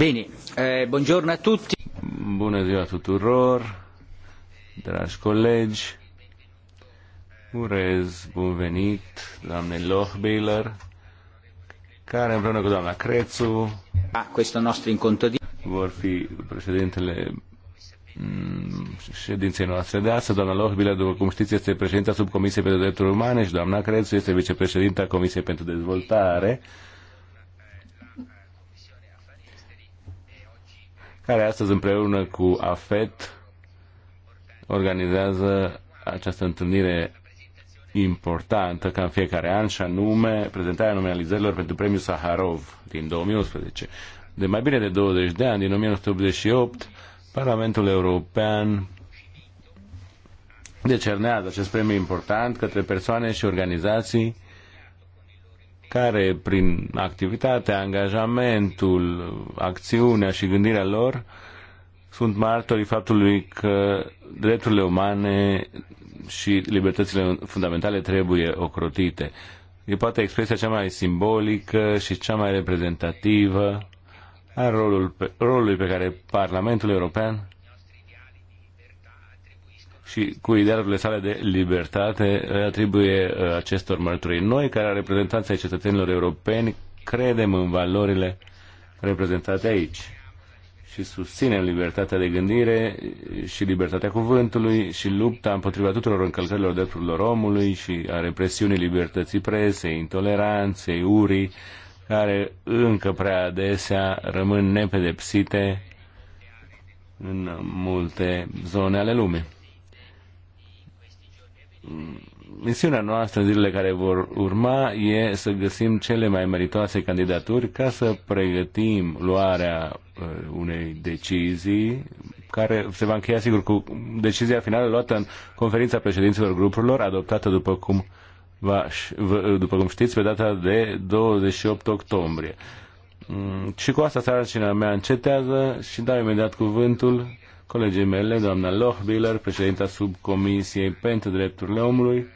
Bine, eh, buongiorno a tutti. Bună ziua tuturor, dragi colegi. Urez bun venit doamnei Lochbiller, care împreună cu doamna Crețu a ah, questo nostro incontro di... vor fi președintele mm, ședinței noastre de astăzi. Doamna Lohbila, după cum știți, este președinta subcomisiei pentru drepturi umane și doamna Crețu este vicepreședinta Comisiei pentru Dezvoltare. care astăzi împreună cu AFET organizează această întâlnire importantă ca în fiecare an și anume prezentarea nominalizărilor pentru premiul Saharov din 2011. De mai bine de 20 de ani, din 1988, Parlamentul European decernează acest premiu important către persoane și organizații care prin activitatea, angajamentul, acțiunea și gândirea lor sunt martorii faptului că drepturile umane și libertățile fundamentale trebuie ocrotite. E poate expresia cea mai simbolică și cea mai reprezentativă a rolul pe, rolului pe care Parlamentul European și cu idealurile sale de libertate atribuie uh, acestor mărturii. Noi, care a reprezentanța ai cetățenilor europeni, credem în valorile reprezentate aici și susținem libertatea de gândire și libertatea cuvântului și lupta împotriva tuturor încălcărilor drepturilor omului și a represiunii libertății presei, intoleranței, urii, care încă prea adesea rămân nepedepsite în multe zone ale lumii misiunea noastră în zilele care vor urma e să găsim cele mai meritoase candidaturi ca să pregătim luarea uh, unei decizii care se va încheia sigur cu decizia finală luată în conferința președinților grupurilor adoptată după cum va, uh, după cum știți pe data de 28 octombrie. Mm, și cu asta sarcina mea încetează și dau imediat cuvântul Colegii mele, doamna Lochbiller, președinta subcomisiei pentru drepturile omului,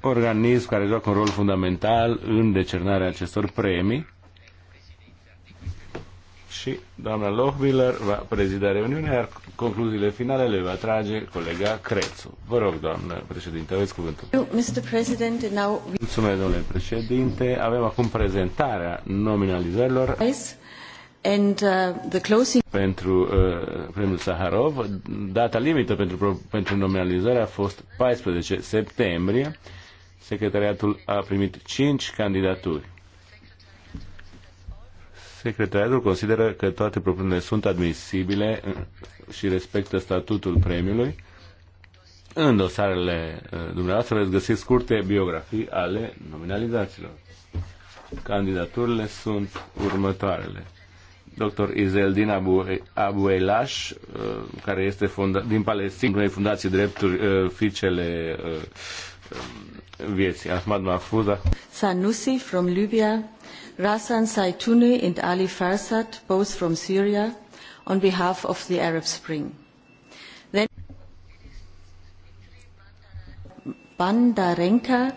organism care joacă un rol fundamental în decernarea acestor premii. Și doamna Lochbiller va prezida reuniunea, iar concluziile finale le va trage colega Crețu. Vă rog, doamnă președinte, aveți cuvântul. Mulțumesc, domnule președinte. Avem acum prezentarea nominalizărilor. And, uh, the closing... Pentru uh, premiul Saharov, data limită pentru, pentru nominalizare a fost 14 septembrie. Secretariatul a primit 5 candidaturi. Secretariatul consideră că toate propunerile sunt admisibile uh, și respectă statutul premiului. În dosarele uh, dumneavoastră veți găsi scurte biografii ale nominalizaților. Candidaturile sunt următoarele dr. Izeldin uh, care este fonda- din Palestina, din Fundație drepturi uh, uh um, vieții. Ahmad Mahfouza. Da. Sanusi from Libya, Rasan Saituni and Ali Farsad, both from Syria, on behalf of the Arab Spring. Then Bandarenka,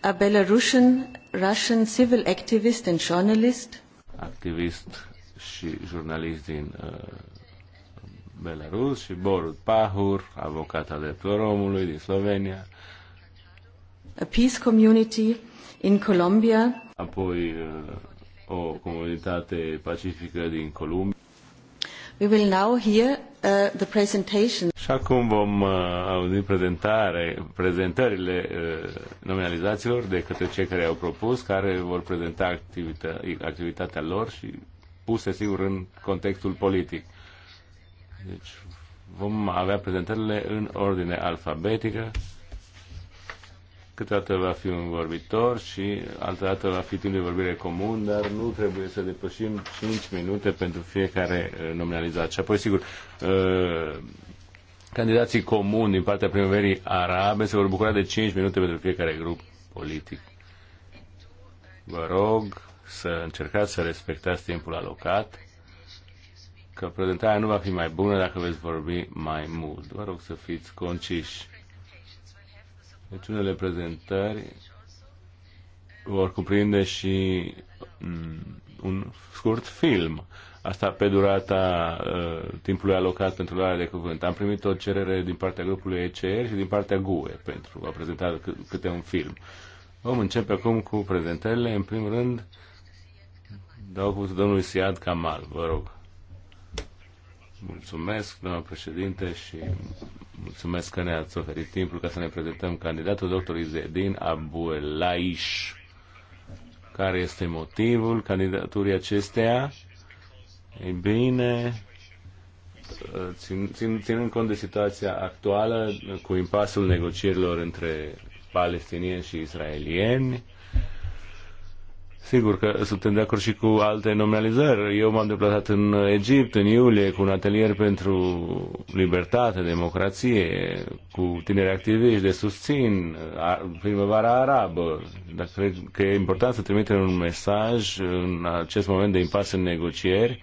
a Belarusian Russian civil activist and journalist. Activist și jurnalist din uh, Belarus și Borut Pahur, avocat al drepturilor omului din Slovenia. A peace community in Colombia. Apoi uh, o comunitate pacifică din Columbia. We will now hear uh, the presentation. Și acum vom uh, auzi prezentare, prezentările uh, nominalizațiilor de către cei care au propus, care vor prezenta activita, activitatea lor și puse, sigur, în contextul politic. Deci vom avea prezentările în ordine alfabetică. Câteodată va fi un vorbitor și altădată va fi timp de vorbire comun, dar nu trebuie să depășim 5 minute pentru fiecare uh, nominalizat. Și apoi, sigur, uh, candidații comuni din partea primăverii arabe se vor bucura de 5 minute pentru fiecare grup politic. Vă rog să încercați să respectați timpul alocat, că prezentarea nu va fi mai bună dacă veți vorbi mai mult. Vă rog să fiți conciși. Deci unele prezentări vor cuprinde și mm, un scurt film. Asta pe durata uh, timpului alocat pentru luarea de cuvânt. Am primit o cerere din partea grupului ECR și din partea GUE pentru a prezenta câte un film. Vom începe acum cu prezentările. În primul rând, Dau cuvântul domnului Siad Kamal, vă rog. Mulțumesc, doamna președinte, și mulțumesc că ne-ați oferit timpul ca să ne prezentăm candidatul dr. Izedin Abuelaish. Care este motivul candidaturii acesteia? Ei bine, țin, țin, ținând cont de situația actuală cu impasul negocierilor între palestinieni și israelieni, Sigur că suntem de acord și cu alte nominalizări. Eu m-am deplasat în Egipt în iulie cu un atelier pentru libertate, democrație, cu tineri activiști de susțin, primăvara arabă. Dar cred că e important să trimitem un mesaj în acest moment de impas în negocieri,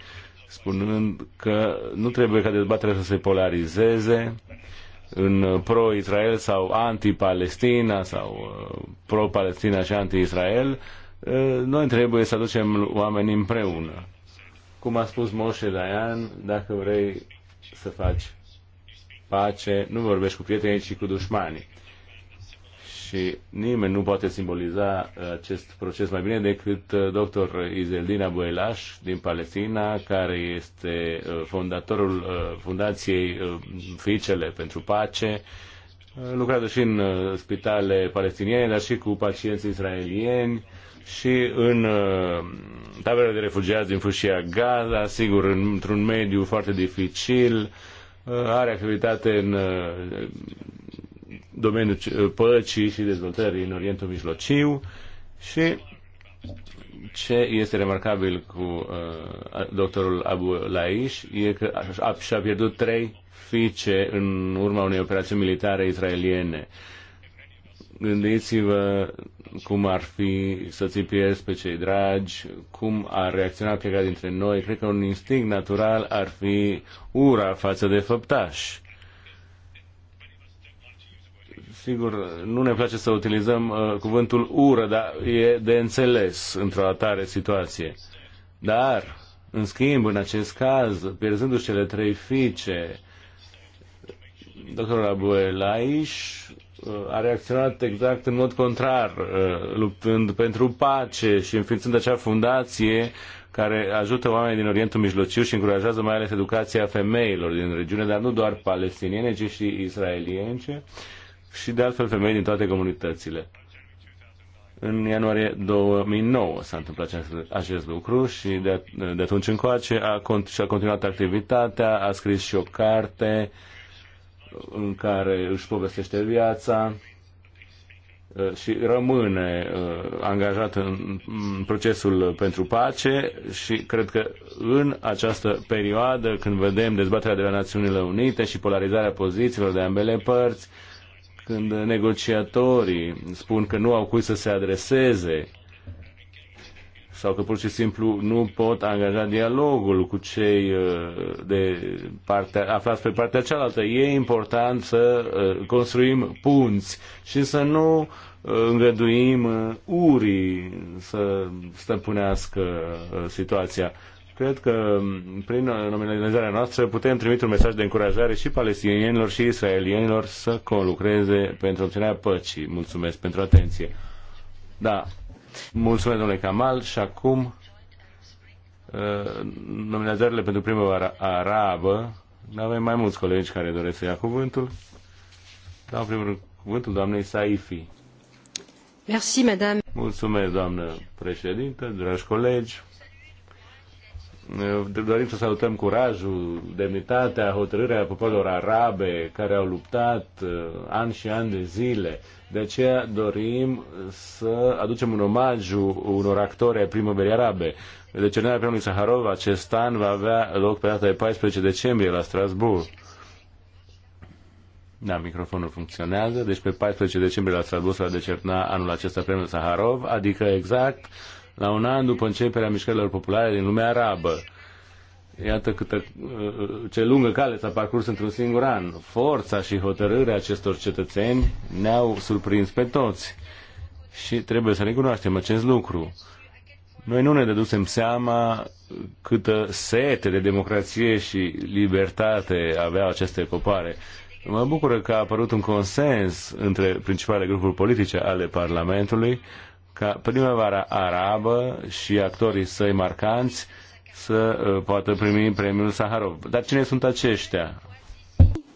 spunând că nu trebuie ca dezbaterea să se polarizeze, în pro-Israel sau anti-Palestina sau uh, pro-Palestina și anti-Israel, noi trebuie să aducem oamenii împreună. Cum a spus Moșe Dayan, dacă vrei să faci pace, nu vorbești cu prietenii, ci cu dușmanii. Și nimeni nu poate simboliza acest proces mai bine decât uh, dr. Izeldina Buelaș din Palestina, care este uh, fondatorul uh, Fundației Ficele pentru Pace, lucrează și în spitale palestiniene, dar și cu pacienți israelieni și în uh, taberele de refugiați din Fâșia Gaza, sigur, într-un mediu foarte dificil, uh, are activitate în uh, domeniul păcii și dezvoltării în Orientul Mijlociu și ce este remarcabil cu uh, doctorul Abu Laish e că a, și-a pierdut trei fiice în urma unei operații militare israeliene. Uh, Gândiți-vă cum ar fi să ți pierzi pe cei dragi, cum ar reacționa fiecare dintre noi. Cred că un instinct natural ar fi ura față de făptași. Sigur, nu ne place să utilizăm uh, cuvântul ură, dar e de înțeles într-o atare situație. Dar, în schimb, în acest caz, pierzându-și cele trei fiice, doctorul Abuelaiș Uh, a reacționat exact în mod contrar, uh, luptând pentru pace și înființând acea fundație care ajută oamenii din Orientul Mijlociu și încurajează mai ales educația femeilor din regiune, dar nu doar palestiniene, ci și israeliene și de altfel femei din toate comunitățile. În ianuarie 2009 s-a întâmplat acest lucru și de, de atunci încoace a, și-a continuat activitatea, a scris și o carte uh, în care își povestește viața uh, și rămâne uh, angajat în procesul pentru pace și cred că în această perioadă, când vedem dezbaterea de la Națiunile Unite și polarizarea pozițiilor de ambele părți, când negociatorii spun că nu au cui să se adreseze sau că pur și simplu nu pot angaja dialogul cu cei uh, de partea, aflați pe partea cealaltă. E important să uh, construim punți și să nu uh, îngăduim urii să stăpânească situația. Cred că um, prin nominalizarea noastră putem trimite un mesaj de încurajare și palestinienilor și israelienilor să conlucreze pentru obținerea păcii. Mulțumesc pentru atenție. Da, Mulțumesc, domnule Kamal. Și acum uh, nominalizările pentru primăvara arabă. Avem mai mulți colegi care doresc să ia cuvântul. Dau primul rând cuvântul doamnei Saifi. Merci, madame. Mulțumesc, doamnă președintă, dragi colegi dorim să salutăm curajul, demnitatea, hotărârea popoarelor arabe care au luptat uh, ani și ani de zile. De aceea dorim să aducem un omagiu unor actori ai primăverii arabe. Decernarea primului Saharov acest an va avea loc pe data de 14 decembrie la Strasbourg. Da, microfonul funcționează. Deci pe 14 decembrie la Strasbourg se va decerna anul acesta premiul Saharov, adică exact la un an după începerea mișcărilor populare din lumea arabă. Iată câtă, ce lungă cale s-a parcurs într-un singur an. Forța și hotărârea acestor cetățeni ne-au surprins pe toți. Și trebuie să recunoaștem acest lucru. Noi nu ne dedusem seama câtă sete de democrație și libertate aveau aceste popoare. Mă bucură că a apărut un consens între principalele grupuri politice ale Parlamentului ca primăvara arabă și actorii săi marcanți să uh, poată primi premiul Saharov. Dar cine sunt aceștia?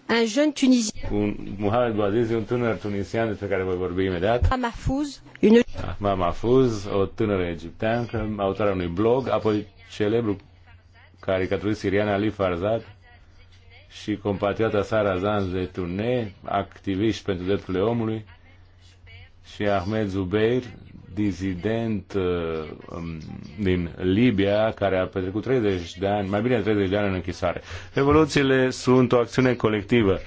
Un jeune tunisien. Un Mohamed Bouazizi, un tânăr tunisian despre care voi vorbi imediat. Mahfouz, une... Ahma da, Mahfouz, o tânără egipteancă, autoarea unui blog, apoi celebru caricaturist sirian Ali Farzad și compatriota Sara Zanz de Tune, activiști pentru drepturile omului, și Ahmed Zubeir, dizident uh, um, din Libia, care a petrecut 30 de ani, mai bine 30 de ani în închisoare. Revoluțiile sunt o acțiune colectivă.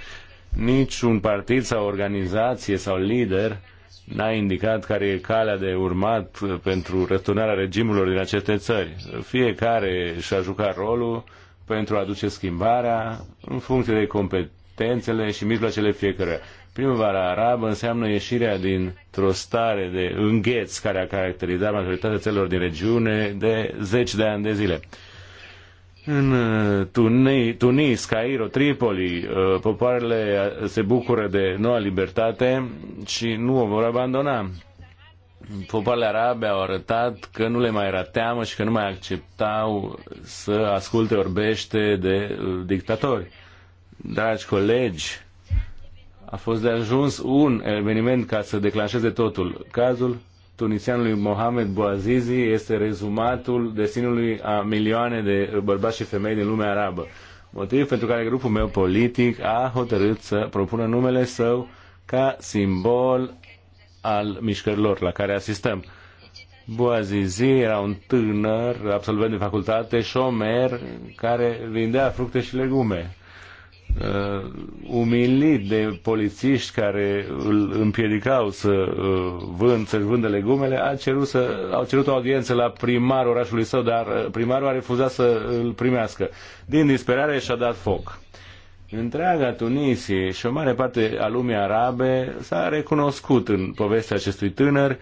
Niciun partid sau organizație sau lider n-a indicat care e calea de urmat pentru răsturnarea regimurilor din aceste țări. Fiecare și-a jucat rolul pentru a aduce schimbarea în funcție de competențele și mijloacele fiecăruia. Primăvara arabă înseamnă ieșirea dintr-o stare de îngheț care a caracterizat majoritatea țărilor din regiune de zeci de ani de zile. În uh, Tunis, Tunis, Cairo, Tripoli, uh, popoarele uh, se bucură de noua libertate și nu o vor abandona. Popoarele arabe au arătat că nu le mai era teamă și că nu mai acceptau să asculte orbește de dictatori. Dragi colegi, a fost de ajuns un eveniment ca să declanșeze totul. Cazul tunisianului Mohamed Bouazizi este rezumatul destinului a milioane de bărbați și femei din lumea arabă. Motiv pentru care grupul meu politic a hotărât să propună numele său ca simbol al mișcărilor la care asistăm. Bouazizi era un tânăr absolvent de facultate, șomer, care vindea fructe și legume uh, umilit de polițiști care îl împiedicau să uh, vând, să-și vândă legumele, a cerut să, au cerut o audiență la primarul orașului său, dar uh, primarul a refuzat să îl primească. Din disperare și-a dat foc. Întreaga Tunisie și o mare parte a lumii arabe s-a recunoscut în povestea acestui tânăr uh,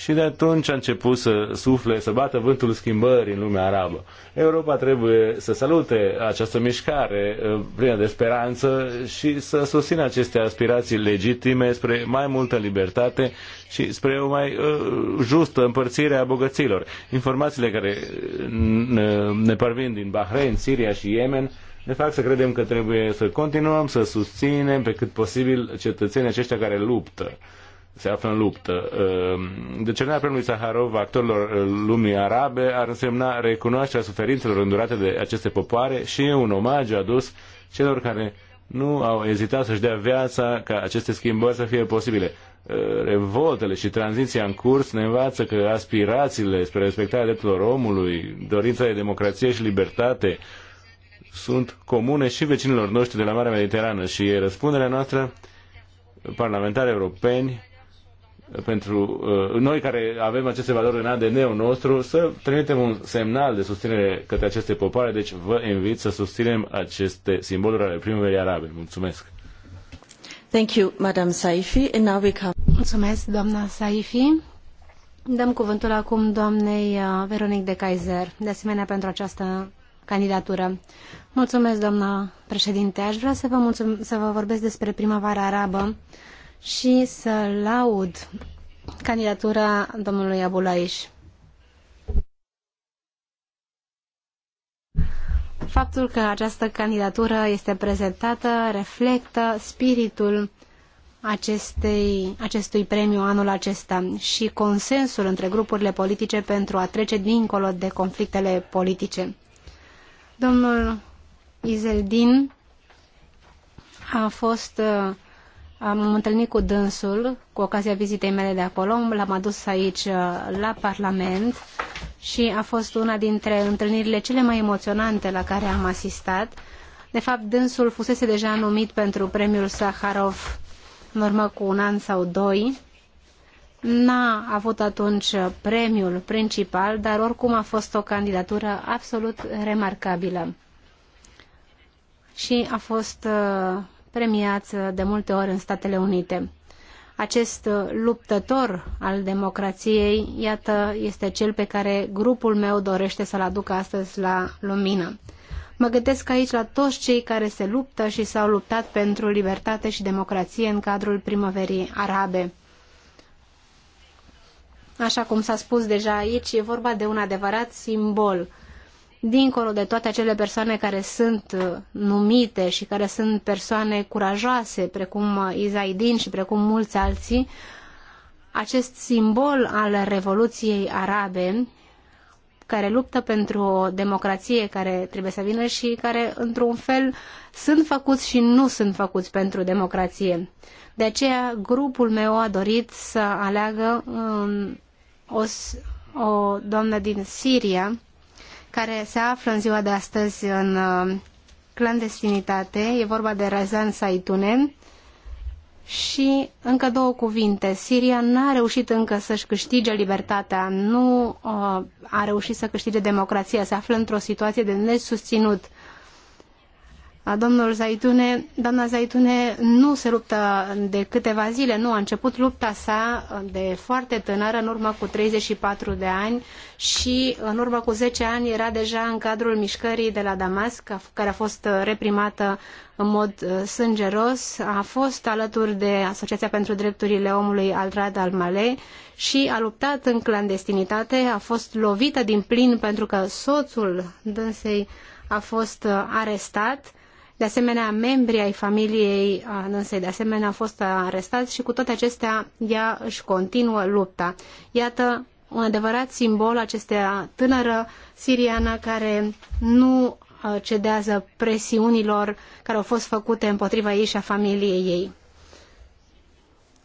și de atunci a început să sufle, să bată vântul schimbării în lumea arabă. Europa trebuie să salute această mișcare eh, plină de speranță și să susțină aceste aspirații legitime spre mai multă libertate și spre o mai eh, justă împărțire a bogăților. Informațiile care eh, ne parvin din Bahrain, Siria și Yemen ne fac să credem că trebuie să continuăm să susținem pe cât posibil cetățenii aceștia care luptă se află în luptă. Ehm, decernarea premiului Saharov actorilor eh, lumii arabe ar însemna recunoașterea suferințelor îndurate de aceste popoare și e un omagiu adus celor care nu au ezitat să-și dea viața ca aceste schimbări să fie posibile. Eh, revoltele și tranziția în curs ne învață că aspirațiile spre respectarea drepturilor omului, dorința de democrație și libertate sunt comune și vecinilor noștri de la Marea Mediterană și e răspunderea noastră parlamentari europeni pentru uh, noi care avem aceste valori în ADN-ul nostru să trimitem un semnal de susținere către aceste popoare, deci vă invit să susținem aceste simboluri ale primăverii arabe. Mulțumesc! Thank you, Madam Saifi. And now we come... Mulțumesc, doamna Saifi. Dăm cuvântul acum doamnei uh, Veronic de Kaiser, de asemenea pentru această candidatură. Mulțumesc, doamna președinte. Aș vrea să vă, mulțum- să vă vorbesc despre primăvara arabă și să laud candidatura domnului Abulaiș. Faptul că această candidatură este prezentată reflectă spiritul acestei, acestui premiu anul acesta și consensul între grupurile politice pentru a trece dincolo de conflictele politice. Domnul Izeldin a fost uh, am întâlnit cu dânsul cu ocazia vizitei mele de acolo, l-am adus aici uh, la Parlament și a fost una dintre întâlnirile cele mai emoționante la care am asistat. De fapt, dânsul fusese deja numit pentru premiul Saharov în urmă cu un an sau doi. N-a avut atunci uh, premiul principal, dar oricum a fost o candidatură absolut remarcabilă. Și a fost uh, premiați de multe ori în Statele Unite. Acest luptător al democrației, iată, este cel pe care grupul meu dorește să-l aducă astăzi la lumină. Mă gândesc aici la toți cei care se luptă și s-au luptat pentru libertate și democrație în cadrul primăverii arabe. Așa cum s-a spus deja aici, e vorba de un adevărat simbol dincolo de toate acele persoane care sunt uh, numite și care sunt persoane curajoase, precum uh, Izaidin și precum mulți alții, acest simbol al Revoluției Arabe, care luptă pentru o democrație care trebuie să vină și care, într-un fel, sunt făcuți și nu sunt făcuți pentru democrație. De aceea, grupul meu a dorit să aleagă um, o, o doamnă din Siria, care se află în ziua de astăzi în uh, clandestinitate. E vorba de Razan Saitunen. Și încă două cuvinte. Siria n-a reușit încă să-și câștige libertatea, nu uh, a reușit să câștige democrația, se află într-o situație de nesusținut. Domnul Zaitune, doamna Zaitune nu se luptă de câteva zile, nu a început lupta sa de foarte tânără, în urmă cu 34 de ani și în urmă cu 10 ani era deja în cadrul mișcării de la Damasc, care a fost reprimată în mod uh, sângeros, a fost alături de Asociația pentru Drepturile Omului al Rad al Malei și a luptat în clandestinitate, a fost lovită din plin pentru că soțul dânsei a fost uh, arestat de asemenea membri ai familiei Nânsei, de asemenea au fost arestat și cu toate acestea ea își continuă lupta. Iată un adevărat simbol acestea tânără siriană care nu cedează presiunilor care au fost făcute împotriva ei și a familiei ei.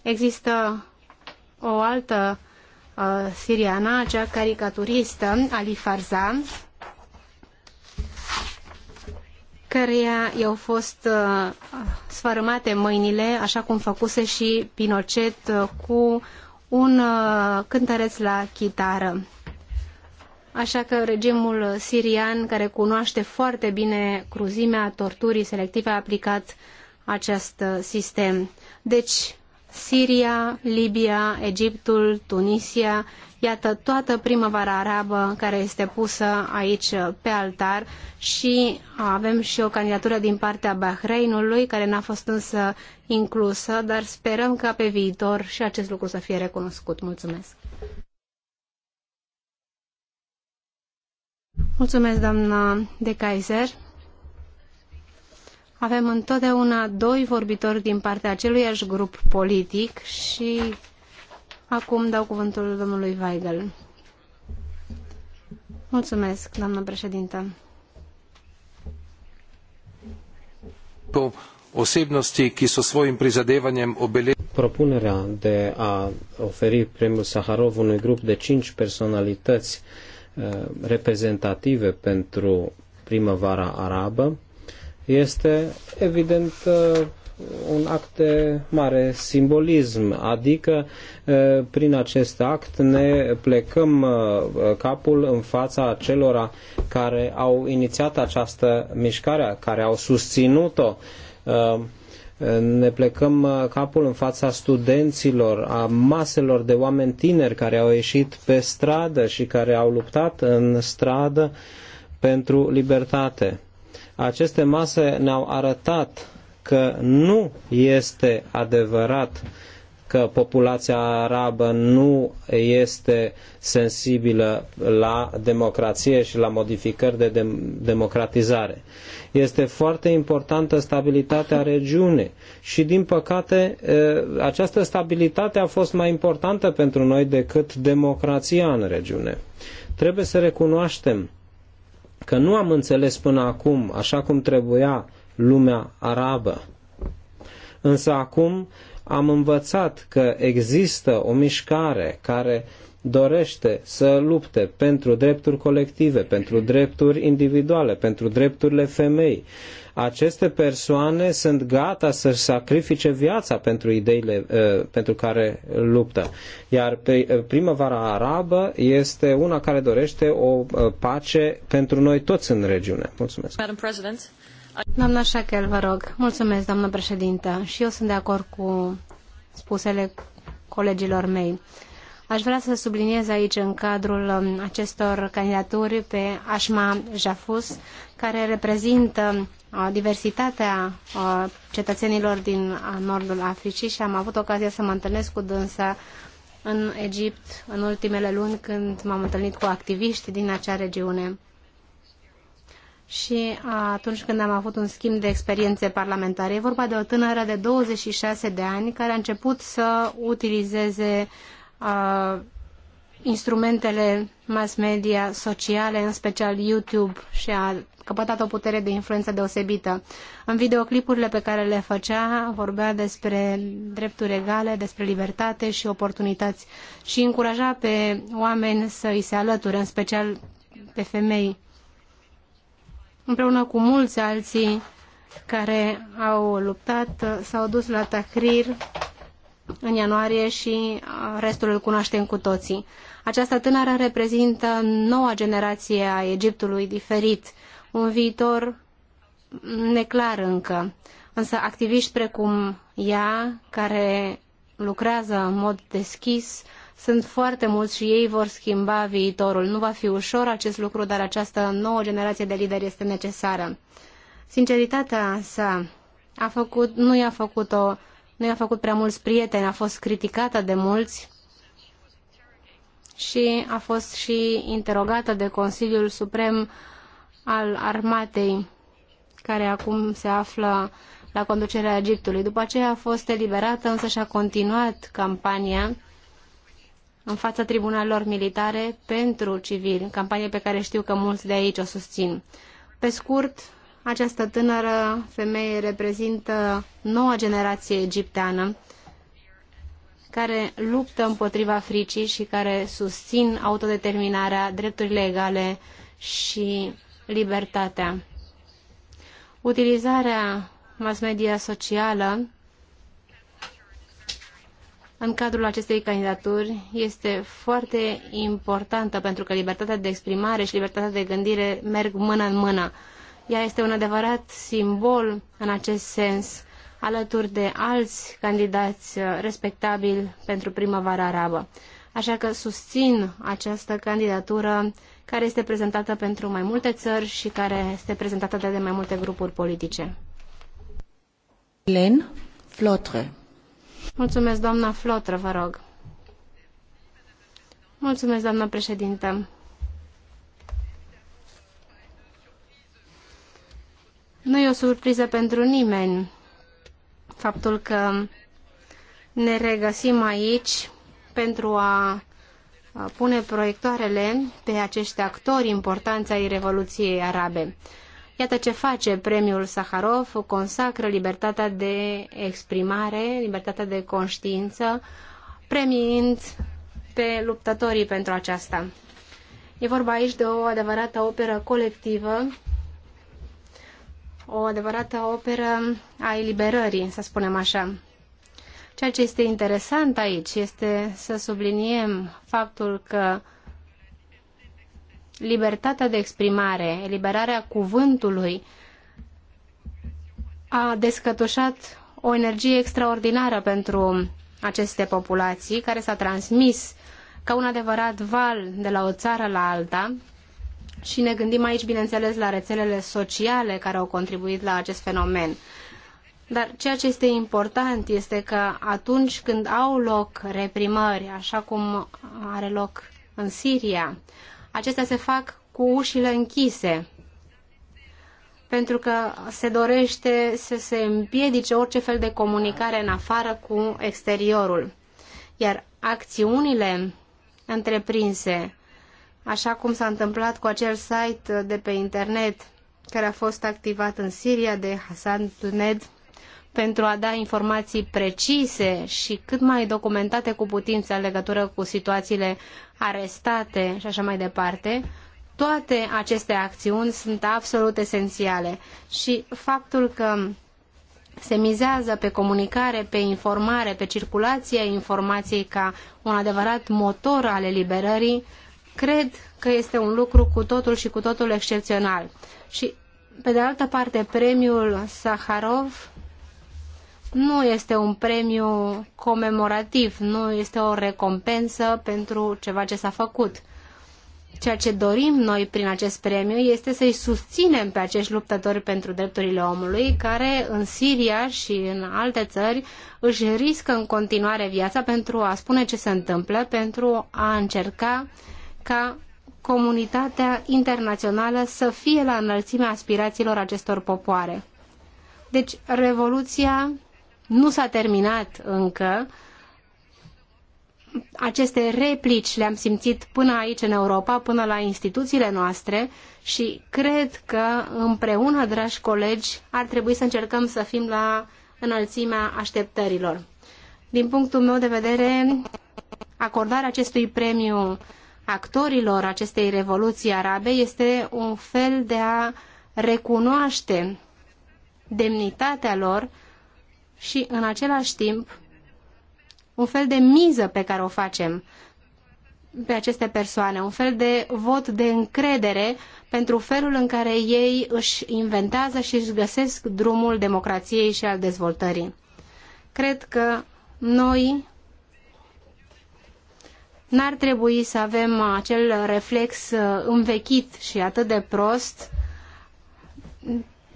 Există o altă uh, siriană, acea caricaturistă, Ali Farzan, căreia i-au fost uh, sfărâmate mâinile, așa cum făcuse și Pinochet uh, cu un uh, cântăreț la chitară. Așa că regimul sirian, care cunoaște foarte bine cruzimea torturii selective, a aplicat acest uh, sistem. Deci, Siria, Libia, Egiptul, Tunisia Iată toată primăvara arabă care este pusă aici pe altar și avem și o candidatură din partea Bahreinului care n-a fost însă inclusă, dar sperăm ca pe viitor și acest lucru să fie recunoscut. Mulțumesc! Mulțumesc, doamna de Kaiser. Avem întotdeauna doi vorbitori din partea aceluiași grup politic și Acum dau cuvântul domnului Weigel. Mulțumesc, doamnă președintă. Osebnosti, ki so svojim prizadevanjem obele... Propunerea de a oferi premiul Saharov unui grup de cinci personalități eh, reprezentative pentru primăvara arabă este evident eh, un act de mare simbolism, adică prin acest act ne plecăm capul în fața celora care au inițiat această mișcare, care au susținut-o ne plecăm capul în fața studenților, a maselor de oameni tineri care au ieșit pe stradă și care au luptat în stradă pentru libertate. Aceste mase ne-au arătat că nu este adevărat că populația arabă nu este sensibilă la democrație și la modificări de democratizare. Este foarte importantă stabilitatea regiunii și, din păcate, această stabilitate a fost mai importantă pentru noi decât democrația în regiune. Trebuie să recunoaștem că nu am înțeles până acum, așa cum trebuia, lumea arabă. Însă acum am învățat că există o mișcare care dorește să lupte pentru drepturi colective, pentru drepturi individuale, pentru drepturile femei. Aceste persoane sunt gata să sacrifice viața pentru ideile uh, pentru care luptă. Iar uh, primăvara arabă este una care dorește o uh, pace pentru noi toți în regiune. Mulțumesc. Madam President. Doamna Șachel, vă rog. Mulțumesc, doamnă președintă. Și eu sunt de acord cu spusele colegilor mei. Aș vrea să subliniez aici, în cadrul um, acestor candidaturi, pe Ashma Jafus, care reprezintă uh, diversitatea uh, cetățenilor din uh, nordul Africii și am avut ocazia să mă întâlnesc cu dânsa în Egipt în ultimele luni când m-am întâlnit cu activiști din acea regiune și atunci când am avut un schimb de experiențe parlamentare. E vorba de o tânără de 26 de ani care a început să utilizeze uh, instrumentele mass media sociale, în special YouTube și a căpătat o putere de influență deosebită. În videoclipurile pe care le făcea vorbea despre drepturi egale, despre libertate și oportunități și încuraja pe oameni să îi se alăture, în special pe femei împreună cu mulți alții care au luptat, s-au dus la Tahrir în ianuarie și restul îl cunoaștem cu toții. Această tânără reprezintă noua generație a Egiptului diferit, un viitor neclar încă. Însă activiști precum ea, care lucrează în mod deschis, sunt foarte mulți și ei vor schimba viitorul. Nu va fi ușor acest lucru, dar această nouă generație de lideri este necesară. Sinceritatea sa a făcut, nu i-a făcut, o, nu i-a făcut prea mulți prieteni, a fost criticată de mulți și a fost și interogată de Consiliul Suprem al Armatei, care acum se află la conducerea Egiptului. După aceea a fost eliberată, însă și-a continuat campania în fața tribunalelor militare pentru civili, campanie pe care știu că mulți de aici o susțin. Pe scurt, această tânără femeie reprezintă noua generație egipteană care luptă împotriva fricii și care susțin autodeterminarea, drepturile egale și libertatea. Utilizarea mass media socială în cadrul acestei candidaturi este foarte importantă pentru că libertatea de exprimare și libertatea de gândire merg mână în mână. Ea este un adevărat simbol în acest sens alături de alți candidați uh, respectabili pentru primăvara arabă. Așa că susțin această candidatură care este prezentată pentru mai multe țări și care este prezentată de mai multe grupuri politice. Len Flotre. Mulțumesc, Mulțumesc, președintă. Nu e o surpriză pentru nimeni faptul că ne regăsim aici pentru a pune proiectoarele pe acești actori importanța ai Revoluției Arabe. Iată ce face premiul Saharov, consacră libertatea de exprimare, libertatea de conștiință, premiind pe luptătorii pentru aceasta. E vorba aici de o adevărată operă colectivă, o adevărată operă a eliberării, să spunem așa. Ceea ce este interesant aici este să subliniem faptul că libertatea de exprimare, eliberarea cuvântului, a descătușat o energie extraordinară pentru aceste populații, care s-a transmis ca un adevărat val de la o țară la alta. Și ne gândim aici, bineînțeles, la rețelele sociale care au contribuit la acest fenomen. Dar ceea ce este important este că atunci când au loc reprimări, așa cum are loc în Siria, acestea se fac cu ușile închise, pentru că se dorește să se împiedice orice fel de comunicare în afară cu exteriorul. Iar acțiunile întreprinse, așa cum s-a întâmplat cu acel site de pe internet care a fost activat în Siria de Hassan Tuned, pentru a da informații precise și cât mai documentate cu putință în legătură cu situațiile arestate și așa mai departe, toate aceste acțiuni sunt absolut esențiale și faptul că se mizează pe comunicare, pe informare, pe circulația informației ca un adevărat motor al eliberării, cred că este un lucru cu totul și cu totul excepțional. Și, pe de altă parte, premiul Saharov nu este un premiu comemorativ, nu este o recompensă pentru ceva ce s-a făcut. Ceea ce dorim noi prin acest premiu este să-i susținem pe acești luptători pentru drepturile omului care în Siria și în alte țări își riscă în continuare viața pentru a spune ce se întâmplă, pentru a încerca ca comunitatea internațională să fie la înălțimea aspirațiilor acestor popoare. Deci, revoluția nu s-a terminat încă. Aceste replici le-am simțit până aici în Europa, până la instituțiile noastre și cred că împreună, dragi colegi, ar trebui să încercăm să fim la înălțimea așteptărilor. Din punctul meu de vedere, acordarea acestui premiu actorilor acestei revoluții arabe este un fel de a recunoaște demnitatea lor și, în același timp, un fel de miză pe care o facem pe aceste persoane, un fel de vot de încredere pentru felul în care ei își inventează și își găsesc drumul democrației și al dezvoltării. Cred că noi n-ar trebui să avem acel reflex uh, învechit și atât de prost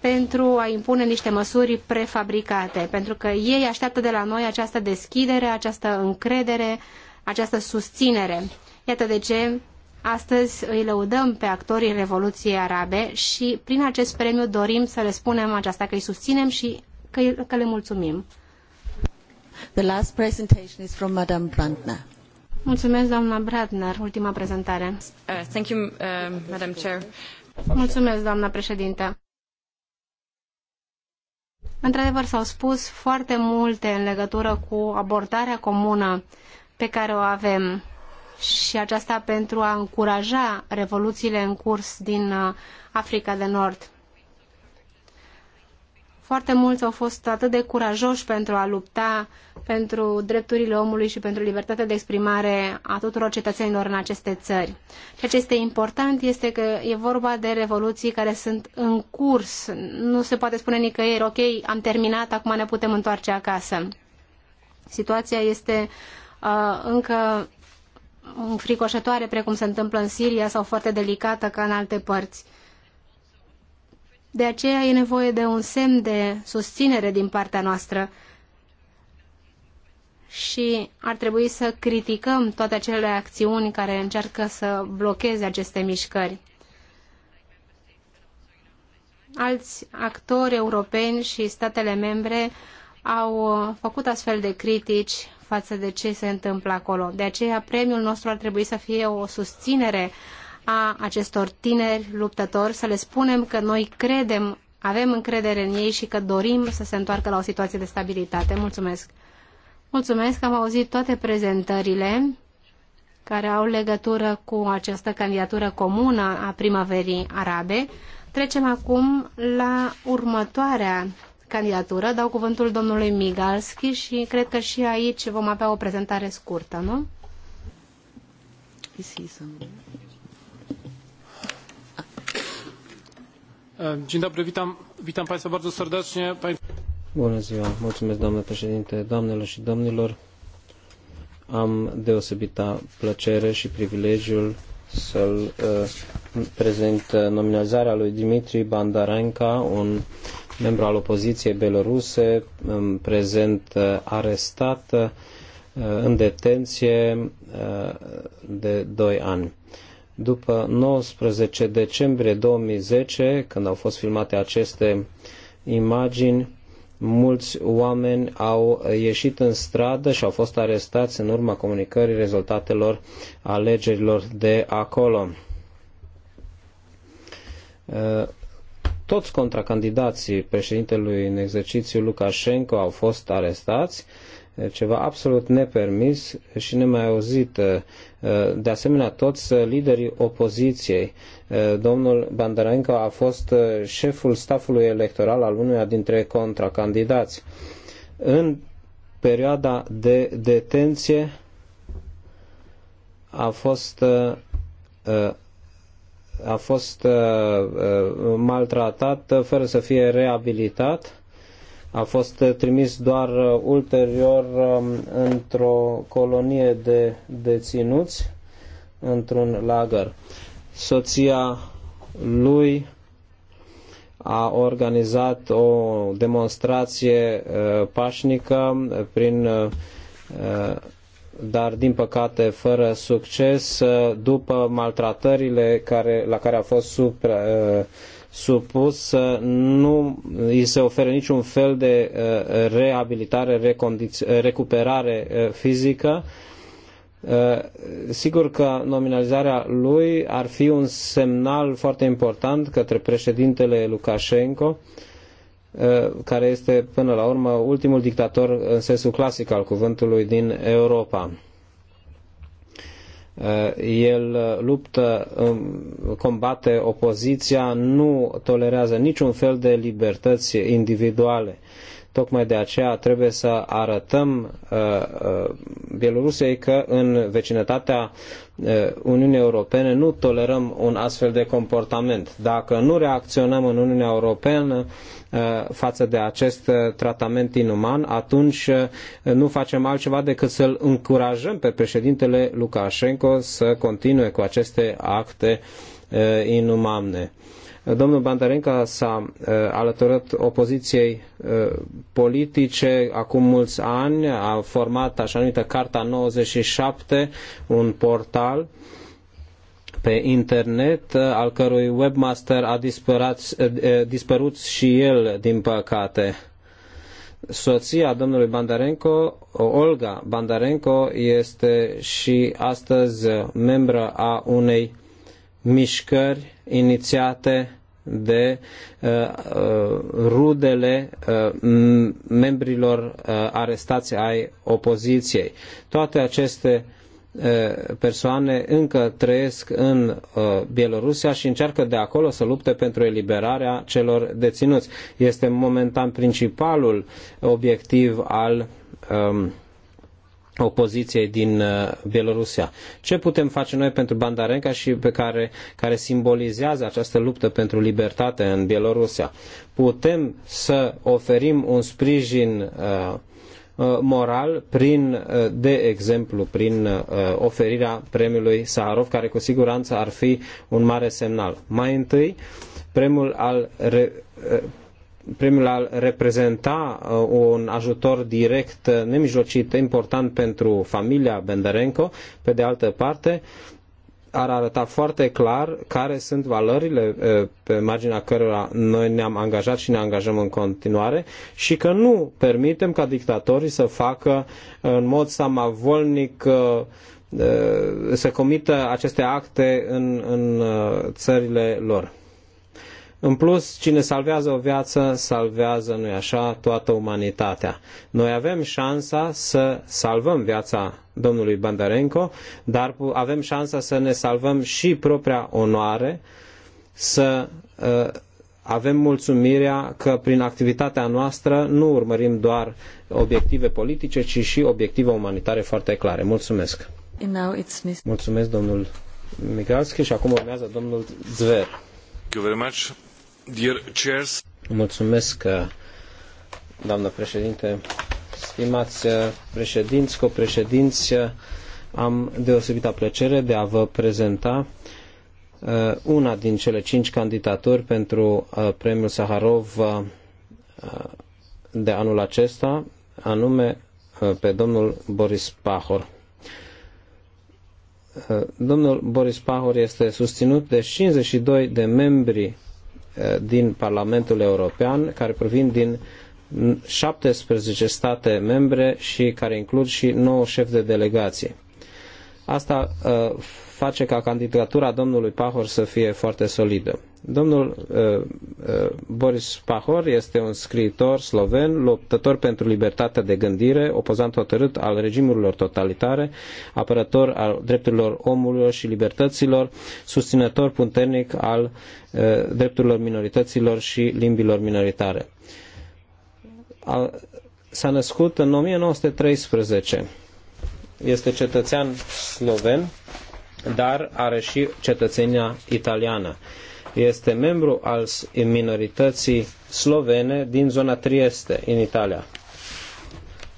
pentru a impune niște măsuri prefabricate, pentru că ei așteaptă de la noi această deschidere, această încredere, această susținere. Iată de ce astăzi îi lăudăm pe actorii Revoluției Arabe și prin acest premiu dorim să le spunem aceasta că îi susținem și că, că le mulțumim. The last presentation is from Madame Brandner. Mulțumesc, doamna Bradner, ultima prezentare. Uh, thank you, uh, Madam Chair. Mulțumesc, doamna președintă. Într-adevăr, s-au spus foarte multe în legătură cu abordarea comună pe care o avem și aceasta pentru a încuraja revoluțiile în curs din uh, Africa de Nord. Foarte mulți au fost atât de curajoși pentru a lupta pentru drepturile omului și pentru libertatea de exprimare a tuturor cetățenilor în aceste țări. Ceea ce este important este că e vorba de revoluții care sunt în curs. Nu se poate spune nicăieri, ok, am terminat, acum ne putem întoarce acasă. Situația este uh, încă fricoșătoare, precum se întâmplă în Siria, sau foarte delicată ca în alte părți. Uh, de aceea e nevoie de un semn de susținere din partea noastră și ar trebui să criticăm toate acele acțiuni care încearcă să blocheze aceste mișcări. Alți actori europeni și statele membre au făcut astfel de critici față de ce se întâmplă acolo. De aceea premiul nostru ar trebui să fie o susținere a acestor tineri luptători, să le spunem că noi credem, avem încredere în ei și că dorim să se întoarcă la o situație de stabilitate. Mulțumesc! Mulțumesc, că am auzit toate prezentările care au legătură cu această candidatură comună a primăverii arabe. Trecem acum la următoarea candidatură. Dau cuvântul domnului Migalski și cred că și aici vom avea o prezentare scurtă, nu? Dzień dobry, witam, witam Państwa bardzo serdecznie. Bună ziua, mulțumesc doamnă președinte, doamnelor și domnilor. Am deosebita plăcere și privilegiul să-l uh, prezint nominalizarea lui Dimitri Bandarenka, un membru al opoziției beloruse, în prezent uh, arestat uh, în detenție de 2 ani. După 19 decembrie 2010, când au fost filmate aceste imagini, mulți oameni au ieșit în stradă și au fost arestați în urma comunicării rezultatelor alegerilor de acolo. Uh, toți contracandidații președintelui în exercițiu Lukashenko au fost arestați ceva absolut nepermis și nemai auzit. Uh, de asemenea, toți liderii opoziției. Uh, domnul Bandarenko a fost uh, șeful stafului electoral al unuia dintre contracandidați. În perioada de detenție a fost a fost maltratat fără să fie reabilitat a fost trimis doar uh, ulterior um, într-o colonie de deținuți, într-un lagăr. Soția lui a organizat o demonstrație uh, pașnică prin uh, dar din păcate fără succes după maltratările care, la care a fost supra, supus nu îi se oferă niciun fel de uh, reabilitare, uh, recuperare uh, fizică. Sigur că nominalizarea lui ar fi un semnal foarte important către președintele Lukashenko, care este până la urmă ultimul dictator în sensul clasic al cuvântului din Europa. Eh, el eh, luptă, um, combate opoziția, nu tolerează niciun fel de libertăți individuale. Tocmai de aceea trebuie să arătăm eh, Bielorusiei că în vecinătatea Uh, Uniunii Europene nu tolerăm un astfel de comportament. Dacă nu reacționăm în Uniunea Europeană uh, față de acest uh, tratament inuman, atunci nu facem altceva decât să-l încurajăm pe președintele Lukashenko să continue cu aceste acte inumane. Domnul Bandarenca s-a uh, alăturat opoziției uh, politice acum mulți ani, a format așa numită Carta 97, un portal pe internet, uh, al cărui webmaster a dispărat, dispărut și el, din păcate. Soția domnului Bandarenco, Olga Bandarenco, este și astăzi membră a unei mișcări inițiate de uh, uh, rudele uh, membrilor arestați ai opoziției. Toate aceste persoane încă trăiesc în Bielorusia și încearcă de acolo să lupte pentru eliberarea celor deținuți. Este momentan principalul obiectiv al uh, opoziției din uh, Bielorusia. Ce putem face noi pentru Bandarenka și pe care, care simbolizează această luptă pentru libertate în Bielorusia? Putem să oferim un sprijin uh, uh, moral prin, de exemplu, prin oferirea premiului Saharov, care cu siguranță ar fi un mare semnal. Mai întâi, premiul al, Primul al reprezenta uh, un ajutor direct uh, nemijlocit important pentru familia Benderenco, pe de altă parte ar arăta foarte clar care sunt valorile uh, pe marginea cărora noi ne-am angajat și ne angajăm în continuare și că nu permitem ca dictatorii să facă în mod samavolnic să comită aceste acte în, în țările lor. În plus, cine salvează o viață, salvează, nu-i așa, toată umanitatea. Noi avem șansa să salvăm viața domnului Bandarenko, dar avem șansa să ne salvăm și propria onoare, să uh, avem mulțumirea că prin activitatea noastră nu urmărim doar obiective politice, ci și obiective umanitare foarte clare. Mulțumesc! Mulțumesc, domnul Migalski, și acum urmează domnul Zver. Thank you very much. Dear chairs. Mulțumesc, uh, doamnă președinte. Stimați uh, președinți, copreședinți, uh, am deosebită plăcere de a vă prezenta una din cele cinci candidaturi pentru premiul Saharov de anul acesta, anume pe domnul Boris Pahor. Domnul Boris Pahor este susținut de 52 de membri Eh, din Parlamentul European, care provin din 17 state membre și care includ și 9 șefi de delegație. Asta eh, face ca candidatura domnului Pahor să fie foarte solidă. Domnul uh, uh, Boris Pahor este un scriitor sloven, luptător pentru libertatea de gândire, opozant hotărât al regimurilor totalitare, apărător al drepturilor omului și libertăților, susținător puternic al uh, drepturilor minorităților și limbilor minoritare. s-a născut în 1913. Este cetățean sloven dar are și cetățenia italiană. Este membru al minorității slovene din zona Trieste, în Italia.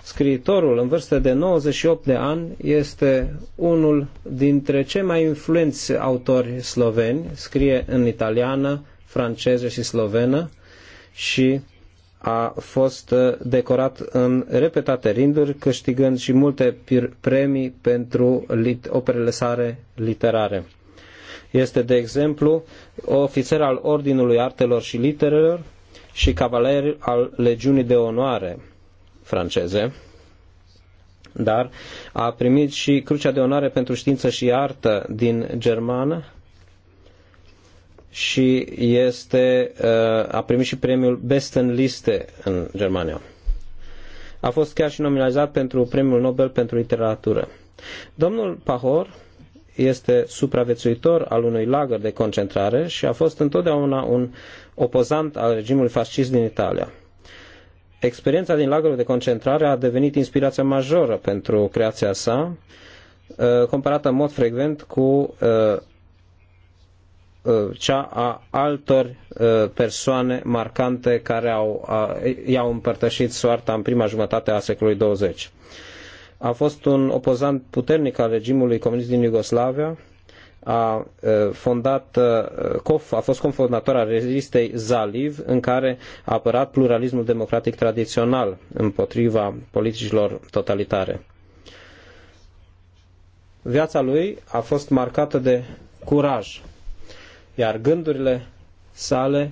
Scriitorul, în vârstă de 98 de ani, este unul dintre cei mai influenți autori sloveni. Scrie în italiană, franceză și slovenă și a fost uh, decorat în repetate rânduri, câștigând și multe premii pentru operele sale literare. Este, de exemplu, ofițer al Ordinului Artelor și Literelor și cavaler al Legiunii de Onoare franceze, dar a primit și Crucea de Onoare pentru Știință și Artă din Germană, și este, uh, a primit și premiul Best în liste în Germania. A fost chiar și nominalizat pentru premiul Nobel pentru literatură. Domnul Pahor este supraviețuitor al unui lagăr de concentrare și a fost întotdeauna un opozant al regimului fascist din Italia. Experiența din lagărul de concentrare a devenit inspirația majoră pentru creația sa, uh, comparată în mod frecvent cu uh, Uh, cea a altor uh, persoane marcante care au, i-au împărtășit soarta în prima jumătate a secolului 20. A fost un opozant puternic al regimului comunist din Iugoslavia, a uh, fondat, a fost confondator al rezistei Zaliv, în care a apărat pluralismul democratic tradițional împotriva politicilor totalitare. Viața lui a fost marcată de curaj, iar gândurile sale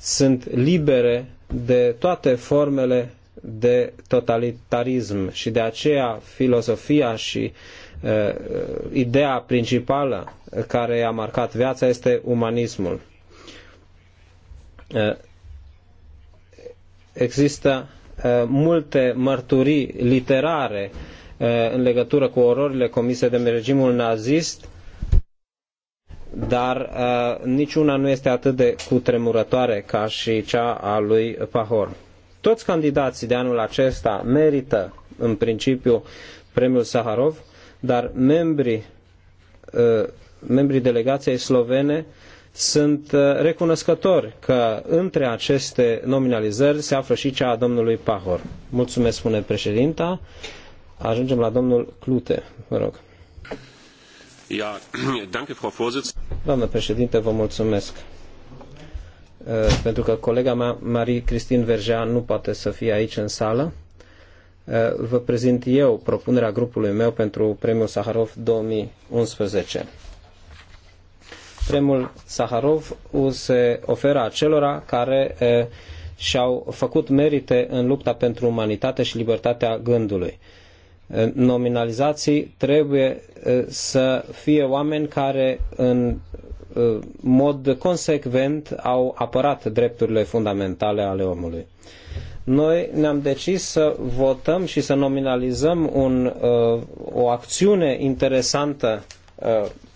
sunt libere de toate formele de totalitarism și de aceea filozofia și uh, uh, ideea principală care a marcat viața este umanismul. Uh, există uh, multe mărturii literare uh, în legătură cu ororile comise de regimul nazist dar uh, niciuna nu este atât de cutremurătoare ca și cea a lui Pahor. Toți candidații de anul acesta merită, în principiu, premiul Saharov, dar membrii, uh, membrii delegației slovene sunt uh, recunoscători că între aceste nominalizări se află și cea a domnului Pahor. Mulțumesc, spune președinta. Ajungem la domnul Clute, vă rog. Doamnă președinte, vă mulțumesc. Pentru că colega mea, Marie christine Vergea, nu poate să fie aici în sală, vă prezint eu propunerea grupului meu pentru Premiul Saharov 2011. Premiul Saharov se oferă acelora care și-au făcut merite în lupta pentru umanitate și libertatea gândului nominalizații trebuie să fie oameni care în mod consecvent au apărat drepturile fundamentale ale omului. Noi ne-am decis să votăm și să nominalizăm un, o acțiune interesantă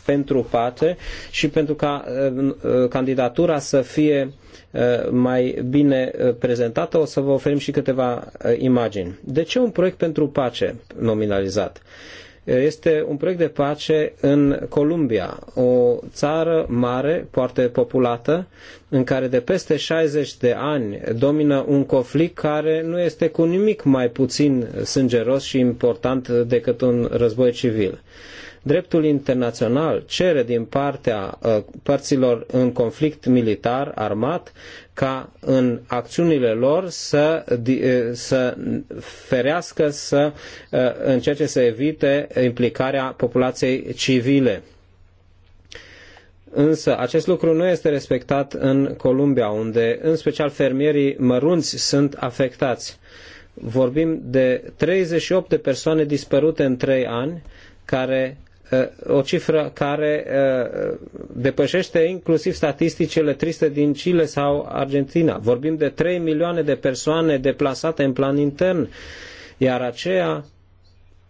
pentru pace și pentru ca uh, uh, candidatura să fie uh, mai bine prezentată, o să vă oferim și câteva imagini. De ce un proiect pentru pace nominalizat? Este un proiect de pace în Columbia, o țară mare, foarte populată, în care de peste 60 de ani domină un conflict care nu este cu nimic mai puțin sângeros și important decât un război civil. Dreptul internațional cere din partea uh, părților în conflict militar armat ca în acțiunile lor să, uh, să ferească, să uh, încerce să evite implicarea populației civile. Însă acest lucru nu este respectat în Columbia, unde în special fermierii mărunți sunt afectați. Vorbim de 38 de persoane dispărute în 3 ani, care o cifră care uh, depășește inclusiv statisticile triste din Chile sau Argentina. Vorbim de 3 milioane de persoane deplasate în plan intern, iar aceea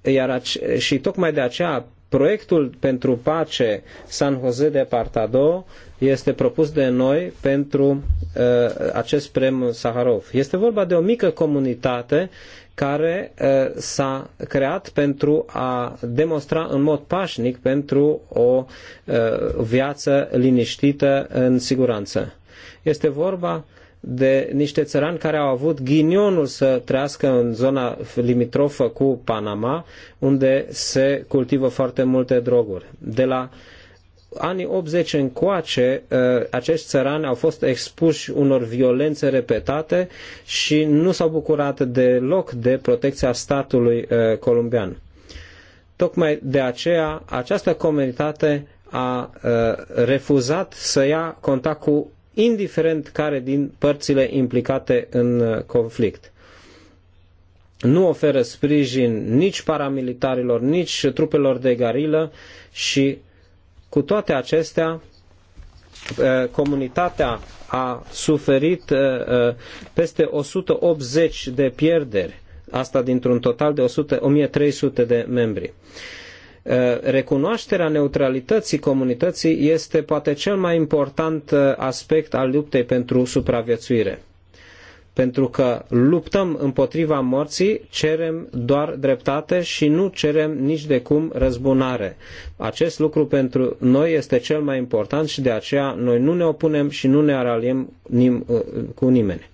iar ace- și tocmai de aceea proiectul pentru pace San Jose de Partado este propus de noi pentru uh, acest prem Saharov. Este vorba de o mică comunitate care s-a creat pentru a demonstra în mod pașnic pentru o viață liniștită în siguranță. Este vorba de niște țărani care au avut ghinionul să trăiască în zona limitrofă cu Panama, unde se cultivă foarte multe droguri. De la uh, anii 80 încoace, uh, acești țărani au fost expuși unor violențe repetate și nu s-au bucurat deloc de protecția statului uh, columbian. Tocmai de aceea, această comunitate a uh, refuzat să ia contact cu indiferent care din părțile implicate în conflict nu oferă sprijin nici paramilitarilor, nici trupelor de garilă și cu toate acestea, eh, comunitatea a suferit eh, eh, peste 180 de pierderi, asta dintr-un total de 100, 1300 de membri. Recunoașterea neutralității comunității este poate cel mai important aspect al luptei pentru supraviețuire pentru că luptăm împotriva morții, cerem doar dreptate și nu cerem nici de cum răzbunare. Acest lucru pentru noi este cel mai important și de aceea noi nu ne opunem și nu ne araliem nim- ă, cu nimeni.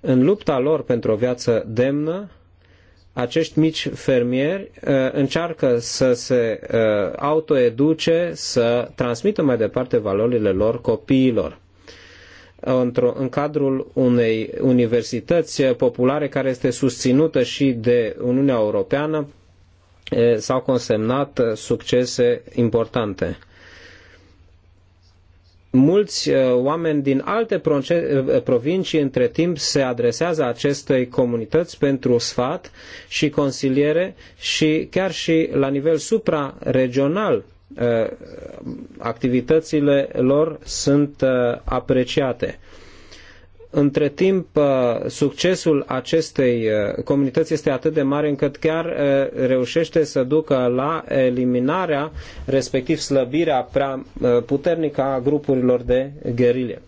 În lupta lor pentru o viață demnă, acești mici fermieri uh, încearcă să se uh, autoeduce, să transmită mai departe valorile lor copiilor în cadrul unei universități populare care este susținută și de Uniunea Europeană, s-au consemnat succese importante. Mulți oameni din alte provincii între timp se adresează acestei comunități pentru sfat și consiliere și chiar și la nivel supraregional Uh, activitățile lor sunt uh, apreciate. Între timp, uh, succesul acestei comunități este atât de mare încât chiar reușește să ducă la eliminarea, respectiv slăbirea prea puternică a grupurilor de gherile.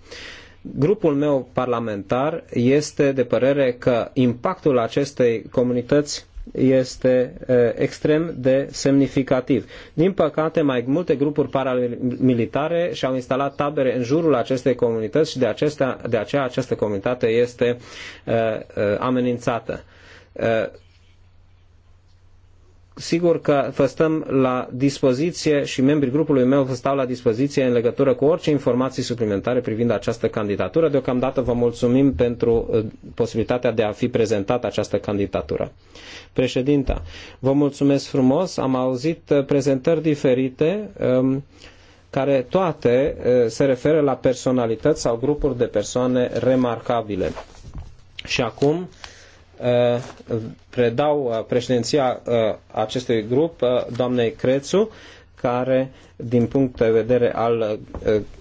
Grupul meu parlamentar este de părere că impactul acestei comunități este extrem de semnificativ. Din păcate, mai multe grupuri paramilitare și-au instalat tabere în jurul acestei comunități și de, acestea, de aceea această comunitate este amenințată sigur că vă stăm la dispoziție și membrii grupului meu vă stau la dispoziție în legătură cu orice informații suplimentare privind această candidatură. Deocamdată vă mulțumim pentru uh, posibilitatea de a fi prezentat această candidatură. Președinta, vă mulțumesc frumos. Am auzit uh, prezentări diferite um, care toate uh, se referă la personalități sau grupuri de persoane remarcabile. Și acum Uh, predau uh, președinția uh, acestui grup doamnei Crețu, care, din punct de vedere al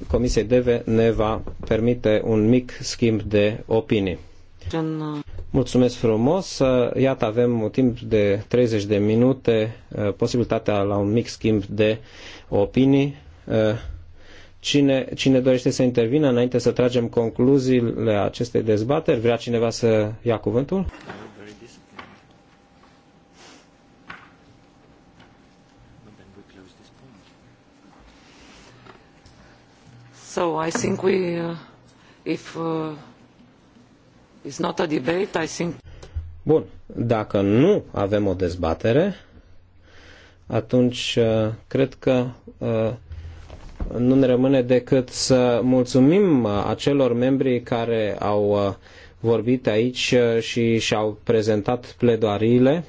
Comisiei DEVE, ne va permite un mic schimb de opinii. Mulțumesc frumos. Iată, avem un timp de 30 de minute, posibilitatea la un mic schimb de opinii. Cine, cine dorește să intervină înainte să tragem concluziile acestei dezbateri? Vrea cineva să ia cuvântul? So I think we, uh, if uh, it's not a debate, I think. Bun, dacă nu avem o dezbatere, atunci uh, cred că uh, nu ne rămâne decât să mulțumim uh, acelor membri care au uh, vorbit aici uh, și și-au prezentat pledoariile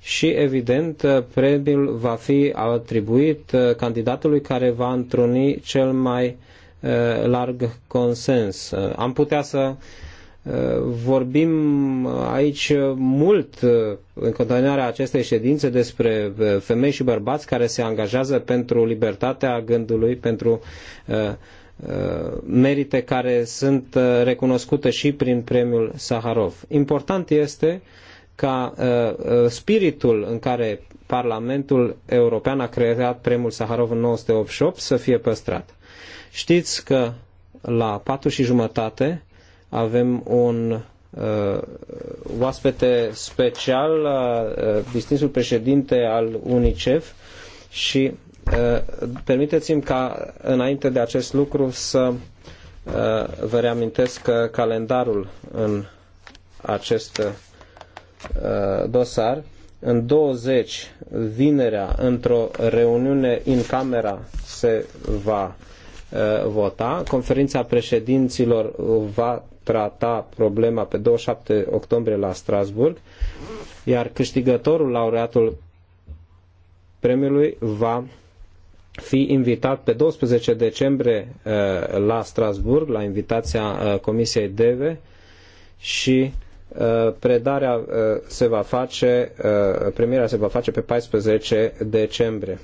și, evident, premiul va fi atribuit candidatului care va întruni cel mai larg consens. Am putea să Vorbim aici mult uh, în continuarea acestei ședințe despre uh, femei și bărbați care se angajează pentru libertatea gândului, pentru uh, merite care sunt recunoscute și prin premiul Saharov. Important este ca spiritul în care Parlamentul European a creat premiul Saharov în 1988 să fie păstrat. Știți că la patru și jumătate avem un uh, oaspete special, uh, distinsul președinte al UNICEF și uh, permiteți-mi ca înainte de acest lucru să uh, vă reamintesc că uh, calendarul în acest uh, dosar. În 20, vinerea, într-o reuniune în camera se va uh, vota. Conferința președinților va trata problema pe 27 octombrie la Strasburg, iar câștigătorul, laureatul premiului, va fi invitat pe 12 decembrie uh, la Strasburg, la invitația uh, Comisiei DEVE și uh, predarea se va face, premiera se va face pe 14 decembrie.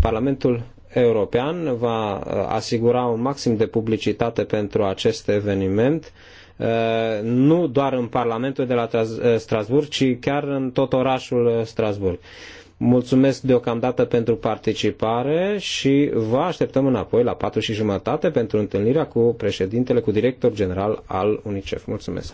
Parlamentul european va uh, asigura un maxim de publicitate pentru acest eveniment, uh, nu doar în Parlamentul de la uh, Strasburg, ci chiar în tot orașul Strasburg. Mulțumesc deocamdată pentru participare și vă așteptăm înapoi la patru și jumătate pentru întâlnirea cu președintele, cu director general al UNICEF. Mulțumesc!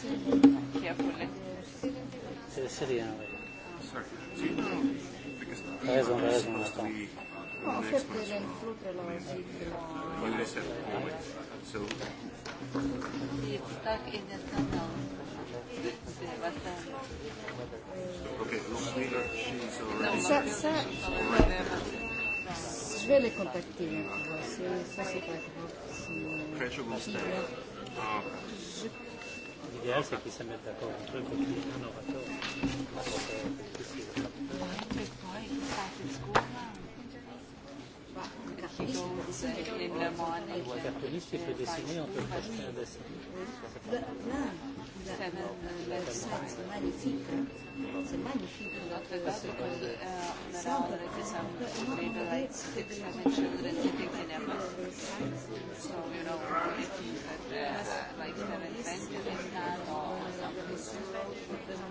carefully. To the city, anyway. Sorry. Hai raison, hai raison, on attend. En fait, l'autre, elle a aussi So. Okay, Lockmiller, she's already... Ça, ça, je vais les contacter, tu vois, ça c'est pas grave. Crenshaw will stay. Je l'idéal, c'est qu'ils se mettent d'accord entre eux pour qu'il un orateur. Ou peut dessiner, on peut projeter un dessin. Là, la scène magnifique. C'est magnifique. Notre date was around December, maybe like six, seven children sitting in a bus. So, you know, if you had uh, like an adventure in that or something. And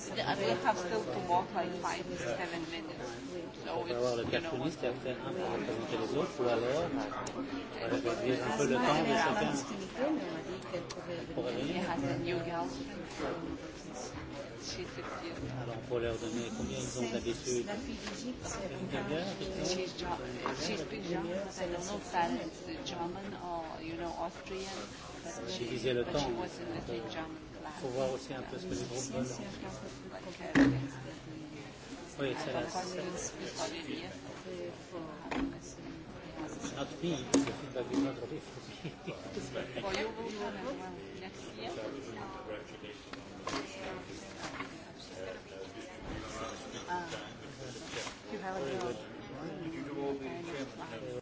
we have still to walk like five, seven minutes. So it's, you know, what... Or alors, on va un peu le temps de chacun. Pour aller. J'ai effectué. Alors, pour leur donner combien ils ont d'habitude Une demi-heure, She speaks German, I don't know French, German or, you know, Austrian. J'ai visé le temps. Il faut voir aussi un peu ce que les groupes veulent. Oui, c'est la... Not me, the feedback is not really for me. For you, next year. Uh, you have a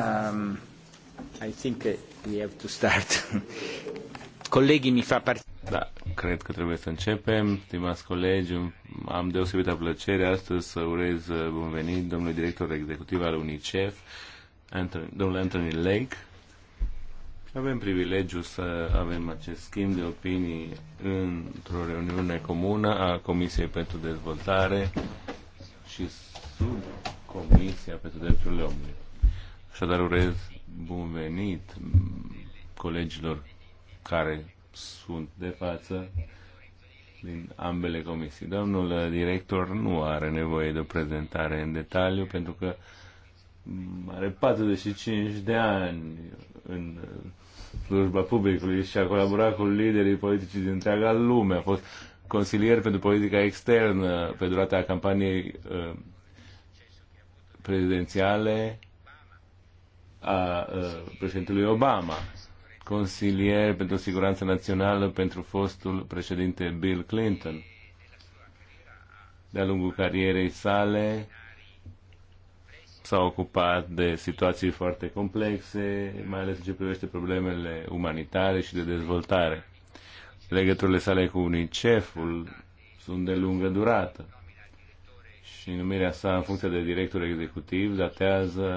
Um, I think we have to start. Colegii mi parte. Da, cred că trebuie să începem. Stimați colegi, am deosebită plăcere astăzi să urez uh, bun venit domnului director executiv al UNICEF, Anthony, domnul Anthony Lake. Avem privilegiu să avem acest schimb de opinii într-o reuniune comună a Comisiei pentru Dezvoltare și sub Comisia pentru Drepturile Omului. Așadar urez bun venit colegilor care sunt de față din ambele comisii. Domnul director nu are nevoie de o prezentare în detaliu pentru că are 45 de ani în slujba publicului și a colaborat cu liderii politici din întreaga lume. A fost consilier pentru politica externă pe durata campaniei uh, prezidențiale a președintelui Obama, consilier pentru siguranță națională pentru fostul președinte Bill Clinton. De-a lungul carierei sale s-a ocupat de situații foarte complexe, mai ales în ce privește problemele umanitare și de dezvoltare. Legăturile sale cu UNICEF-ul sunt de lungă durată și numirea sa în funcție de director executiv datează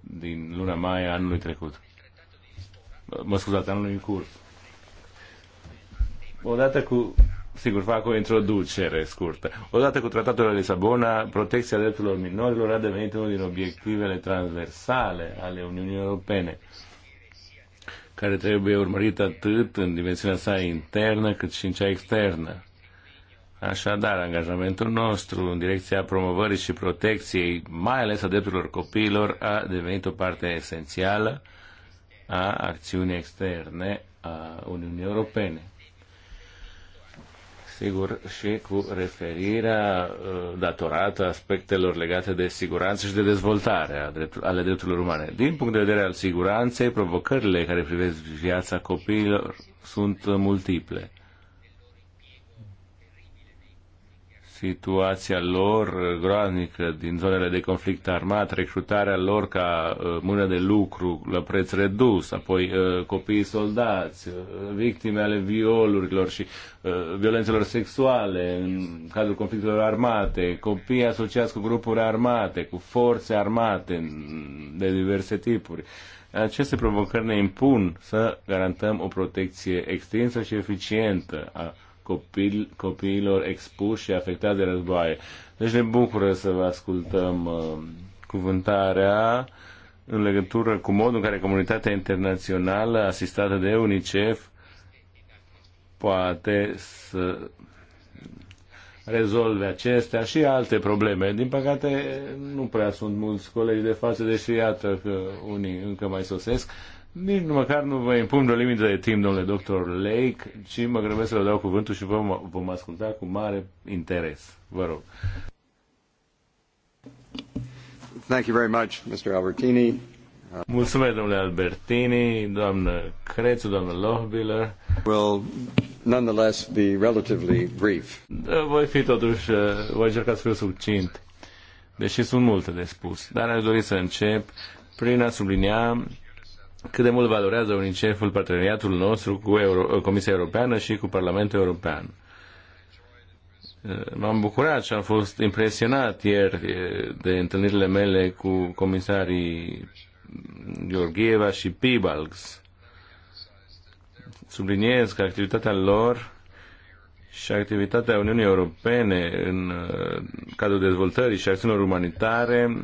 din luna mai anului trecut. Mă scuzați, anului în curs. Odată cu sigur, fac o introducere scurtă. Odată cu Tratatul de Lisabona, protecția drepturilor minorilor a devenit unul din obiectivele transversale ale Uniunii Europene, care trebuie urmărit atât în dimensiunea sa internă cât și în cea externă. Așadar, angajamentul nostru în direcția promovării și protecției, mai ales a drepturilor copiilor, a devenit o parte esențială a acțiunii externe a Uniunii Europene. Sigur, și cu referirea uh, datorată aspectelor legate de siguranță și de dezvoltare ale drepturilor umane. Din punct de vedere al siguranței, provocările care privesc viața copiilor sunt multiple situația lor groaznică din zonele de conflict armat, recrutarea lor ca uh, mână de lucru la preț redus, apoi uh, copiii soldați, uh, victime ale violurilor și violențelor sexuale în cadrul conflictelor armate, copii asociați cu grupuri armate, cu forțe armate de diverse tipuri. Aceste provocări ne impun să garantăm o protecție extinsă și eficientă a copil, copiilor expuși și afectați de războaie. Deci ne bucură să vă ascultăm uh, cuvântarea în legătură cu modul în care comunitatea internațională asistată de UNICEF poate să rezolve acestea și alte probleme. Din păcate, nu prea sunt mulți colegi de față, deși iată că unii încă mai sosesc. Nici măcar nu vă impun o limită de timp, domnule doctor Lake, ci mă grăbesc să vă dau cuvântul și vă vom asculta cu mare interes. Vă rog. Thank you very much, Mr. Albertini. Mulțumesc, domnule Albertini, doamnă Crețu, doamnă Lohbiller. Will nonetheless be relatively brief. Da, voi fi totuși, uh, voi încerca să fiu succint, deși sunt multe de spus, dar aș dori să încep prin a sublinia cât de mult valorează UNICEF-ul parteneriatul nostru cu Euro- Comisia Europeană și cu Parlamentul European. Uh, m-am bucurat și am fost impresionat ieri de întâlnirile mele cu comisarii Georgieva și Pibalgs. Subliniez că activitatea lor și activitatea Uniunii Europene în uh, cadrul dezvoltării și acțiunilor umanitare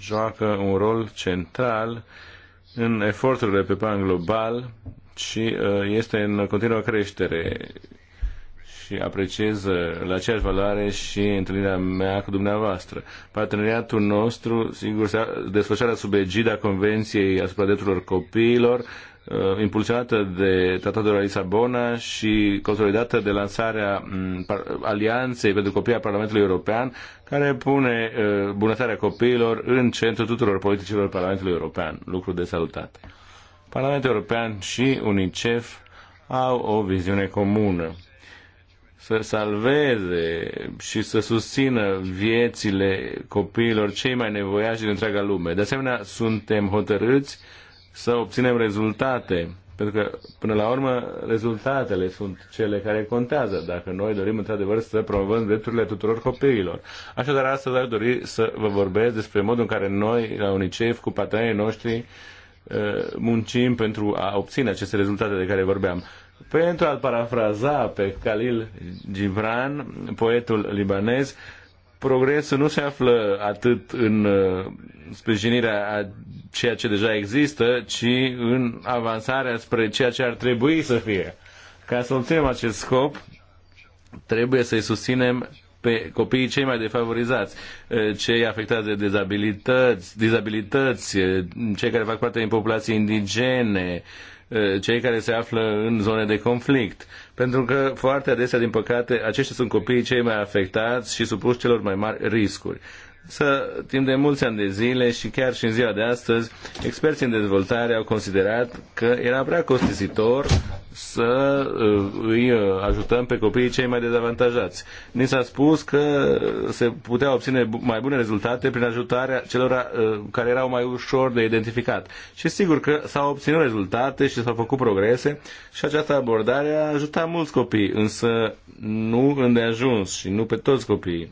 joacă un rol central uh, în eforturile pe plan global și uh, este în continuă creștere și apreciez uh, la aceeași valoare și întâlnirea mea cu dumneavoastră. Parteneriatul nostru, sigur, se desfășoară sub egida Convenției asupra drepturilor copiilor, uh, impulsionată de Tratatul de la Lisabona și consolidată de lansarea um, Alianței pentru Copii a Parlamentului European, care pune uh, copiilor în centrul tuturor politicilor Parlamentului European. Lucru de salutat. Parlamentul European și UNICEF au o viziune comună să salveze și să susțină viețile copiilor cei mai nevoiași din întreaga lume. De asemenea, suntem hotărâți uh, să obținem rezultate. Pentru că, până la urmă, rezultatele sunt cele care contează, dacă noi dorim, într-adevăr, să promovăm drepturile tuturor copiilor. Așadar, astăzi aș dori să vă vorbesc despre modul în care noi, la UNICEF, cu patronii noștri, uh, muncim pentru a obține aceste rezultate de care vorbeam. Pentru a-l parafraza pe Khalil Gibran, poetul libanez, progresul nu se află atât în uh, sprijinirea a ceea ce deja există, ci în avansarea spre ceea ce ar trebui să fie. Ca să obținem acest scop, trebuie să-i susținem pe copiii cei mai defavorizați, uh, cei afectați de dizabilități, dizabilități uh, cei care fac parte din populații indigene, Eh, cei care se află în zone de conflict. Pentru că foarte adesea, din păcate, aceștia sunt copiii cei mai afectați și supuși celor mai mari riscuri să timp de mulți ani de zile și chiar și în ziua de astăzi, experții în dezvoltare au considerat că era prea costisitor să uh, îi uh, ajutăm pe copiii cei mai dezavantajați. Ni s-a spus că se putea obține mai bune rezultate prin ajutarea celor uh, care erau mai ușor de identificat. Și sigur că s-au obținut rezultate și s-au făcut progrese și această abordare a ajutat mulți copii, însă nu îndeajuns și nu pe toți copiii.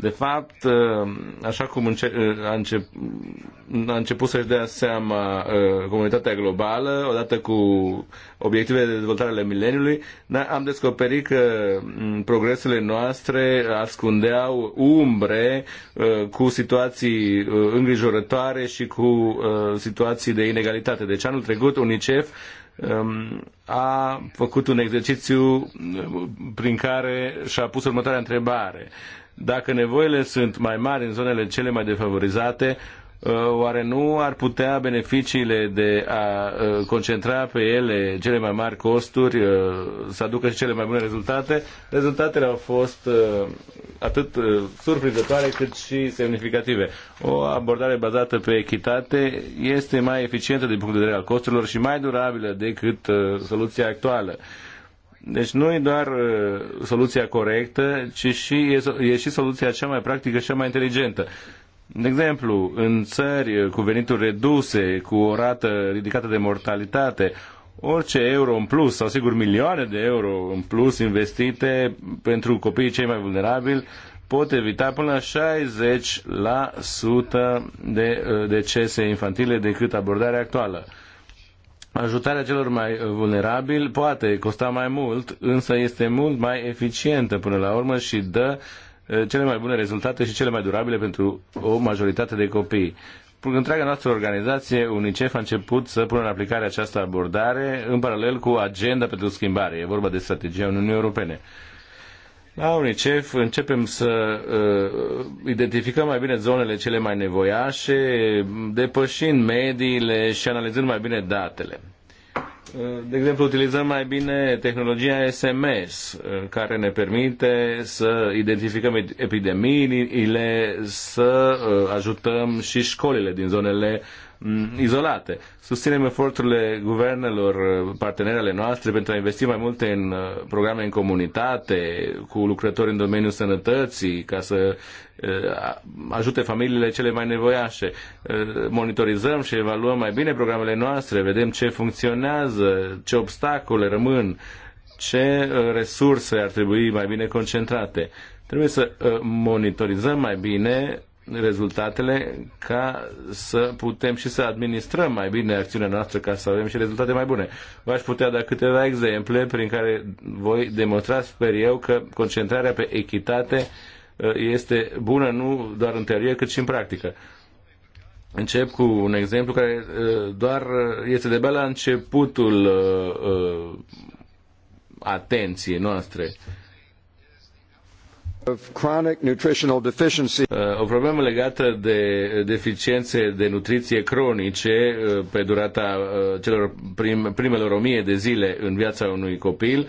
De fapt, uh, așa cum înce- uh, a, înce- a început să-și dea seama uh, comunitatea globală, odată cu obiectivele de dezvoltare ale mileniului, am descoperit că mm, progresele noastre ascundeau umbre cu situații îngrijorătoare și cu situații de inegalitate. Deci anul trecut UNICEF um, a făcut un exercițiu prin care și-a pus următoarea întrebare dacă nevoile sunt mai mari în zonele cele mai defavorizate, uh, oare nu ar putea beneficiile de a uh, concentra pe ele cele mai mari costuri uh, să aducă și cele mai bune rezultate? Rezultatele au fost atât surprinzătoare cât și semnificative. O abordare bazată pe echitate este mai eficientă din punct de vedere al costurilor și mai durabilă decât soluția actuală. Deci nu e doar uh, soluția corectă, ci și e, și soluția cea mai practică cea mai inteligentă. De exemplu, în țări cu venituri reduse, cu o rată ridicată de mortalitate, orice euro în plus, sau sigur milioane de euro în plus investite pentru copiii cei mai vulnerabili, pot evita până la 60% de uh, decese infantile decât abordarea actuală ajutarea celor mai vulnerabili poate costa mai mult, însă este mult mai eficientă până la urmă și dă cele mai bune rezultate și cele mai durabile pentru o majoritate de copii. Întreaga noastră organizație, UNICEF, a început să pună în aplicare această abordare în paralel cu agenda pentru schimbare. E vorba de strategia Uniunii Europene. La UNICEF începem să uh, identificăm mai bine zonele cele mai nevoiașe, depășind mediile și analizând mai bine datele. Uh, de exemplu, utilizăm mai bine tehnologia SMS, uh, care ne permite să identificăm epidemiile, să uh, ajutăm și școlile din zonele Mm, izolate. Susținem eforturile guvernelor, partenerele noastre pentru a investi mai multe în uh, programe în comunitate, cu lucrători în domeniul sănătății, ca să uh, ajute familiile cele mai nevoiașe. Uh, monitorizăm și evaluăm mai bine programele noastre, vedem ce funcționează, ce obstacole rămân, ce resurse ar trebui mai bine concentrate. Trebuie să monitorizăm mai bine rezultatele ca să putem și să administrăm mai bine acțiunea noastră ca să avem și rezultate mai bune. V-aș putea da câteva exemple prin care voi demonstra, sper eu, că concentrarea pe echitate uh, este bună nu doar în teorie, cât și în practică. Încep cu un exemplu care uh, doar uh, este de bea la începutul atenției noastre. Uh, o problemă legată de uh, deficiențe de nutriție cronice uh, pe durata celor prim, primelor o mie de zile în viața unui copil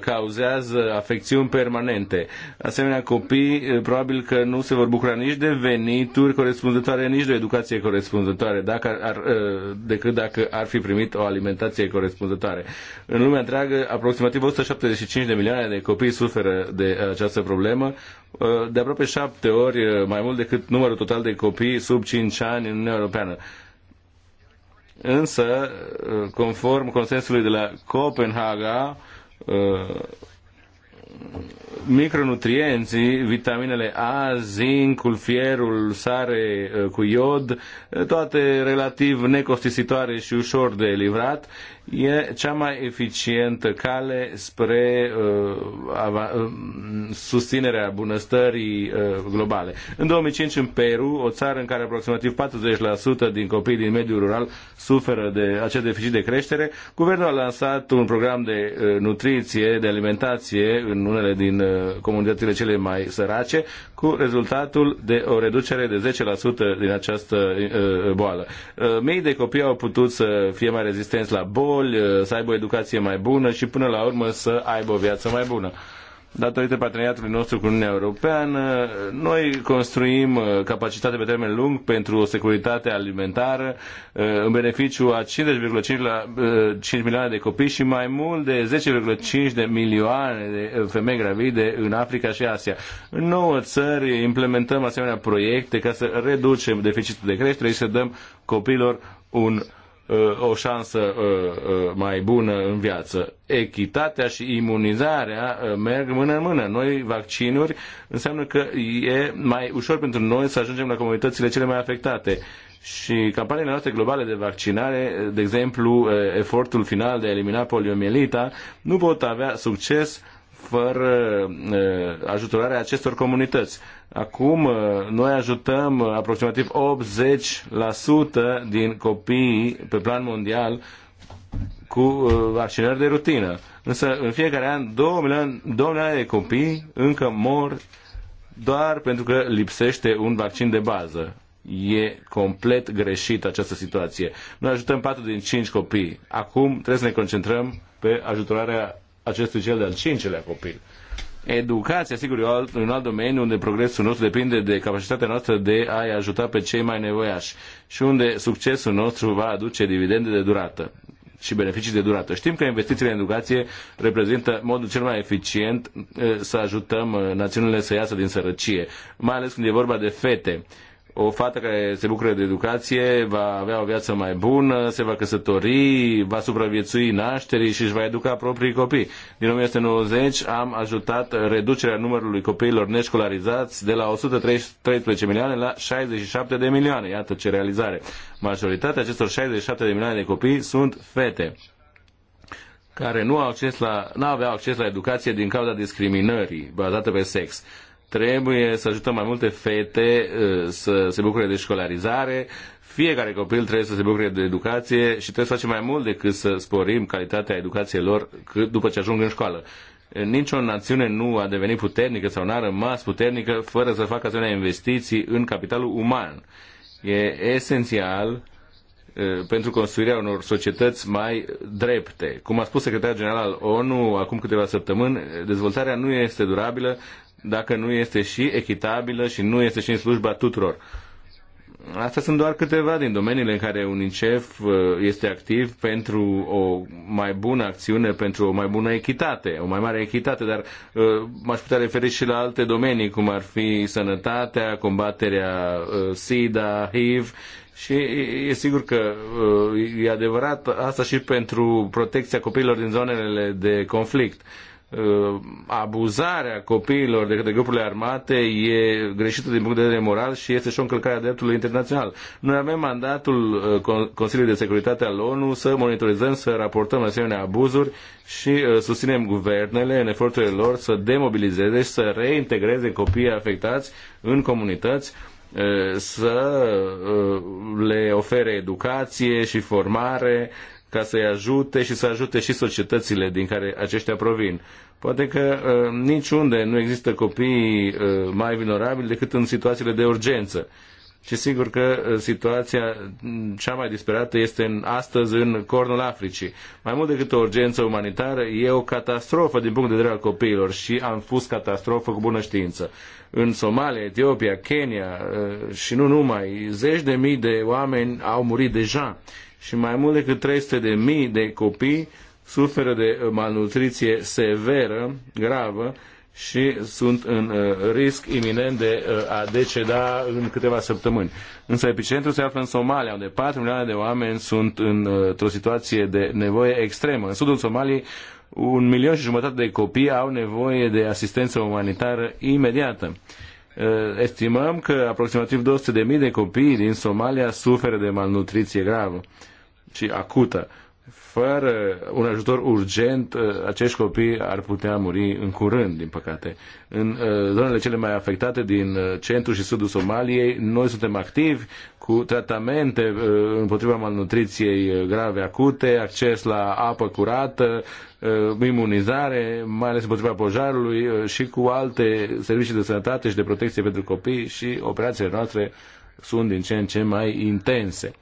cauzează afecțiuni permanente. Asemenea, copii probabil că nu se vor bucura nici de venituri corespunzătoare, nici de o educație corespunzătoare, dacă ar, decât dacă ar fi primit o alimentație corespunzătoare. În lumea întreagă, aproximativ 175 de milioane de copii suferă de această problemă Uh, de aproape șapte ori uh, mai mult decât numărul total de copii sub 5 ani în Uniunea Europeană. Însă, uh, conform consensului de la Copenhaga, micronutrienții, vitaminele A, zincul, fierul, sare cu iod, toate relativ necostisitoare și ușor de livrat, e cea mai eficientă cale spre uh, uh susținerea bunăstării uh, globale. În 2005, în Peru, o țară în care aproximativ 40% din copiii din mediul rural suferă de acest deficit de creștere, guvernul a lansat un program de uh, nutriție, de alimentație în unele din uh, comunitățile cele mai sărace, cu rezultatul de o reducere de 10% din această uh, boală. Uh, mii de copii au putut să fie mai rezistenți la boli, uh, să aibă o educație mai bună și până la urmă să aibă o viață mai bună datorită parteneriatului nostru cu Uniunea Europeană, noi construim uh, capacitate pe termen lung pentru o securitate alimentară uh, în beneficiu a 50,5 uh, milioane de copii și mai mult de 10,5 de milioane de femei gravide în Africa și Asia. În nouă țări implementăm asemenea proiecte ca să reducem deficitul de creștere și să dăm copiilor un Uh, o șansă uh, uh, mai bună în viață. Echitatea și imunizarea merg mână în mână. Noi vaccinuri înseamnă că e mai ușor pentru noi să ajungem la comunitățile cele mai afectate. Și campaniile noastre globale de vaccinare, de exemplu, efortul final de a elimina poliomielita, nu pot avea succes fără ajutorarea acestor comunități. Acum noi ajutăm aproximativ 80% din copiii pe plan mondial cu vaccinări de rutină. Însă în fiecare an 2 milioane, 2 milioane de copii încă mor doar pentru că lipsește un vaccin de bază. E complet greșit această situație. Noi ajutăm 4 din 5 copii. Acum trebuie să ne concentrăm pe ajutorarea acestui cel de-al cincilea copil. Educația, sigur, e un alt, un alt domeniu unde progresul nostru depinde de capacitatea noastră de a-i ajuta pe cei mai nevoiași și unde succesul nostru va aduce dividende de durată și beneficii de durată. Știm că investițiile în educație reprezintă modul cel mai eficient eh, să ajutăm eh, națiunile să iasă din sărăcie, mai ales când e vorba de fete o fată care se bucură de educație va avea o viață mai bună, se va căsători, va supraviețui nașterii și își va educa proprii copii. Din 1990 am ajutat reducerea numărului copiilor neșcolarizați de la 113 milioane la 67 de milioane. Iată ce realizare. Majoritatea acestor 67 de milioane de copii sunt fete care nu, au acces la, nu aveau acces la educație din cauza discriminării bazată pe sex. Trebuie să ajutăm mai multe fete uh, să se bucure de școlarizare, fiecare copil trebuie să se bucure de educație și trebuie să facem mai mult decât să sporim calitatea educației lor după ce ajung în școală. Nicio națiune nu a devenit puternică sau n-a rămas puternică fără să facă asemenea investiții în capitalul uman. E esențial uh, pentru construirea unor societăți mai drepte. Cum a spus secretarul general al ONU acum câteva săptămâni, dezvoltarea nu este durabilă dacă nu este și echitabilă și nu este și în slujba tuturor. Astea sunt doar câteva din domeniile în care UNICEF uh, este activ pentru o mai bună acțiune, pentru o mai bună echitate, o mai mare echitate, dar uh, m-aș putea referi și la alte domenii, cum ar fi sănătatea, combaterea uh, SIDA, HIV și e sigur că e adevărat asta și pentru protecția copiilor din zonele de conflict Uh, abuzarea copiilor de către grupurile armate e greșită din punct de vedere moral și este și o încălcare a dreptului internațional. Noi avem mandatul uh, Consiliului de Securitate al ONU să monitorizăm, să raportăm asemenea abuzuri și uh, susținem guvernele în eforturile lor să demobilizeze și să reintegreze copiii afectați în comunități să le ofere educație și formare ca să-i ajute și să ajute și societățile din care aceștia provin. Poate că uh, niciunde nu există copii uh, mai vulnerabili decât în situațiile de urgență. Și sigur că uh, situația mm, cea mai disperată este în, astăzi în cornul Africii. Mai mult decât o urgență umanitară, e o catastrofă din punct de vedere al copiilor și am fost catastrofă cu bună știință. În Somalia, Etiopia, Kenya uh, și nu numai, zeci de mii de oameni au murit deja și mai mult decât 300 de mii de copii suferă de uh, malnutriție severă, gravă, și sunt în uh, risc iminent de uh, a deceda în câteva săptămâni. Însă epicentrul se află în Somalia, unde 4 milioane de oameni sunt într-o situație de nevoie extremă. În sudul Somaliei, un milion și jumătate de copii au nevoie de asistență umanitară imediată. Estimăm că aproximativ 200.000 de copii din Somalia suferă de malnutriție gravă și acută fără un ajutor urgent, uh, acești copii ar putea muri în curând, din păcate. În uh, zonele cele mai afectate din uh, Centru și sudul Somaliei, noi suntem activi cu tratamente împotriva malnutriției grave acute, acces la apă curată, imunizare, mai ales împotriva pojarului și cu alte servicii de sănătate și de protecție pentru copii și operațiile noastre sunt din ce în ce mai intense.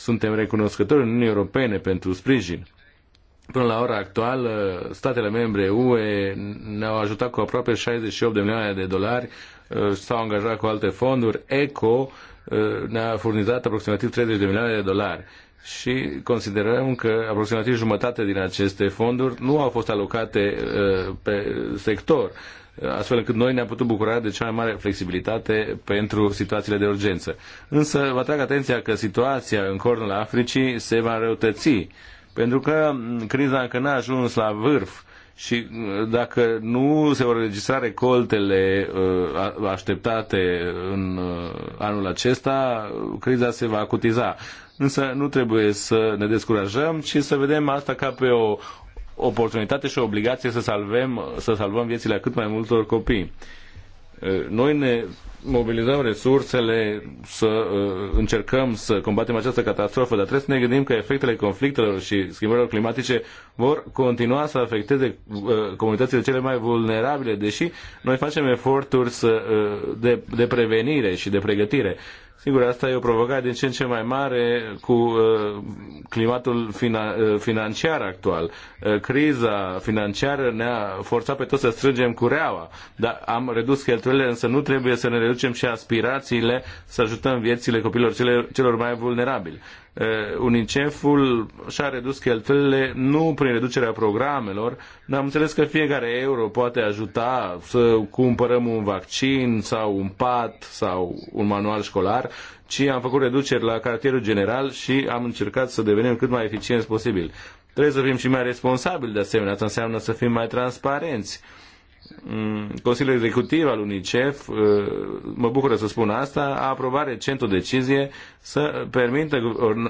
Suntem recunoscători Uniunii Europene pentru sprijin. Până la ora actuală, statele membre UE ne-au ajutat cu aproape 68 de milioane de dolari, uh, s-au angajat cu alte fonduri, ECO uh, ne-a furnizat aproximativ 30 de milioane de dolari și considerăm că aproximativ jumătate din aceste fonduri nu au fost alocate uh, pe sector astfel încât noi ne-am putut bucura de cea mai mare flexibilitate pentru situațiile de urgență. Însă vă atrag atenția că situația în cornul Africii se va răutăți, pentru că criza încă n-a ajuns la vârf și dacă nu se vor registra recoltele uh, așteptate în uh, anul acesta, criza se va acutiza. Însă nu trebuie să ne descurajăm, ci să vedem asta ca pe o oportunitate și o obligație să salvăm, să salvăm viețile a cât mai multor copii. Noi ne mobilizăm resursele să încercăm să combatem această catastrofă, dar trebuie să ne gândim că efectele conflictelor și schimbărilor climatice vor continua să afecteze comunitățile cele mai vulnerabile, deși noi facem eforturi să, de, de prevenire și de pregătire. Sigur, asta e o provocare din ce în ce mai mare cu uh, climatul fina- uh, financiar actual. Uh, criza financiară ne-a forțat pe toți să strângem cureaua, dar am redus cheltuielile, însă nu trebuie să ne reducem și aspirațiile să ajutăm viețile copilor cele, celor mai vulnerabili. Eh, UNICEF-ul și-a redus cheltuielile nu prin reducerea programelor, dar am înțeles că fiecare euro poate ajuta să cumpărăm un vaccin sau un pat sau un manual școlar, ci am făcut reduceri la cartierul general și am încercat să devenim cât mai eficienți posibil. Trebuie să fim și mai responsabili de asemenea, asta înseamnă să fim mai transparenți Mm, Consiliul Executiv al UNICEF, uh, mă bucură să spun asta, a aprobat recent o decizie să permită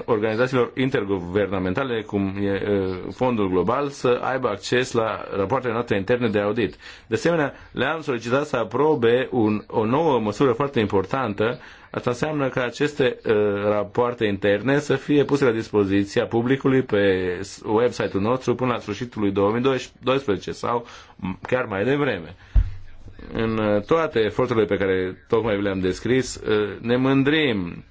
organizațiilor interguvernamentale, cum e uh, Fondul Global, să aibă acces la rapoartele noastre interne de audit. De asemenea, le-am solicitat să aprobe un, o nouă măsură foarte importantă Asta înseamnă că aceste uh, rapoarte interne să fie puse la dispoziția publicului pe website-ul nostru până la sfârșitul lui 2012 sau chiar mai devreme. În uh, toate eforturile pe care tocmai vi le-am descris, uh, ne mândrim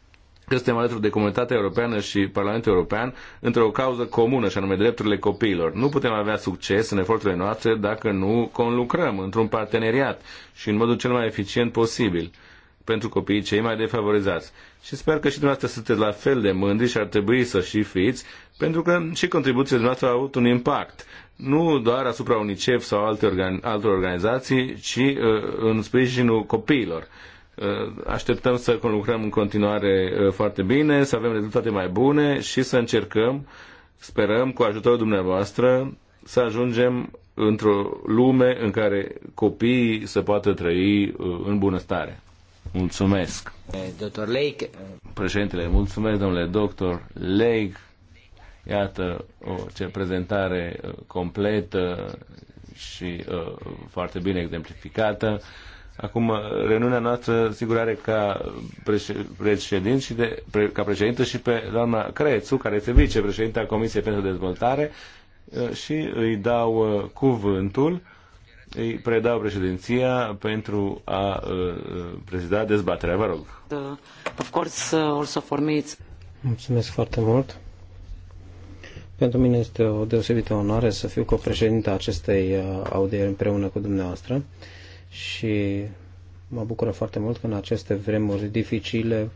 că suntem alături de comunitatea europeană și Parlamentul European într-o cauză comună, și anume drepturile copiilor. Nu putem avea succes în eforturile noastre dacă nu conlucrăm într-un parteneriat și în modul cel mai eficient posibil pentru copiii cei mai defavorizați. Și sper că și dumneavoastră sunteți la fel de mândri și ar trebui să și fiți, pentru că și contribuțiile dumneavoastră au avut un impact nu doar asupra UNICEF sau alte organi- altor organizații, ci uh, în sprijinul copiilor. Uh, așteptăm să lucrăm în continuare uh, foarte bine, să avem rezultate mai bune și să încercăm, sperăm, cu ajutorul dumneavoastră, să ajungem într-o lume în care copiii să poată trăi uh, în bunăstare. Mulțumesc. Dr. Lake. Președintele, mulțumesc, domnule doctor Lake. Iată o ce prezentare uh, completă și uh, foarte bine exemplificată. Acum, uh, reuniunea noastră, sigur, are ca președinte și de, pre, ca președinte și pe doamna Crețu, care este vicepreședinta Comisiei pentru Dezvoltare, uh, și îi dau cuvântul îi predau președinția pentru a prezida dezbaterea. Vă rog. Da, of course, also for me it's... Mulțumesc foarte mult. Pentru mine este o deosebită onoare să fiu copreședinte acestei audieri împreună cu dumneavoastră și mă bucură foarte mult că în aceste vremuri dificile,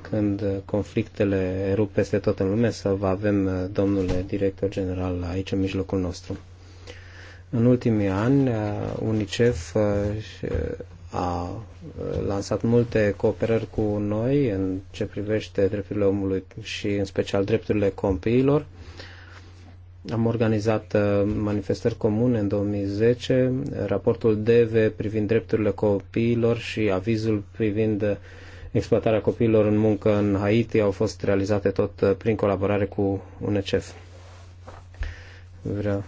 când conflictele erup peste tot în lume, să vă avem, domnule director general, aici în mijlocul nostru. În ultimii ani, uh, UNICEF uh, uh, a lansat multe cooperări cu noi în ce privește drepturile omului și în special drepturile copiilor. Am organizat manifestări comune în 2010, raportul DV privind drepturile copiilor și avizul privind exploatarea copiilor în muncă în Haiti au fost realizate tot prin colaborare cu UNICEF. Vreau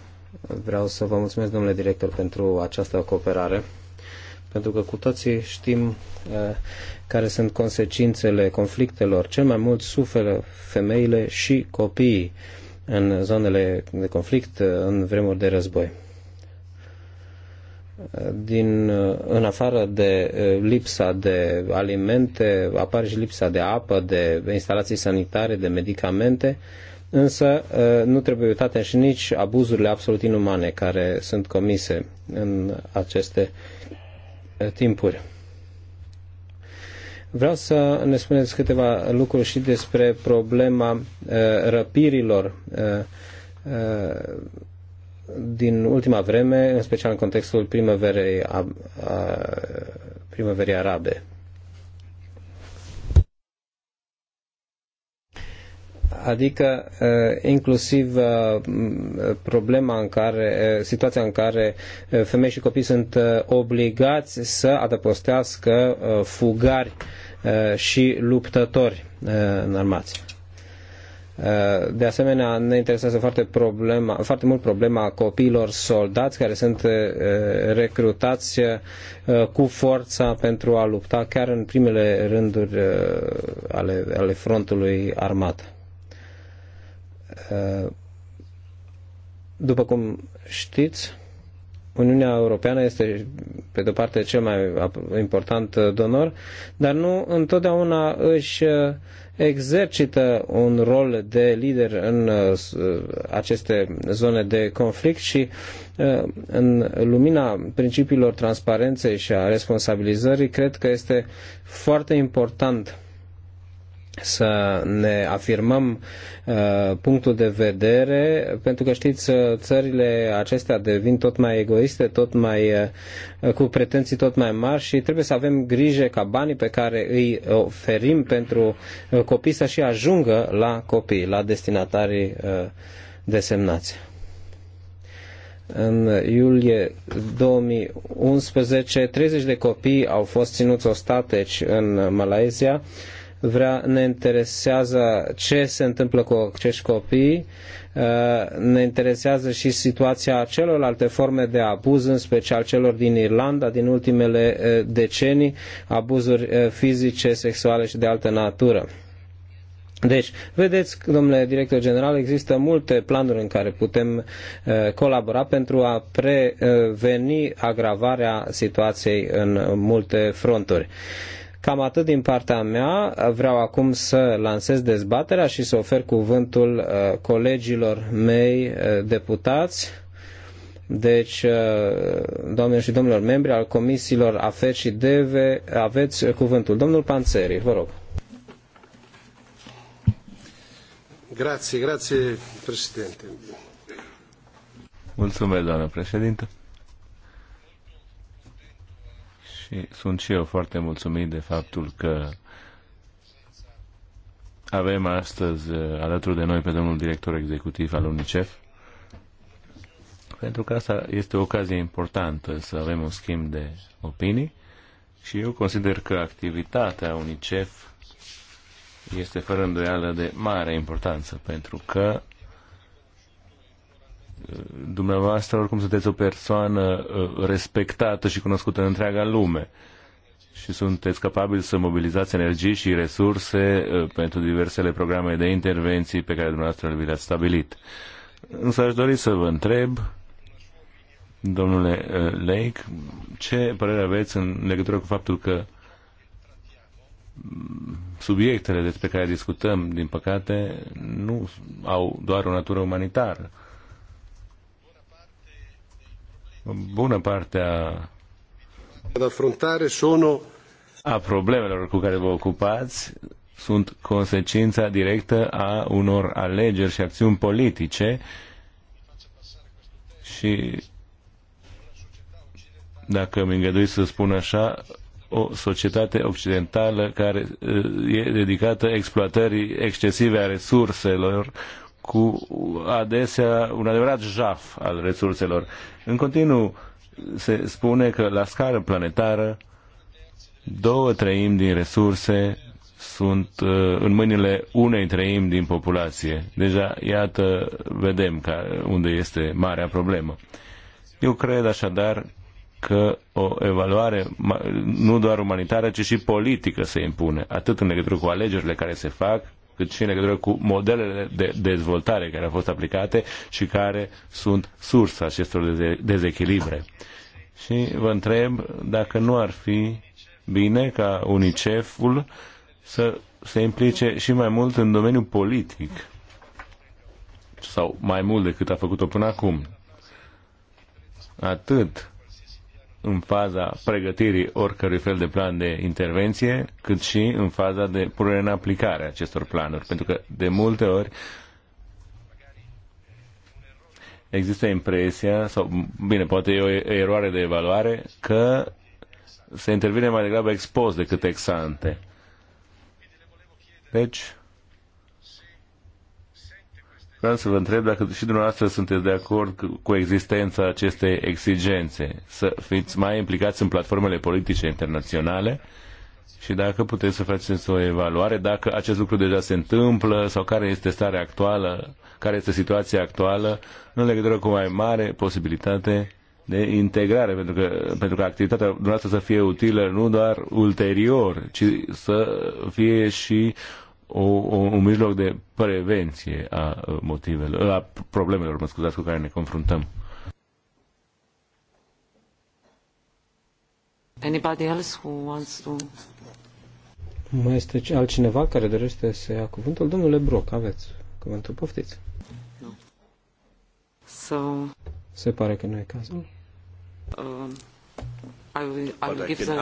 Vreau să vă mulțumesc, domnule director, pentru această cooperare, pentru că cu toții știm uh, care sunt consecințele conflictelor. Cel mai mult suferă femeile și copiii în zonele de conflict, uh, în vremuri de război din, uh, în afară de lipsa de alimente, apare și lipsa de apă, de instalații sanitare, de medicamente însă ă, nu trebuie uitate și nici abuzurile absolut inumane care sunt comise în aceste ă, timpuri. Vreau să ne spuneți câteva lucruri și despre problema ă, răpirilor din ultima vreme, în special în contextul primăverei, primăverii arabe. adică inclusiv problema în care, situația în care femei și copii sunt obligați să adăpostească fugari și luptători în înarmați. De asemenea, ne interesează foarte, problema, foarte mult problema copiilor soldați care sunt recrutați cu forța pentru a lupta chiar în primele rânduri ale, ale frontului armat. Uh, după cum știți, Uniunea Europeană este, pe de-o parte, cel mai important uh, donor, dar nu întotdeauna își uh, exercită un rol de lider în aceste zone de conflict și în lumina principiilor transparenței și a responsabilizării, cred că este foarte important să ne afirmăm uh, punctul de vedere, pentru că știți, uh, țările acestea devin tot mai egoiste, tot mai uh, cu pretenții tot mai mari și trebuie să avem grijă ca banii pe care îi oferim pentru uh, copii să și ajungă la copii, la destinatarii uh, desemnați. În iulie 2011, 30 de copii au fost ținuți ostateci în Malaysia vrea, ne interesează ce se întâmplă cu acești copii, uh, ne interesează și situația celorlalte forme de abuz, în special celor din Irlanda din ultimele uh, decenii, abuzuri uh, fizice, sexuale și de altă natură. Deci, vedeți, domnule director general, există multe planuri în care putem colabora pentru a preveni agravarea situației în multe fronturi. Cam atât din partea mea. Vreau acum să lansez dezbaterea și să ofer cuvântul uh, colegilor mei uh, deputați. Deci, uh, doamnelor și domnilor membri al comisiilor AFET și DEVE, aveți cuvântul. Domnul Panțeri, vă rog. Grazie, grazie, președinte. Mulțumesc, doamnă președinte. Și sunt și eu foarte mulțumit de faptul că avem astăzi uh, alături de noi pe domnul director executiv al UNICEF, pentru că asta este o ocazie importantă să avem un schimb de opinii și eu consider că activitatea UNICEF este fără îndoială de mare importanță, pentru că dumneavoastră oricum sunteți o persoană uh, respectată și cunoscută în întreaga lume și sunteți capabili să mobilizați energii și resurse uh, pentru diversele programe de intervenții pe care dumneavoastră vi le-ați stabilit. Însă aș dori să vă întreb, domnule uh, Lake, ce părere aveți în legătură cu faptul că mm, subiectele despre care discutăm, din păcate, nu au doar o natură umanitară bună parte a affrontare sono a problemelor cu care vă ocupați sunt consecința directă a unor alegeri și acțiuni politice și dacă mi îngădui să spun așa, o societate occidentală care e dedicată exploatării excesive a resurselor cu adesea un adevărat jaf al resurselor. În continuu se spune că la scară planetară două treimi din resurse sunt uh, în mâinile unei treimi din populație. Deja, iată, vedem ca, unde este marea problemă. Eu cred așadar că o evaluare nu doar umanitară, ci și politică se impune, atât în legătură cu alegerile care se fac, cât și în legătură cu modelele de dezvoltare care au fost aplicate și care sunt sursa acestor dezechilibre. Și vă întreb dacă nu ar fi bine ca UNICEF-ul să se implice și mai mult în domeniul politic sau mai mult decât a făcut-o până acum. Atât în faza pregătirii oricărui fel de plan de intervenție, cât și în faza de punere în aplicare a acestor planuri. Pentru că, de multe ori, există impresia, sau bine, poate e o eroare de evaluare, că se intervine mai degrabă expos decât ex ante. Deci, Vreau să vă întreb dacă și dumneavoastră sunteți de acord cu existența acestei exigențe, să fiți mai implicați în platformele politice internaționale și dacă puteți să faceți o evaluare, dacă acest lucru deja se întâmplă sau care este starea actuală, care este situația actuală în legătură cu mai mare posibilitate de integrare, pentru că, pentru că activitatea dumneavoastră să fie utilă nu doar ulterior, ci să fie și o, o, un mijloc de prevenție a motivelor, a problemelor, mă scuzați, cu care ne confruntăm. Anybody else who wants to... Mai este altcineva care dorește să ia cuvântul? Domnule Broc, aveți cuvântul, poftiți. No. So... Se pare că nu e cazul. Uh, I will, I will give the,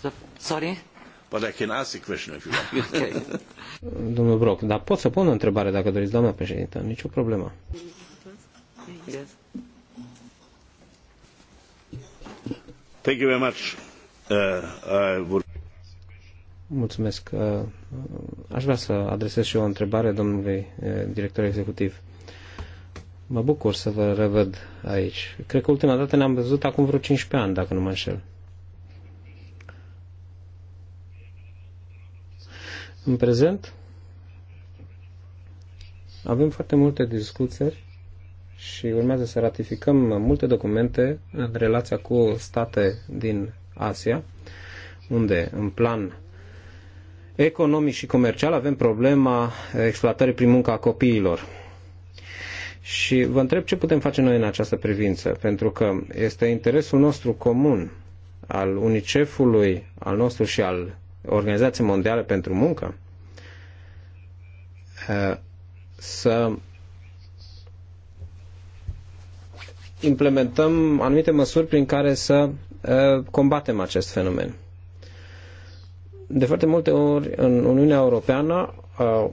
the... Sorry? But I can ask the question if you want. Okay. Domnul Broc, dar pot să pun o întrebare dacă doriți, doamna președintă, nicio problemă. Yes. Thank you very much. Uh, I would... Mulțumesc. Uh, aș vrea să adresez și eu o întrebare domnului uh, director executiv. Mă bucur să vă revăd aici. Cred că ultima dată ne-am văzut acum vreo 15 ani, dacă nu mă înșel. În prezent avem foarte multe discuții și urmează să ratificăm multe documente în relația cu state din Asia, unde în plan economic și comercial avem problema exploatării prin munca copiilor. Și vă întreb ce putem face noi în această privință, pentru că este interesul nostru comun al UNICEF-ului, al nostru și al Organizație Mondială pentru Muncă eh, să implementăm anumite măsuri prin care să eh, combatem acest fenomen. De foarte multe ori în Uniunea Europeană eh,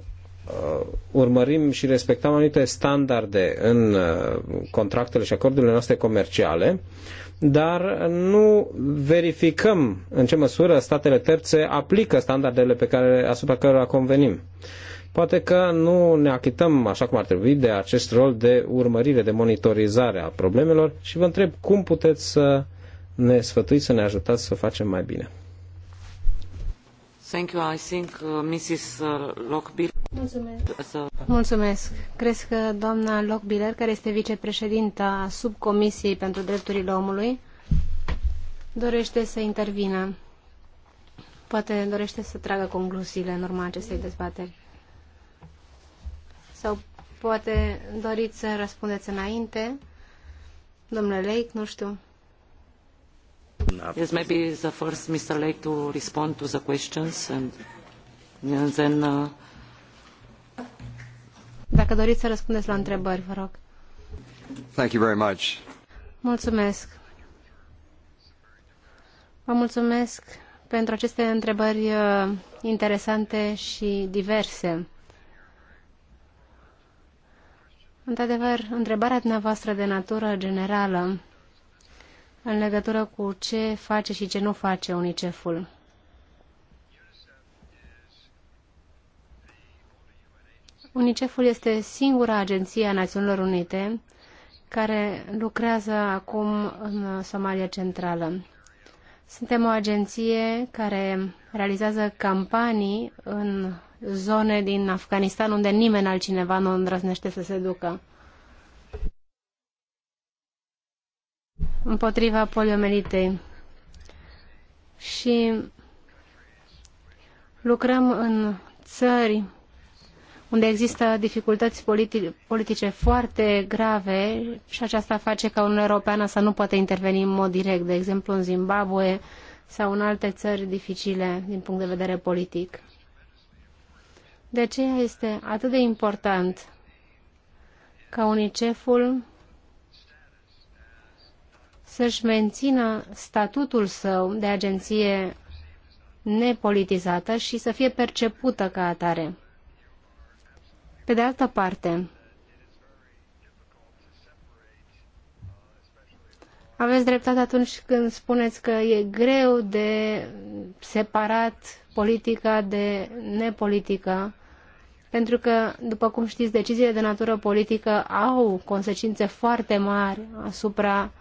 urmărim și respectăm anumite standarde în contractele și acordurile noastre comerciale dar nu verificăm în ce măsură statele terțe aplică standardele pe care, asupra cărora convenim. Poate că nu ne achităm așa cum ar trebui de acest rol de urmărire, de monitorizare a problemelor și vă întreb cum puteți să ne sfătuiți, să ne ajutați să facem mai bine. Thank you. I think uh, Mrs. Uh, Lockbill. Mulțumesc. Mulțumesc. Crezi că doamna Lockbiller, care este vicepreședinta subcomisiei pentru drepturile omului, dorește să intervină? Poate dorește să tragă concluziile în urma acestei dezbateri. Sau poate doriți să răspundeți înainte? Domnule Lake, nu știu. Yes, maybe the first Mr. Lake to respond to the questions and, and then uh, dacă doriți să răspundeți la întrebări, vă rog. Thank you very much. Mulțumesc. Vă mulțumesc pentru aceste întrebări uh, interesante și diverse. Într-adevăr, întrebarea dumneavoastră de natură generală în legătură cu ce face și ce nu face UNICEF-ul. UNICEF-ul este singura agenție a Națiunilor Unite care lucrează acum în Somalia Centrală. Suntem o agenție care realizează campanii în zone din Afganistan unde nimeni altcineva nu îndrăznește să se ducă. Împotriva poliomelitei. Și lucrăm în țări unde există dificultăți politi politice foarte grave și aceasta face ca Uniunea Europeană să nu poată interveni în mod direct, de exemplu în Zimbabwe sau în alte țări dificile din punct de vedere politic. De aceea este atât de important ca UNICEF-ul să-și mențină statutul său de agenție nepolitizată și să fie percepută ca atare. Pe de altă parte, Aveți dreptate atunci când spuneți că e greu de separat politica de nepolitică, pentru că, după cum știți, deciziile de natură politică au consecințe foarte mari asupra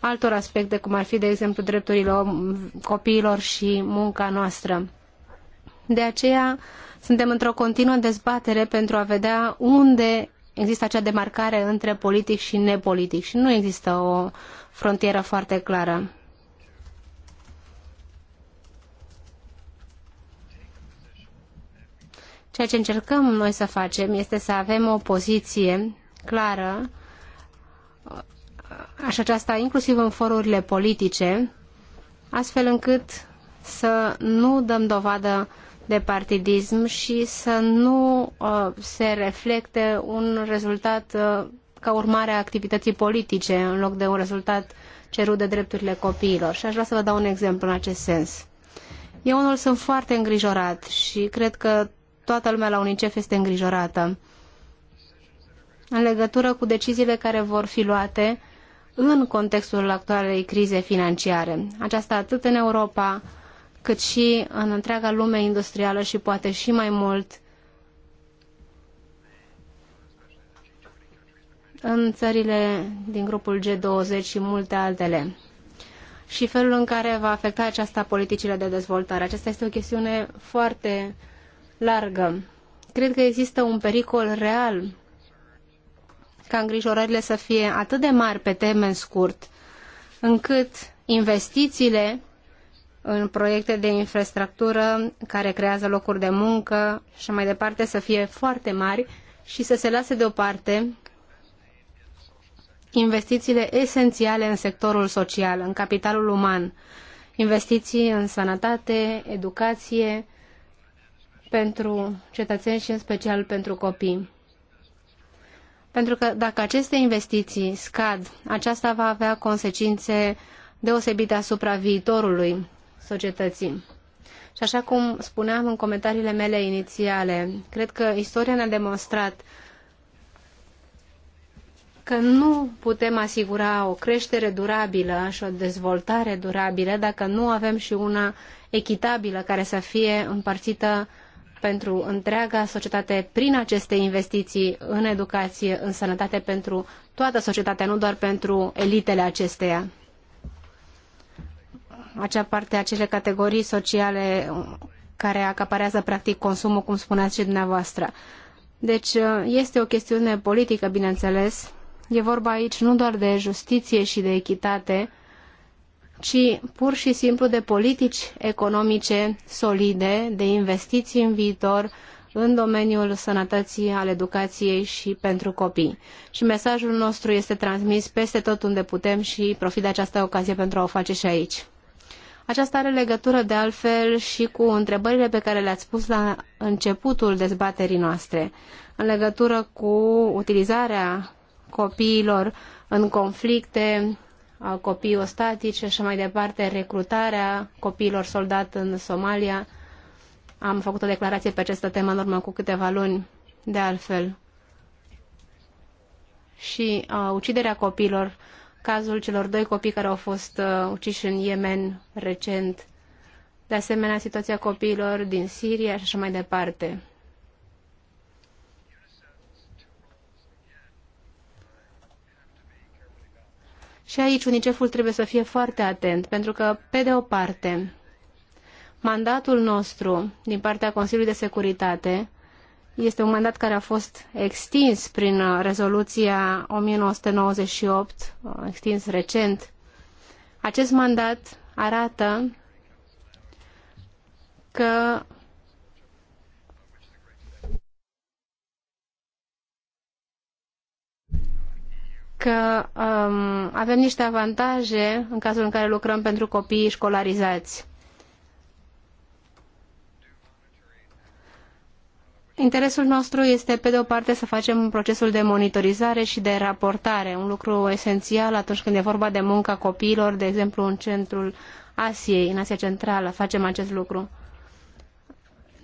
altor aspecte, cum ar fi, de exemplu, drepturile copiilor și munca noastră. De aceea, suntem într-o continuă dezbatere pentru a vedea unde există acea demarcare între politic și nepolitic și nu există o frontieră foarte clară. Ceea ce încercăm noi să facem este să avem o poziție clară, așa aceasta inclusiv în forurile politice, astfel încât să nu dăm dovadă de partidism și să nu uh, se reflecte un rezultat uh, ca urmare a activității politice în loc de un rezultat cerut de drepturile copiilor. Și aș vrea să vă dau un exemplu în acest sens. Eu unul sunt foarte îngrijorat și cred că toată lumea la UNICEF este îngrijorată în legătură cu deciziile care vor fi luate în contextul actualei crize financiare. Aceasta atât în Europa, cât și în întreaga lume industrială și poate și mai mult în țările din grupul G20 și multe altele și felul în care va afecta aceasta politicile de dezvoltare. Aceasta este o chestiune foarte largă. Cred că există un pericol real ca îngrijorările să fie atât de mari pe termen scurt, încât investițiile în proiecte de infrastructură care creează locuri de muncă și mai departe să fie foarte mari și să se lase deoparte investițiile esențiale în sectorul social, în capitalul uman, investiții în sănătate, educație pentru cetățeni și în special pentru copii. Pentru că dacă aceste investiții scad, aceasta va avea consecințe deosebite asupra viitorului societății. Și așa cum spuneam în comentariile mele inițiale, cred că istoria ne-a demonstrat că nu putem asigura o creștere durabilă și o dezvoltare durabilă dacă nu avem și una echitabilă care să fie împărțită pentru întreaga societate prin aceste investiții în educație, în sănătate pentru toată societatea, nu doar pentru elitele acesteia acea parte, acele categorii sociale care acaparează practic consumul, cum spuneați și dumneavoastră. Deci este o chestiune politică, bineînțeles. E vorba aici nu doar de justiție și de echitate, ci pur și simplu de politici economice solide, de investiții în viitor, în domeniul sănătății, al educației și pentru copii. Și mesajul nostru este transmis peste tot unde putem și profit de această ocazie pentru a o face și aici. Aceasta are legătură de altfel și cu întrebările pe care le-ați pus la începutul dezbaterii noastre, în legătură cu utilizarea copiilor în conflicte, copii ostatici și așa mai departe, recrutarea copiilor soldat în Somalia. Am făcut o declarație pe această temă în urmă cu câteva luni, de altfel. Și uh, uciderea copiilor cazul celor doi copii care au fost uh, uciși în Yemen recent, de asemenea situația copiilor din Siria și așa mai departe. Și aici UNICEF-ul trebuie să fie foarte atent, pentru că, pe de o parte, mandatul nostru din partea Consiliului de Securitate este un mandat care a fost extins prin uh, rezoluția 1998, uh, extins recent. Acest mandat arată că că um, avem niște avantaje în cazul în care lucrăm pentru copiii școlarizați. Interesul nostru este, pe de o parte, să facem procesul de monitorizare și de raportare, un lucru esențial atunci când e vorba de munca copiilor, de exemplu, în centrul Asiei, în Asia Centrală, facem acest lucru.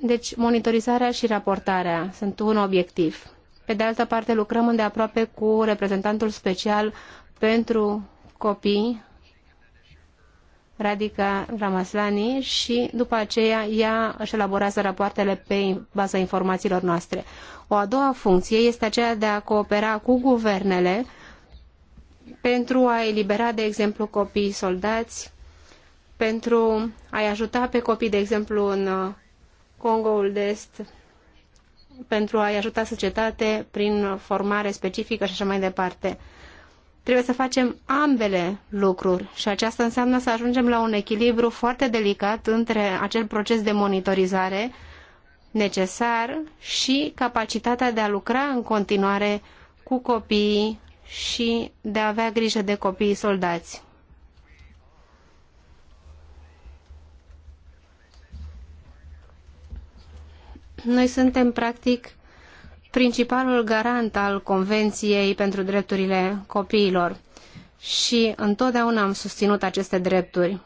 Deci, monitorizarea și raportarea sunt un obiectiv. Pe de altă parte, lucrăm îndeaproape cu reprezentantul special pentru copii Radica Ramaslani și după aceea ea își elaborează rapoartele pe baza informațiilor noastre. O a doua funcție este aceea de a coopera cu guvernele pentru a elibera, de exemplu, copii soldați, pentru a-i ajuta pe copii, de exemplu, în uh, Congoul de Est, pentru a-i ajuta societate prin formare specifică și așa mai departe. Trebuie să facem ambele lucruri și aceasta înseamnă să ajungem la un echilibru foarte delicat între acel proces de monitorizare necesar și capacitatea de a lucra în continuare cu copiii și de a avea grijă de copiii soldați. Noi suntem practic principalul garant al Convenției pentru drepturile copiilor și întotdeauna am susținut aceste drepturi.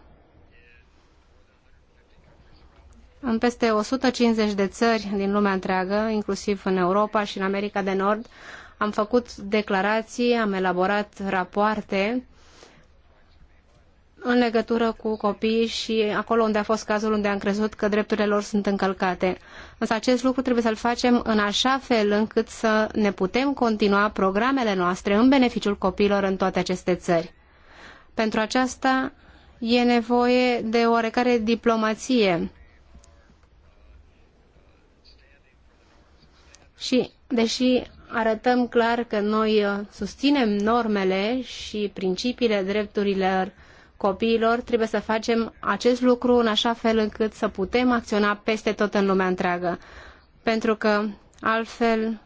În peste 150 de țări din lumea întreagă, inclusiv în Europa și în America de Nord, am făcut declarații, am elaborat rapoarte în legătură cu copiii și acolo unde a fost cazul unde am crezut că drepturile lor sunt încălcate. Însă acest lucru trebuie să-l facem în așa fel încât să ne putem continua programele noastre în beneficiul copiilor în toate aceste țări. Pentru aceasta e nevoie de oarecare diplomație. Și, deși arătăm clar că noi uh, susținem normele și principiile drepturilor copiilor, trebuie să facem acest lucru în așa fel încât să putem acționa peste tot în lumea întreagă. Pentru că altfel,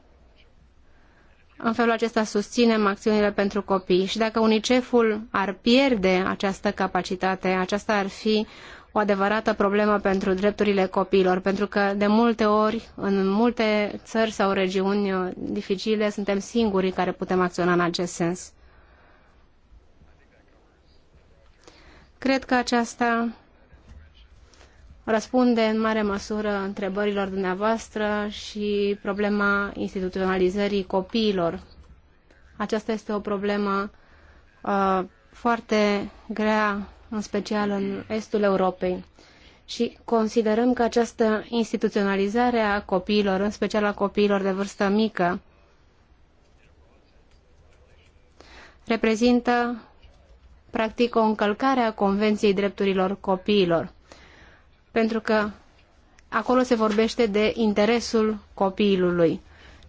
în felul acesta susținem acțiunile pentru copii. Și dacă UNICEF-ul ar pierde această capacitate, aceasta ar fi o adevărată problemă pentru drepturile copiilor, pentru că de multe ori, în multe țări sau regiuni dificile, suntem singurii care putem acționa în acest sens. Cred că aceasta răspunde în mare măsură întrebărilor dumneavoastră și problema instituționalizării copiilor. Aceasta este o problemă uh, foarte grea, în special în estul Europei. Și considerăm că această instituționalizare a copiilor, în special a copiilor de vârstă mică, reprezintă practic o încălcare a Convenției Drepturilor Copiilor, pentru că acolo se vorbește de interesul copilului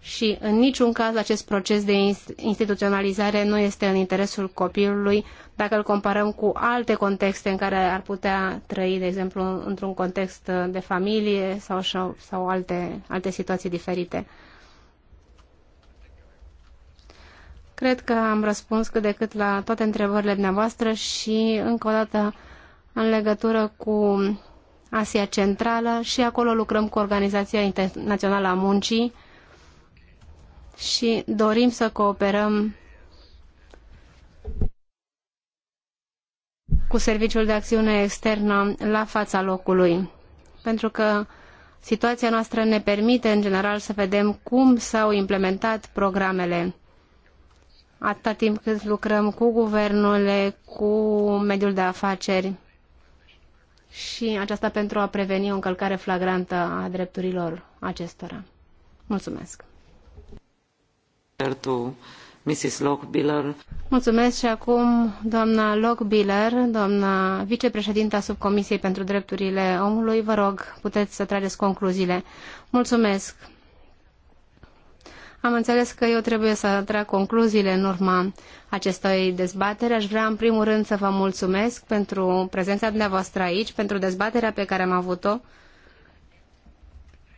și în niciun caz acest proces de instituționalizare nu este în interesul copilului dacă îl comparăm cu alte contexte în care ar putea trăi, de exemplu, într-un context de familie sau, sau alte, alte situații diferite. Cred că am răspuns cât de cât la toate întrebările dumneavoastră și încă o dată în legătură cu Asia Centrală și acolo lucrăm cu Organizația Internațională a Muncii și dorim să cooperăm cu Serviciul de Acțiune Externă la fața locului. Pentru că situația noastră ne permite, în general, să vedem cum s-au implementat programele atâta timp cât lucrăm cu guvernele, cu mediul de afaceri și aceasta pentru a preveni o încălcare flagrantă a drepturilor acestora. Mulțumesc! Mrs. Lockbiller. Mulțumesc și acum doamna Lockbiller, doamna vicepreședinta subcomisiei pentru drepturile omului, vă rog, puteți să trageți concluziile. Mulțumesc! Am înțeles că eu trebuie să trag concluziile în urma acestei dezbateri. Aș vrea în primul rând să vă mulțumesc pentru prezența dumneavoastră aici, pentru dezbaterea pe care am avut-o.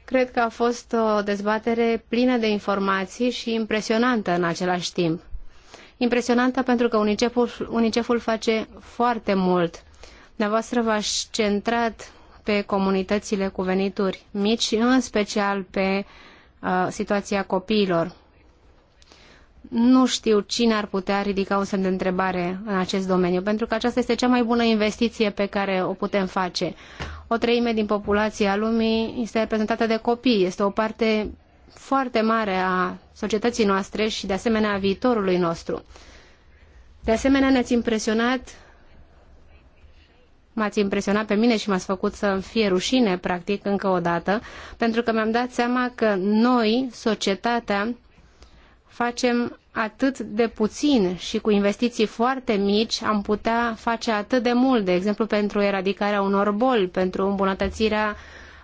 Cred că a fost o dezbatere plină de informații și impresionantă în același timp. Impresionantă pentru că UNICEF-ul, UNICEF face foarte mult. Dumneavoastră v-ați centrat pe comunitățile cu venituri mici, în special pe uh, situația copiilor. Nu știu cine ar putea ridica un semn de întrebare în acest domeniu, pentru că aceasta este cea mai bună investiție pe care o putem face. O treime din populația lumii este reprezentată de copii, este o parte foarte mare a societății noastre și, de asemenea, a viitorului nostru. De asemenea, ne-ați impresionat m-ați impresionat pe mine și m-ați făcut să-mi fie rușine, practic, încă o dată, pentru că mi-am dat seama că noi, societatea, facem atât de puțin și cu investiții foarte mici am putea face atât de mult, de exemplu pentru eradicarea unor boli, pentru îmbunătățirea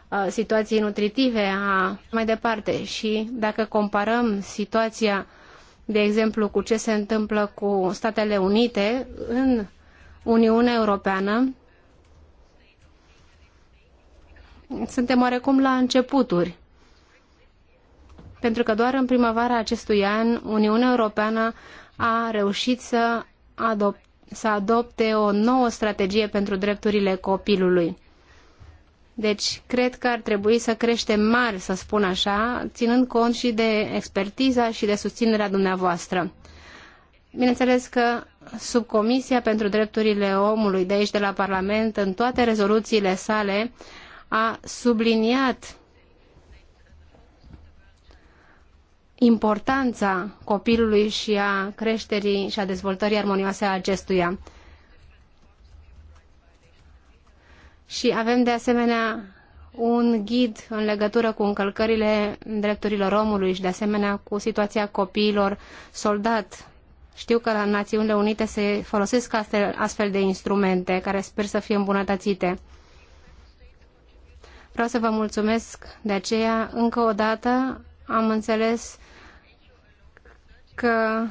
uh, situației nutritive a mai departe. Și dacă comparăm situația, de exemplu, cu ce se întâmplă cu Statele Unite în Uniunea Europeană, suntem oarecum la începuturi. Pentru că doar în primăvara acestui an Uniunea Europeană a reușit să, adop- să adopte o nouă strategie pentru drepturile copilului. Deci, cred că ar trebui să creștem mari, să spun așa, ținând cont și de expertiza și de susținerea dumneavoastră. Bineînțeles că subcomisia pentru drepturile omului de aici de la Parlament, în toate rezoluțiile sale, a subliniat importanța copilului și a creșterii și a dezvoltării armonioase a acestuia. Și avem de asemenea un ghid în legătură cu încălcările drepturilor omului și de asemenea cu situația copiilor soldat. Știu că la Națiunile Unite se folosesc astfel de instrumente care sper să fie îmbunătățite. Vreau să vă mulțumesc de aceea. Încă o dată am înțeles că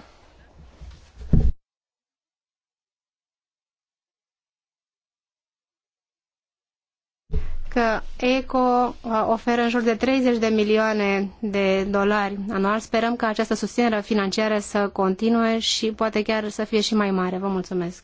că ECO oferă în jur de 30 de milioane de dolari anual. Sperăm că această susținere financiară să continue și poate chiar să fie și mai mare. Vă mulțumesc!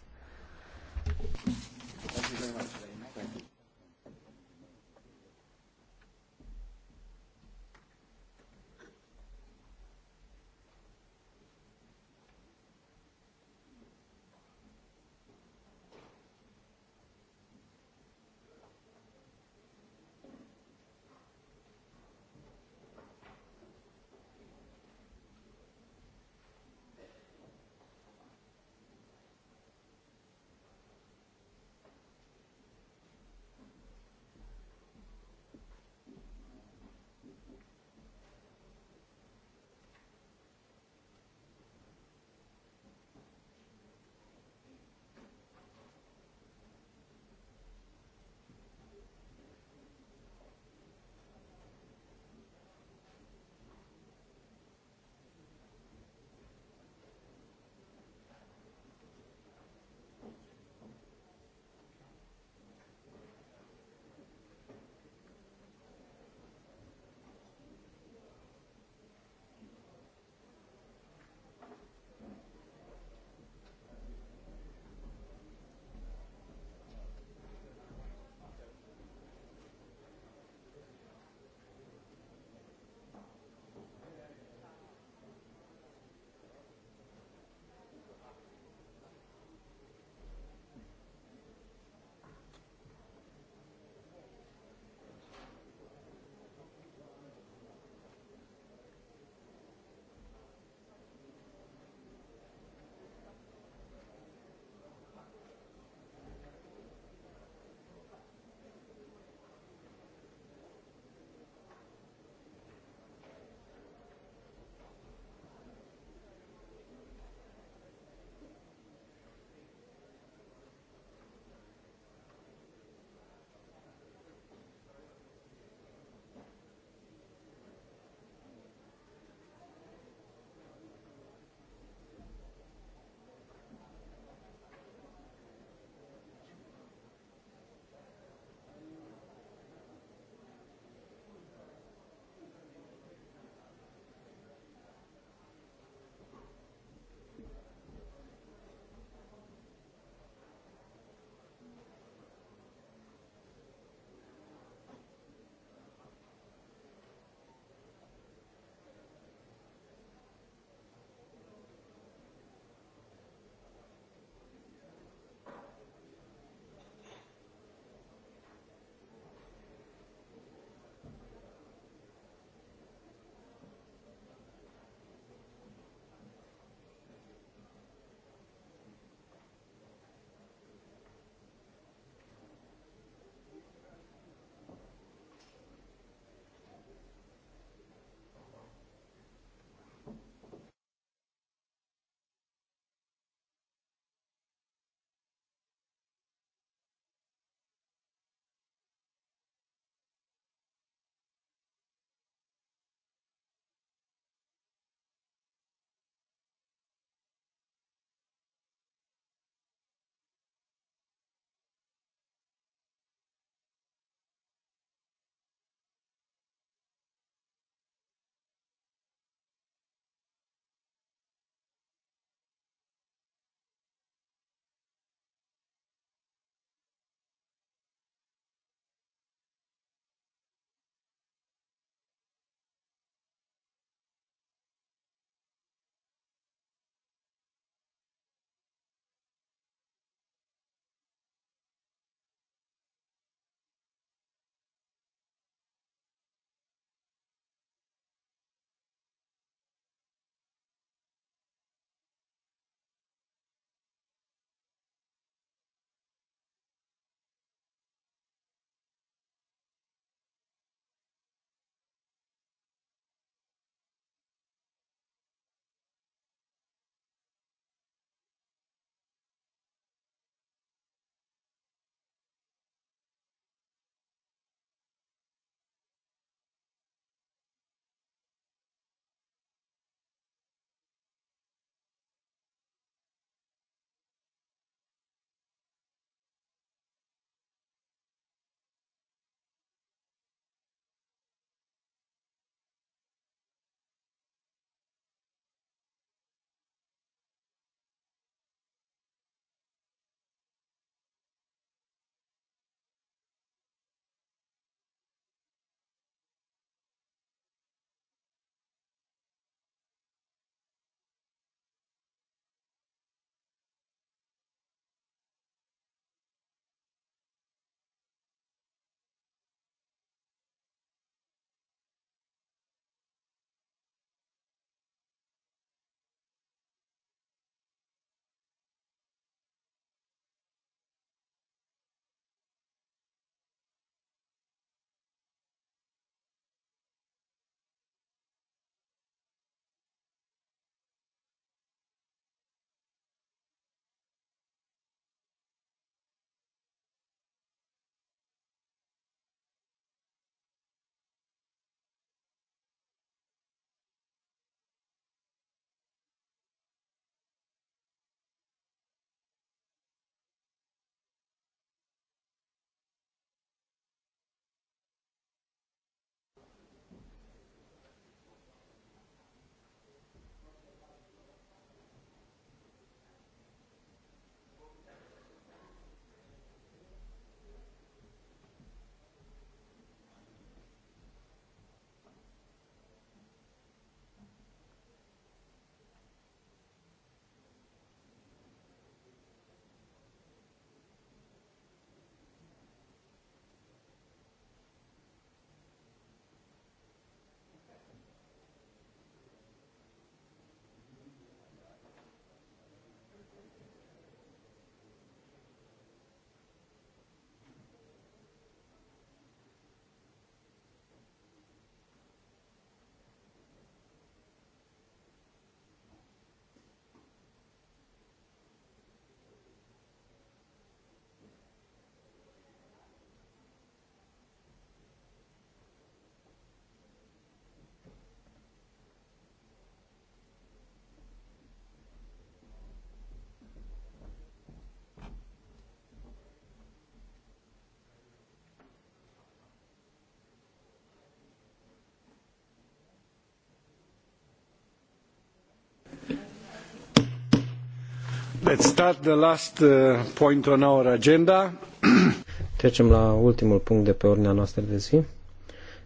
Let's start the last uh, point on our agenda. Trecem la ultimul punct de pe ordinea noastră de zi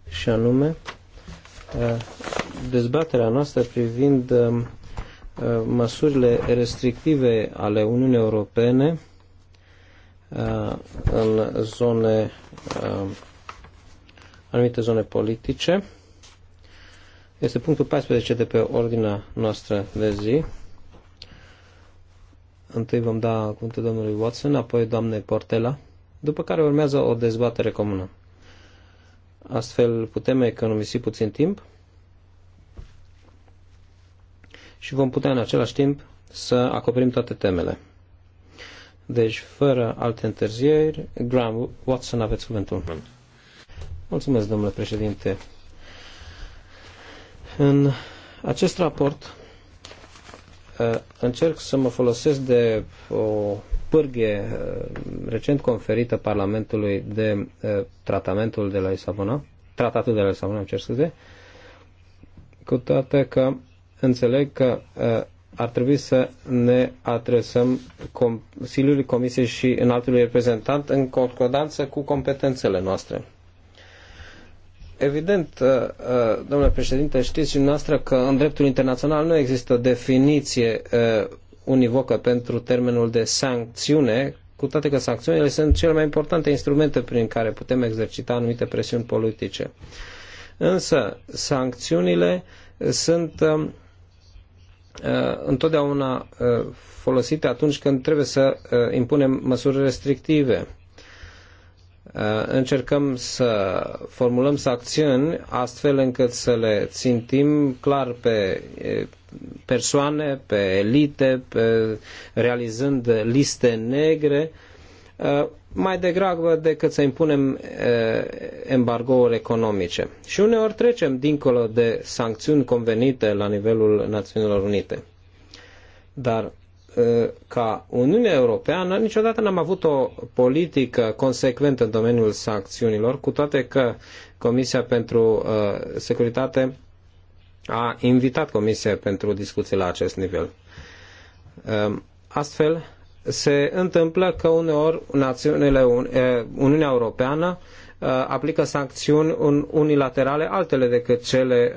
și anume uh, dezbaterea noastră privind uh, măsurile restrictive ale Uniunii Europene în zone anumite zone politice. Este punctul 14 de pe ordinea noastră de zi. Întâi vom da cuvântul domnului Watson, apoi doamnei Portela, după care urmează o dezbatere comună. Astfel putem economisi puțin timp și vom putea în același timp să acoperim toate temele. Deci, fără alte întârzieri, Graham Watson, aveți cuvântul. Mulțumesc, domnule președinte. În acest raport încerc să mă folosesc de o pârghie uh, recent conferită Parlamentului de uh, tratamentul de la Lisabona, tratatul de la Lisabona, îmi cer scuze, cu toate că înțeleg că uh, ar trebui să ne adresăm Consiliului Comisiei și altului reprezentant în concordanță cu competențele noastre. Evident, uh, uh, domnule președinte, știți și noastră că în dreptul internațional nu există o definiție uh, univocă pentru termenul de sancțiune, cu toate că sancțiunile sunt cele mai importante instrumente prin care putem exercita anumite presiuni politice. Însă, sancțiunile sunt întotdeauna folosite atunci când trebuie să impunem măsuri restrictive. Uh, încercăm să formulăm sancțiuni astfel încât să le țintim clar pe persoane, pe elite, pe, realizând liste negre, uh, mai degrabă decât să impunem uh, embargouri economice. Și uneori trecem dincolo de sancțiuni convenite la nivelul Națiunilor Unite. Dar Uh, ca Uniunea Europeană niciodată n-am avut o politică consecventă în domeniul sancțiunilor, cu toate că Comisia pentru uh, Securitate a invitat Comisia pentru discuții la acest nivel. Um, astfel, se întâmplă că uneori națiunile, uh, Uniunea Europeană aplică sancțiuni unilaterale altele decât cele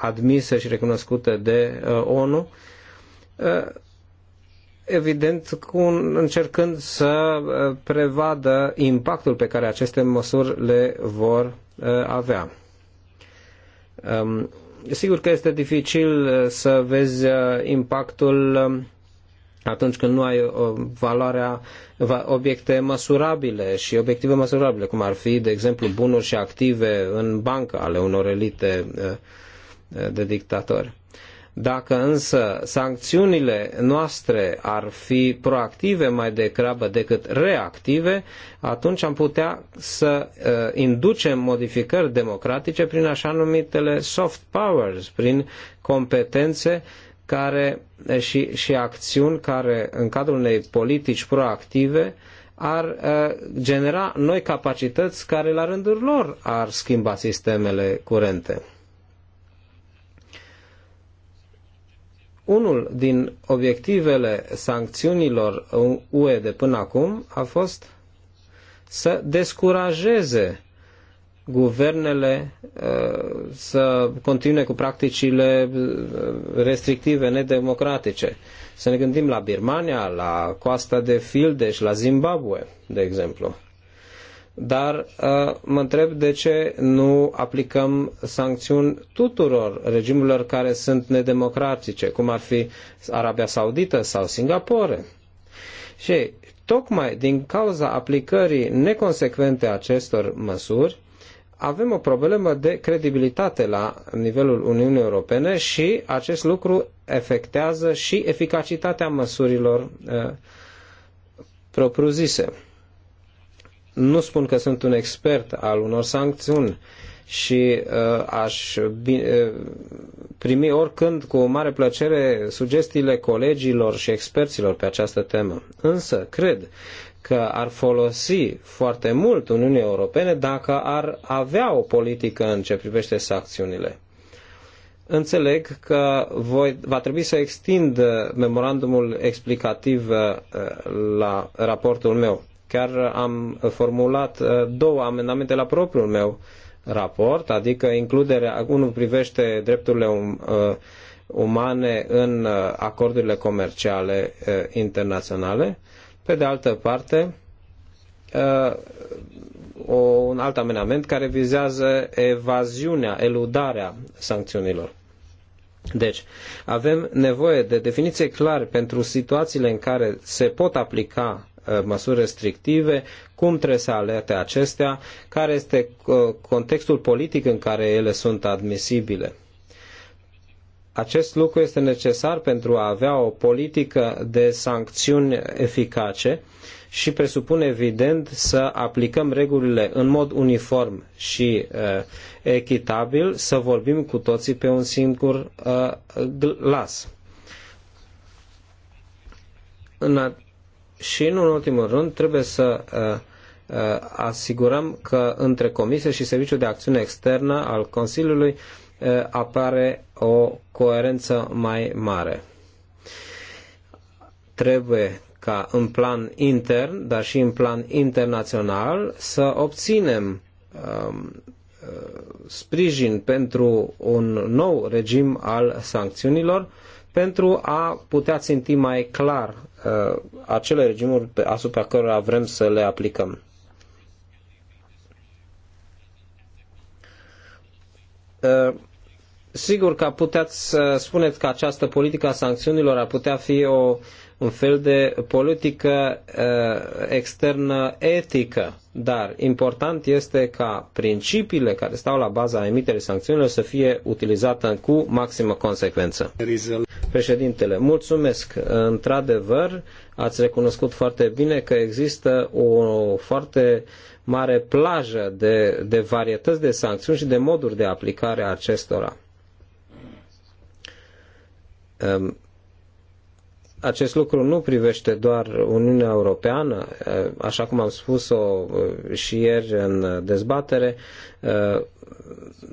admise și recunoscute de ONU evident cu un, încercând să uh, prevadă impactul pe care aceste măsuri le vor uh, avea. Um, sigur că este dificil uh, să vezi impactul um, atunci când nu ai valoarea, obiecte măsurabile și obiective măsurabile, cum ar fi, de exemplu, bunuri și active în bancă ale unor elite de dictatori. Dacă însă sancțiunile noastre ar fi proactive mai degrabă decât reactive, atunci am putea să uh, inducem modificări democratice prin așa numitele soft powers, prin competențe care, eh, și, și acțiuni care, în cadrul unei politici proactive, ar uh, genera noi capacități care, la rândul lor, ar schimba sistemele curente. unul din obiectivele sancțiunilor UE de până acum a fost să descurajeze guvernele uh, să continue cu practicile uh, restrictive, nedemocratice. Să ne gândim la Birmania, la coasta de Fildeș, la Zimbabwe, de exemplu dar uh, mă întreb de ce nu aplicăm sancțiuni tuturor regimurilor care sunt nedemocratice, cum ar fi Arabia Saudită sau Singapore. Și tocmai din cauza aplicării neconsecvente a acestor măsuri, avem o problemă de credibilitate la nivelul Uniunii Europene și acest lucru efectează și eficacitatea măsurilor uh, propriu-zise nu spun că sunt un expert al unor sancțiuni și uh, aș uh, primi oricând cu mare plăcere sugestiile colegilor și experților pe această temă. Însă, cred că ar folosi foarte mult Uniunea Europene dacă ar avea o politică în ce privește sancțiunile. Înțeleg că voi, va trebui să extind memorandumul explicativ uh, la raportul meu. Chiar am formulat uh, două amendamente la propriul meu raport, adică includerea, unul privește drepturile um, uh, umane în uh, acordurile comerciale uh, internaționale. Pe de altă parte, uh, o, un alt amendament care vizează evaziunea, eludarea sancțiunilor. Deci, avem nevoie de definiție clare pentru situațiile în care se pot aplica Uh, măsuri restrictive, cum trebuie să alerte acestea, care este uh, contextul politic în care ele sunt admisibile. Acest lucru este necesar pentru a avea o politică de sancțiuni eficace și presupune evident să aplicăm regulile în mod uniform și uh, echitabil, să vorbim cu toții pe un singur uh, glas. În a- și, în ultimul rând, trebuie să uh, uh, asigurăm că între Comisie și Serviciul de Acțiune Externă al Consiliului uh, apare o coerență mai mare. Trebuie ca în plan intern, dar și în plan internațional, să obținem um, sprijin pentru un nou regim al sancțiunilor pentru a putea ținti mai clar Uh, acele regimuri asupra cărora vrem să le aplicăm. Uh, sigur că puteți să spuneți că această politică a sancțiunilor ar putea fi o un fel de politică uh, externă etică, dar important este ca principiile care stau la baza emiterii sancțiunilor să fie utilizate cu maximă consecvență. Președintele, mulțumesc. Într-adevăr, ați recunoscut foarte bine că există o foarte mare plajă de, de varietăți de sancțiuni și de moduri de aplicare a acestora. Um, acest lucru nu privește doar Uniunea Europeană, așa cum am spus-o și ieri în dezbatere.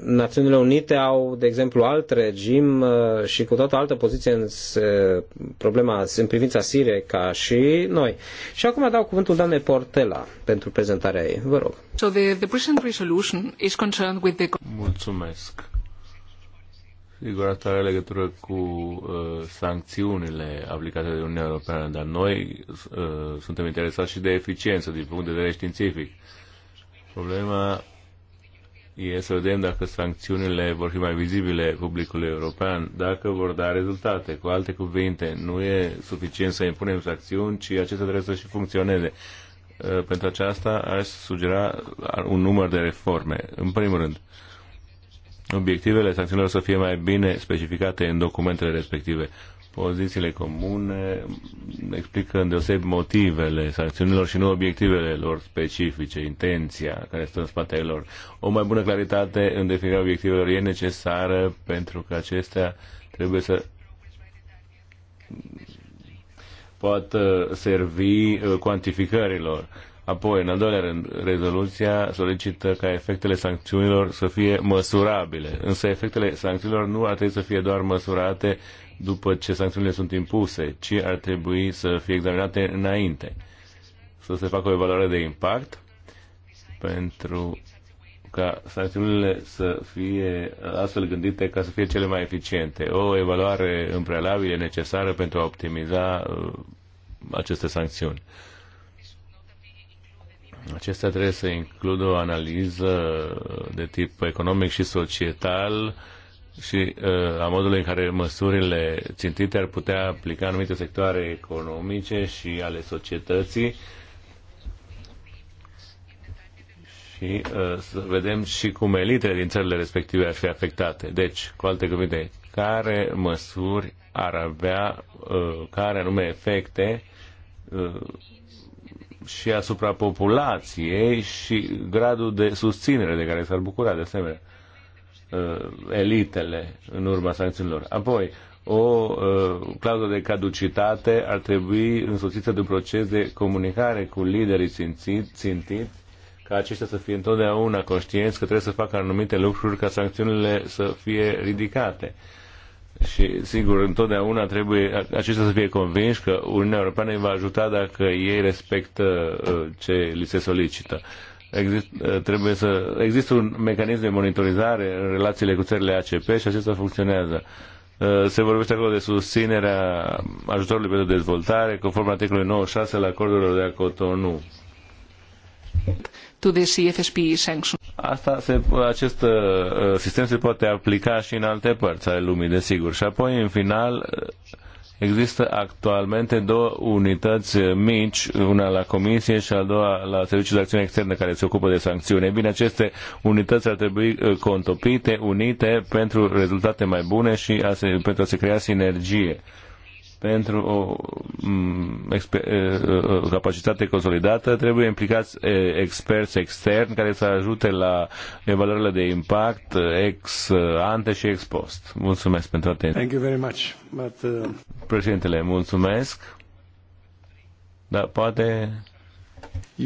Națiunile Unite au, de exemplu, alt regim și cu toată altă poziție în problema în privința Siriei ca și noi. Și acum dau cuvântul doamnei Portela pentru prezentarea ei. Vă rog. So the, the resolution is concerned with the... Mulțumesc. Sigur, asta are legătură cu uh, sancțiunile aplicate de Uniunea Europeană, dar noi uh, suntem interesați și de eficiență din punct de vedere științific. Problema e să vedem dacă sancțiunile vor fi mai vizibile publicului european, dacă vor da rezultate. Cu alte cuvinte, nu e suficient să impunem sancțiuni, ci acestea trebuie să și funcționeze. Uh, pentru aceasta aș sugera un număr de reforme. În primul rând, uh, obiectivele sancțiunilor să fie mai bine specificate în documentele respective. Pozițiile comune explică îndeoseb motivele sancțiunilor și nu obiectivele lor specifice, intenția care stă în spatele lor. O mai bună claritate în definirea obiectivelor e necesară pentru că acestea trebuie să poată servi uh, cuantificărilor Apoi, în al doilea rând, rezoluția solicită ca efectele sancțiunilor să fie măsurabile. Însă efectele sancțiunilor nu ar trebui să fie doar măsurate după ce sancțiunile sunt impuse, ci ar trebui să fie examinate înainte. Să se facă o evaluare de impact pentru ca sancțiunile să fie astfel gândite ca să fie cele mai eficiente. O evaluare în prealabil e necesară pentru a optimiza uh, aceste sancțiuni. Acestea trebuie să includă o analiză de tip economic și societal și uh, a modului în care măsurile țintite ar putea aplica anumite sectoare economice și ale societății și uh, să vedem și cum elitele din țările respective ar fi afectate. Deci, cu alte cuvinte, care măsuri ar avea, uh, care anume efecte uh, și asupra populației și gradul de susținere de care s-ar bucura de asemenea uh, elitele în urma sancțiunilor. Apoi, o uh, clauză de caducitate ar trebui însoțită de un proces de comunicare cu liderii țintit, ca aceștia să fie întotdeauna conștienți că trebuie să facă anumite lucruri ca sancțiunile să fie ridicate. Uh, și, sigur, întotdeauna trebuie acestea să fie convinși că Uniunea Europeană îi va ajuta dacă ei respectă uh, ce li se solicită. Exist, uh, trebuie să, există un mecanism de monitorizare în relațiile cu țările ACP și acesta funcționează. Uh, se vorbește acolo de susținerea ajutorului pentru dezvoltare, conform articolului 96 al acordurilor de acotonu to the CFSP sanction. Asta se, acest uh, sistem se poate aplica și în alte părți ale lumii, desigur. Și apoi, în final, uh, există actualmente două unități mici, una la Comisie și a doua la Serviciul de Acțiune Externă care se ocupă de sancțiuni. E bine, aceste unități ar trebui uh, contopite, unite pentru rezultate mai bune și a se, pentru a se crea sinergie pentru mm, o capacitate consolidată trebuie implicați experți externi care să ajute la evaluările de impact ex ante și ex post. Mulțumesc pentru atenție. Thank you very much. But, uh... Președintele, mulțumesc. Da, poate...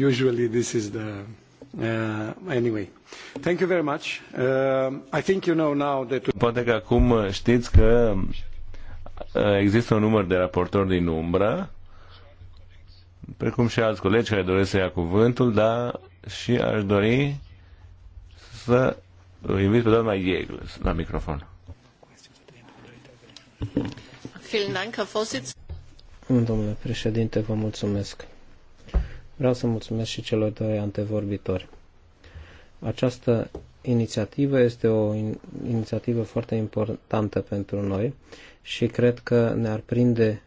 Usually this is the... Uh, anyway, thank you very much. Uh, I think you know now that... Poate că acum știți că există un număr de raportori din umbră, precum și alți colegi care doresc să ia cuvântul, dar și aș dori să o invit pe doamna Iegles la microfon. Domnule președinte, vă mulțumesc. Vreau să mulțumesc și celor doi antevorbitori. Această inițiativă este o inițiativă foarte importantă pentru noi și cred că ne-ar prinde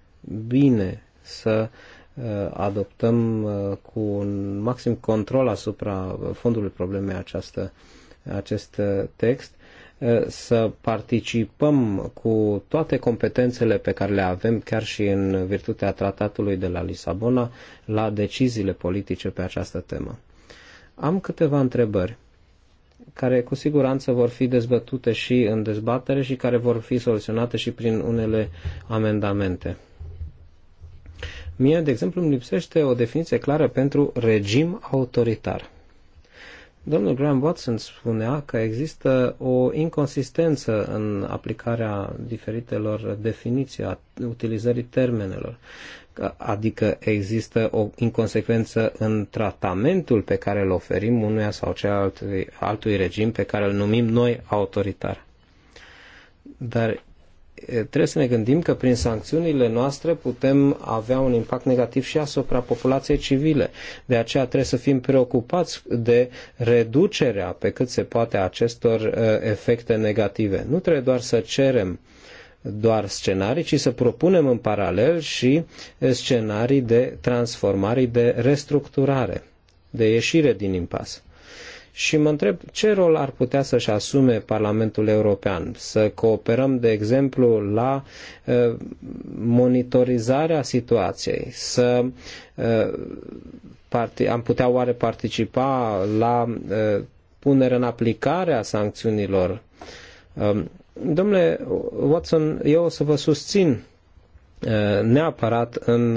bine să uh, adoptăm uh, cu un maxim control asupra fondului problemei această, acest uh, text, să participăm cu toate competențele pe care le avem, chiar și în virtutea tratatului de la Lisabona, la deciziile politice pe această temă. Am câteva întrebări care cu siguranță vor fi dezbătute și în dezbatere și care vor fi soluționate și prin unele amendamente. Mie, de exemplu, îmi lipsește o definiție clară pentru regim autoritar. Domnul Graham Watson spunea că există o inconsistență în aplicarea diferitelor definiții a utilizării termenelor adică există o inconsecvență în tratamentul pe care îl oferim unuia sau celaltui altui regim pe care îl numim noi autoritar. Dar trebuie să ne gândim că prin sancțiunile noastre putem avea un impact negativ și asupra populației civile. De aceea trebuie să fim preocupați de reducerea pe cât se poate acestor efecte negative. Nu trebuie doar să cerem uh, doar scenarii, ci să propunem în paralel și scenarii de transformare, de restructurare, de ieșire din impas. Și mă întreb ce rol ar putea să-și asume Parlamentul European? Să cooperăm, de exemplu, la monitorizarea situației, să am putea oare participa la punerea în aplicare a sancțiunilor Domnule Watson, eu o să vă susțin uh, neapărat în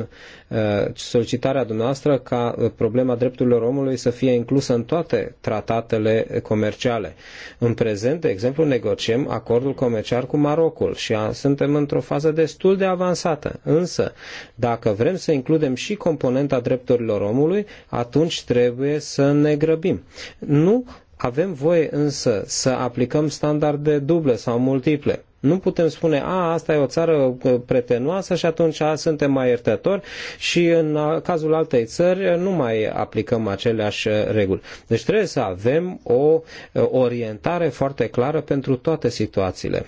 uh, solicitarea dumneavoastră ca uh, problema drepturilor omului să fie inclusă în toate tratatele comerciale. În prezent, de exemplu, negociem acordul comercial cu Marocul și suntem într-o fază destul de avansată. Însă, dacă vrem să includem și componenta drepturilor omului, atunci trebuie să ne grăbim. Nu avem voie însă să aplicăm standarde duble sau multiple. Nu putem spune, a, asta e o țară uh, pretenoasă și atunci a, suntem mai iertători și în cazul altei țări uh, nu mai aplicăm aceleași uh, reguli. Deci trebuie să avem o orientare foarte clară pentru toate situațiile.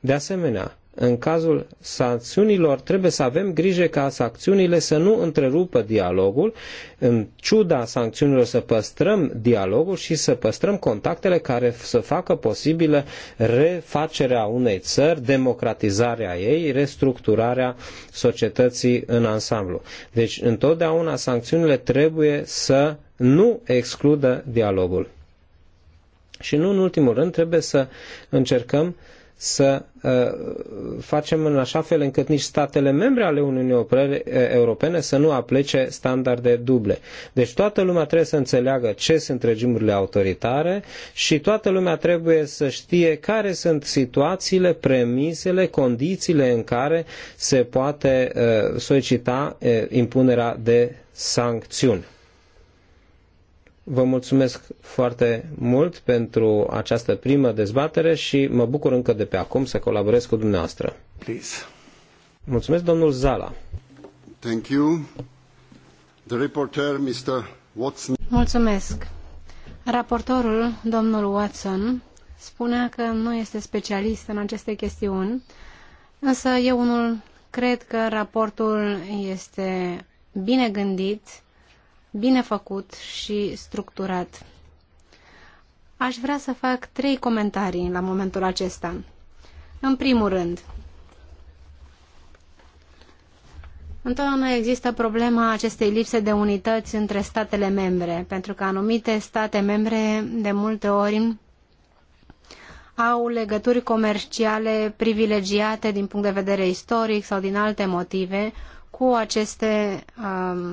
De asemenea, în cazul sancțiunilor trebuie să avem grijă ca sancțiunile să nu întrerupă dialogul, în ciuda sancțiunilor să păstrăm dialogul și să păstrăm contactele care să facă posibilă refacerea unei țări, democratizarea ei, restructurarea societății în ansamblu. Deci întotdeauna sancțiunile trebuie să nu excludă dialogul. Și nu în ultimul rând trebuie să încercăm să uh, facem în așa fel încât nici statele membre ale Uniunii Europene să nu aplece standarde duble. Deci toată lumea trebuie să înțeleagă ce sunt regimurile autoritare și toată lumea trebuie să știe care sunt situațiile, premisele, condițiile în care se poate uh, solicita uh, impunerea de sancțiuni. Vă mulțumesc foarte mult pentru această primă dezbatere și mă bucur încă de pe acum să colaborez cu dumneavoastră. Please. Mulțumesc, domnul Zala. Thank you. The reporter, Mr. Watson. Mulțumesc. Raportorul, domnul Watson, spunea că nu este specialist în aceste chestiuni, însă eu unul cred că raportul este bine gândit bine făcut și structurat. Aș vrea să fac trei comentarii la momentul acesta. În primul rând, Întotdeauna există problema acestei lipse de unități între statele membre, pentru că anumite state membre de multe ori au legături comerciale privilegiate din punct de vedere istoric sau din alte motive cu aceste uh,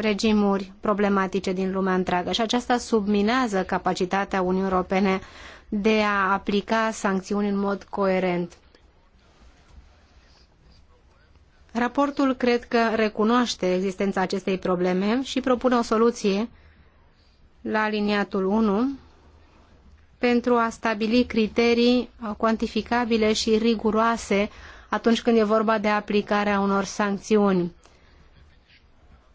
regimuri problematice din lumea întreagă și aceasta subminează capacitatea Uniunii Europene de a aplica sancțiuni în mod coerent. Raportul cred că recunoaște existența acestei probleme și propune o soluție la aliniatul 1 pentru a stabili criterii cuantificabile și riguroase atunci când e vorba de aplicarea unor sancțiuni.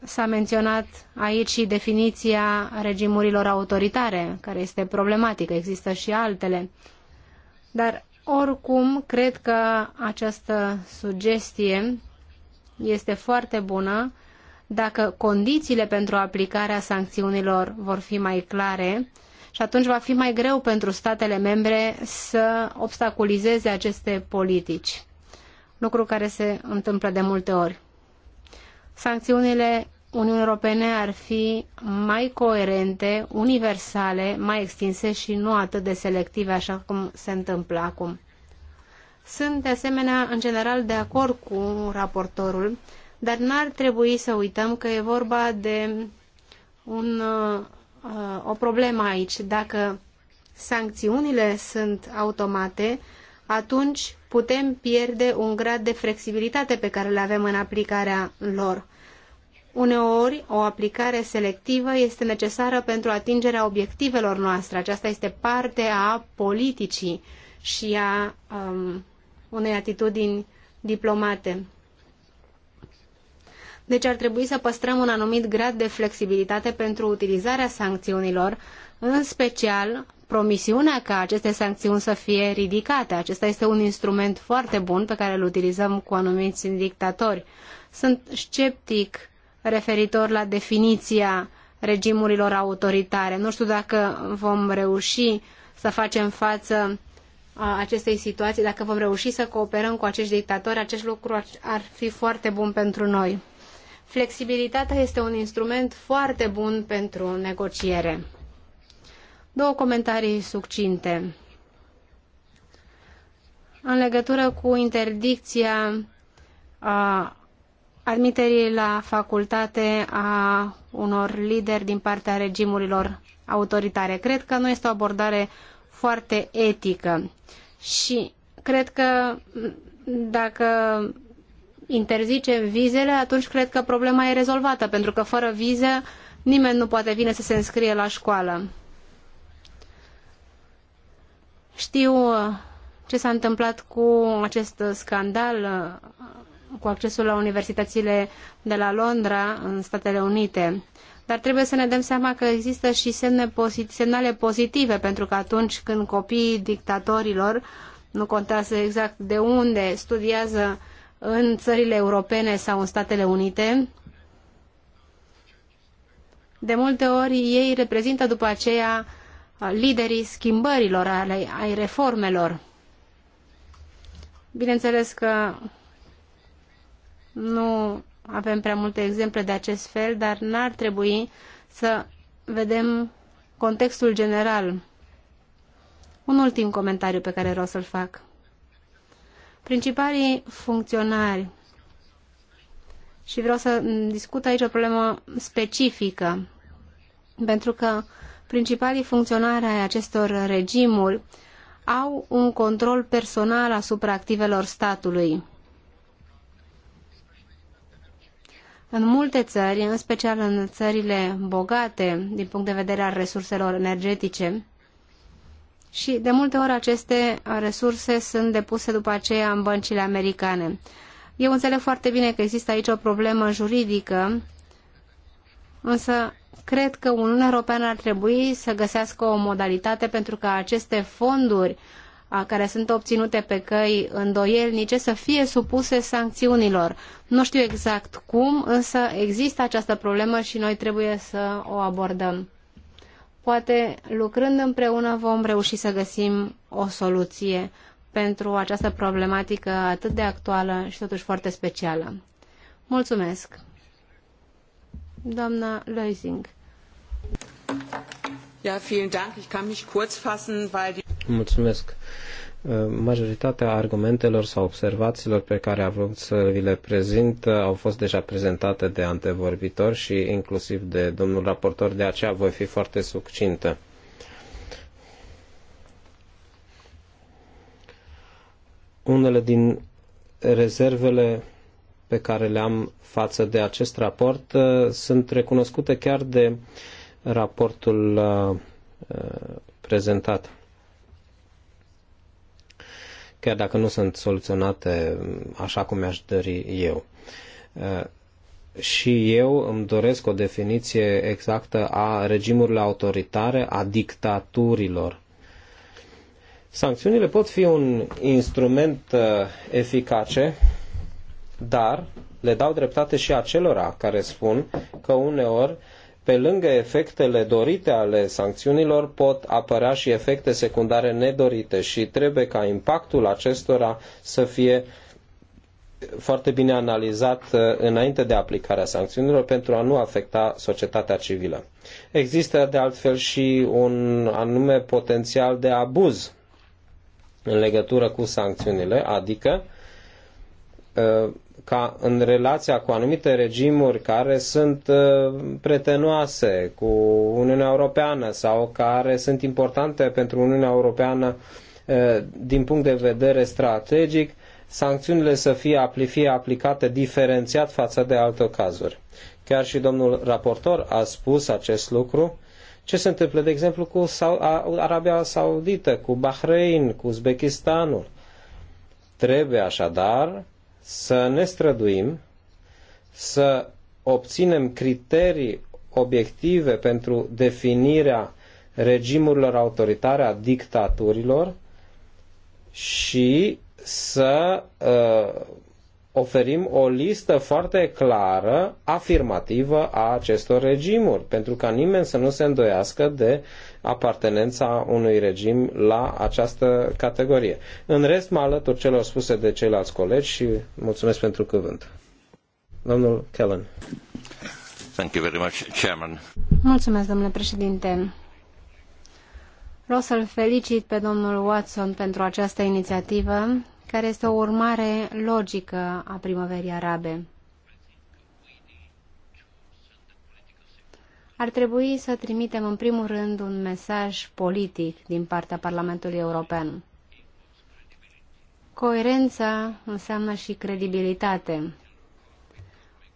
S-a menționat aici și definiția regimurilor autoritare, care este problematică, există și altele. Dar oricum, cred că această sugestie este foarte bună dacă condițiile pentru aplicarea sancțiunilor vor fi mai clare și atunci va fi mai greu pentru statele membre să obstaculizeze aceste politici, lucru care se întâmplă de multe ori sancțiunile Uniunii Europene ar fi mai coerente, universale, mai extinse și nu atât de selective așa cum se întâmplă acum. Sunt de asemenea în general de acord cu raportorul, dar n-ar trebui să uităm că e vorba de un, uh, o problemă aici. Dacă sancțiunile sunt automate, atunci putem pierde un grad de flexibilitate pe care îl avem în aplicarea lor. Uneori, o aplicare selectivă este necesară pentru atingerea obiectivelor noastre. Aceasta este parte a politicii și a um, unei atitudini diplomate. Deci ar trebui să păstrăm un anumit grad de flexibilitate pentru utilizarea sancțiunilor, în special promisiunea ca aceste sancțiuni să fie ridicate. Acesta este un instrument foarte bun pe care îl utilizăm cu anumiți dictatori. Sunt sceptic referitor la definiția regimurilor autoritare. Nu știu dacă vom reuși să facem față acestei situații, dacă vom reuși să cooperăm cu acești dictatori, acest lucru ar fi foarte bun pentru noi. Flexibilitatea este un instrument foarte bun pentru negociere. Două comentarii succinte. În legătură cu interdicția a admiterii la facultate a unor lideri din partea regimurilor autoritare. Cred că nu este o abordare foarte etică și cred că dacă interzicem vizele, atunci cred că problema e rezolvată, pentru că fără viză nimeni nu poate vine să se înscrie la școală. Știu uh, ce s-a întâmplat cu acest scandal uh, cu accesul la universitățile de la Londra în Statele Unite. Dar trebuie să ne dăm seama că există și semne pozit- semnale pozitive, pentru că atunci când copiii dictatorilor, nu contează exact de unde, studiază în țările europene sau în Statele Unite, de multe ori ei reprezintă după aceea liderii schimbărilor, ale, ai reformelor. Bineînțeles că nu avem prea multe exemple de acest fel, dar n-ar trebui să vedem contextul general. Un ultim comentariu pe care vreau să-l fac. Principalii funcționari și vreau să discut aici o problemă specifică, pentru că principalii funcționari ai acestor regimuri au un control personal asupra activelor statului. În multe țări, în special în țările bogate din punct de vedere al resurselor energetice, și de multe ori aceste resurse sunt depuse după aceea în băncile americane. Eu înțeleg foarte bine că există aici o problemă juridică Însă, cred că Uniunea Europeană ar trebui să găsească o modalitate pentru ca aceste fonduri care sunt obținute pe căi îndoielnice să fie supuse sancțiunilor. Nu știu exact cum, însă există această problemă și noi trebuie să o abordăm. Poate lucrând împreună vom reuși să găsim o soluție pentru această problematică atât de actuală și totuși foarte specială. Mulțumesc! Doamna Leising. Ja, vielen Dank. Ich kann mich kurz fassen, weil die... Mulțumesc. Ă, majoritatea argumentelor sau observațiilor pe care am vrut să vi le prezint ă, au fost deja prezentate de antevorbitori și inclusiv de domnul raportor, de aceea voi fi foarte succintă. Unele din rezervele pe care le am față de acest raport uh, sunt recunoscute chiar de raportul uh, uh, prezentat. Chiar dacă nu sunt soluționate mm, așa cum mi-aș dori eu. Și eu îmi doresc o definiție exactă a regimurilor autoritare, a dictaturilor. Sancțiunile pot fi un instrument eficace dar le dau dreptate și acelora care spun că uneori, pe lângă efectele dorite ale sancțiunilor, pot apărea și efecte secundare nedorite și trebuie ca impactul acestora să fie foarte bine analizat uh, înainte de aplicarea sancțiunilor pentru a nu afecta societatea civilă. Există de altfel și un anume potențial de abuz în legătură cu sancțiunile, adică uh, ca în relația cu anumite regimuri care sunt uh, pretenoase cu Uniunea Europeană sau care sunt importante pentru Uniunea Europeană uh, din punct de vedere strategic, sancțiunile să fie, fie aplicate diferențiat față de alte cazuri. Chiar și domnul raportor a spus acest lucru. Ce se întâmplă, de exemplu, cu Arabia Saudită, cu Bahrain, cu Uzbekistanul? Trebuie așadar să ne străduim să obținem criterii obiective pentru definirea regimurilor autoritare, a dictaturilor și să uh, oferim o listă foarte clară, afirmativă a acestor regimuri, pentru ca nimeni să nu se îndoiască de apartenența unui regim la această categorie. În rest, mă alătur celor spuse de ceilalți colegi și mulțumesc pentru cuvânt. Domnul Kellen. Thank you very much, Chairman. Mulțumesc, domnule președinte. Vreau să-l felicit pe domnul Watson pentru această inițiativă, care este o urmare logică a primăverii arabe. ar trebui să trimitem în primul rând un mesaj politic din partea Parlamentului European. Coerența înseamnă și credibilitate.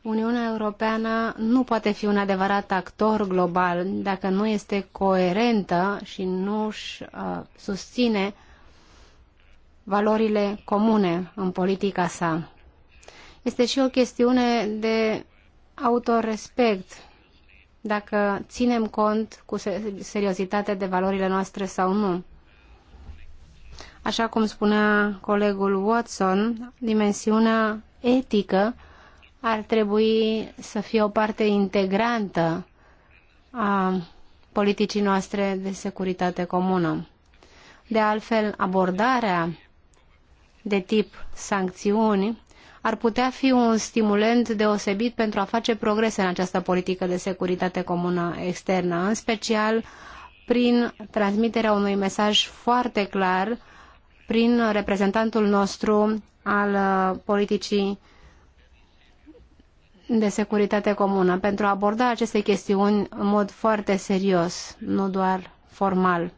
Uniunea Europeană nu poate fi un adevărat actor global dacă nu este coerentă și nu își uh, susține valorile comune în politica sa. Este și o chestiune de autorespect dacă ținem cont cu seriozitate de valorile noastre sau nu. Așa cum spunea colegul Watson, dimensiunea etică ar trebui să fie o parte integrantă a politicii noastre de securitate comună. De altfel, abordarea de tip sancțiuni ar putea fi un stimulent deosebit pentru a face progrese în această politică de securitate comună externă, în special prin transmiterea unui mesaj foarte clar prin reprezentantul nostru al uh, politicii de securitate comună, pentru a aborda aceste chestiuni în mod foarte serios, nu doar formal.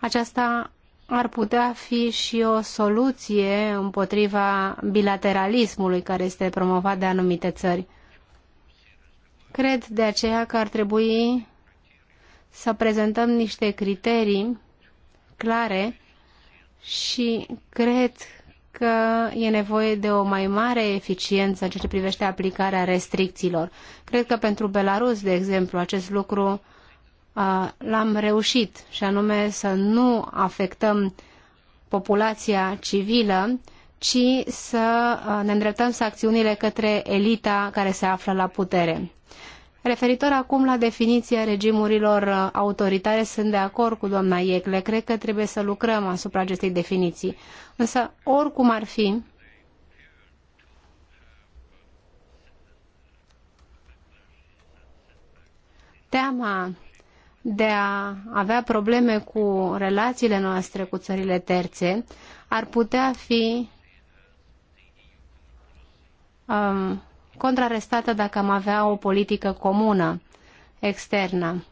Aceasta ar putea fi și o soluție împotriva bilateralismului care este promovat de anumite țări. Cred de aceea că ar trebui să prezentăm niște criterii clare și cred că e nevoie de o mai mare eficiență în ceea ce privește aplicarea restricțiilor. Cred că pentru Belarus, de exemplu, acest lucru l-am reușit, și anume să nu afectăm populația civilă, ci să ne îndreptăm sancțiunile către elita care se află la putere. Referitor acum la definiția regimurilor autoritare, sunt de acord cu doamna Iecle. Cred că trebuie să lucrăm asupra acestei definiții. Însă, oricum ar fi, teama de a avea probleme cu relațiile noastre cu țările terțe ar putea fi um, contrarestată dacă am avea o politică comună externă.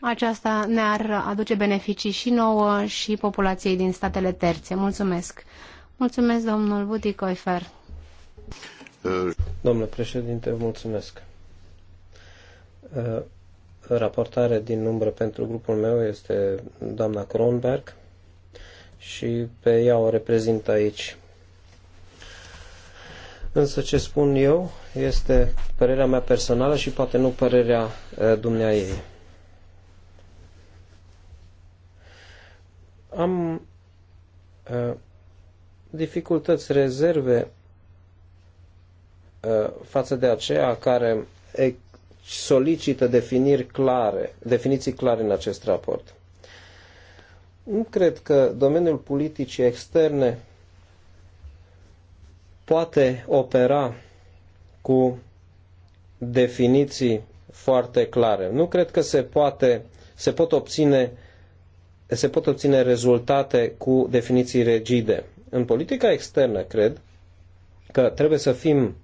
Aceasta ne-ar aduce beneficii și nouă și populației din statele terțe. Mulțumesc. Mulțumesc, domnul Butikoifer. Domnule președinte, mulțumesc. Uh, Raportare din umbră pentru grupul meu este doamna Kronberg și pe ea o reprezint aici. Însă ce spun eu este părerea mea personală și poate nu părerea uh, dumnea ei. Am uh, dificultăți, rezerve uh, față de aceea care și solicită definiri clare, definiții clare în acest raport. Nu cred că domeniul politicii externe poate opera cu definiții foarte clare. Nu cred că se poate se pot obține se pot obține rezultate cu definiții rigide. În politica externă cred că trebuie să fim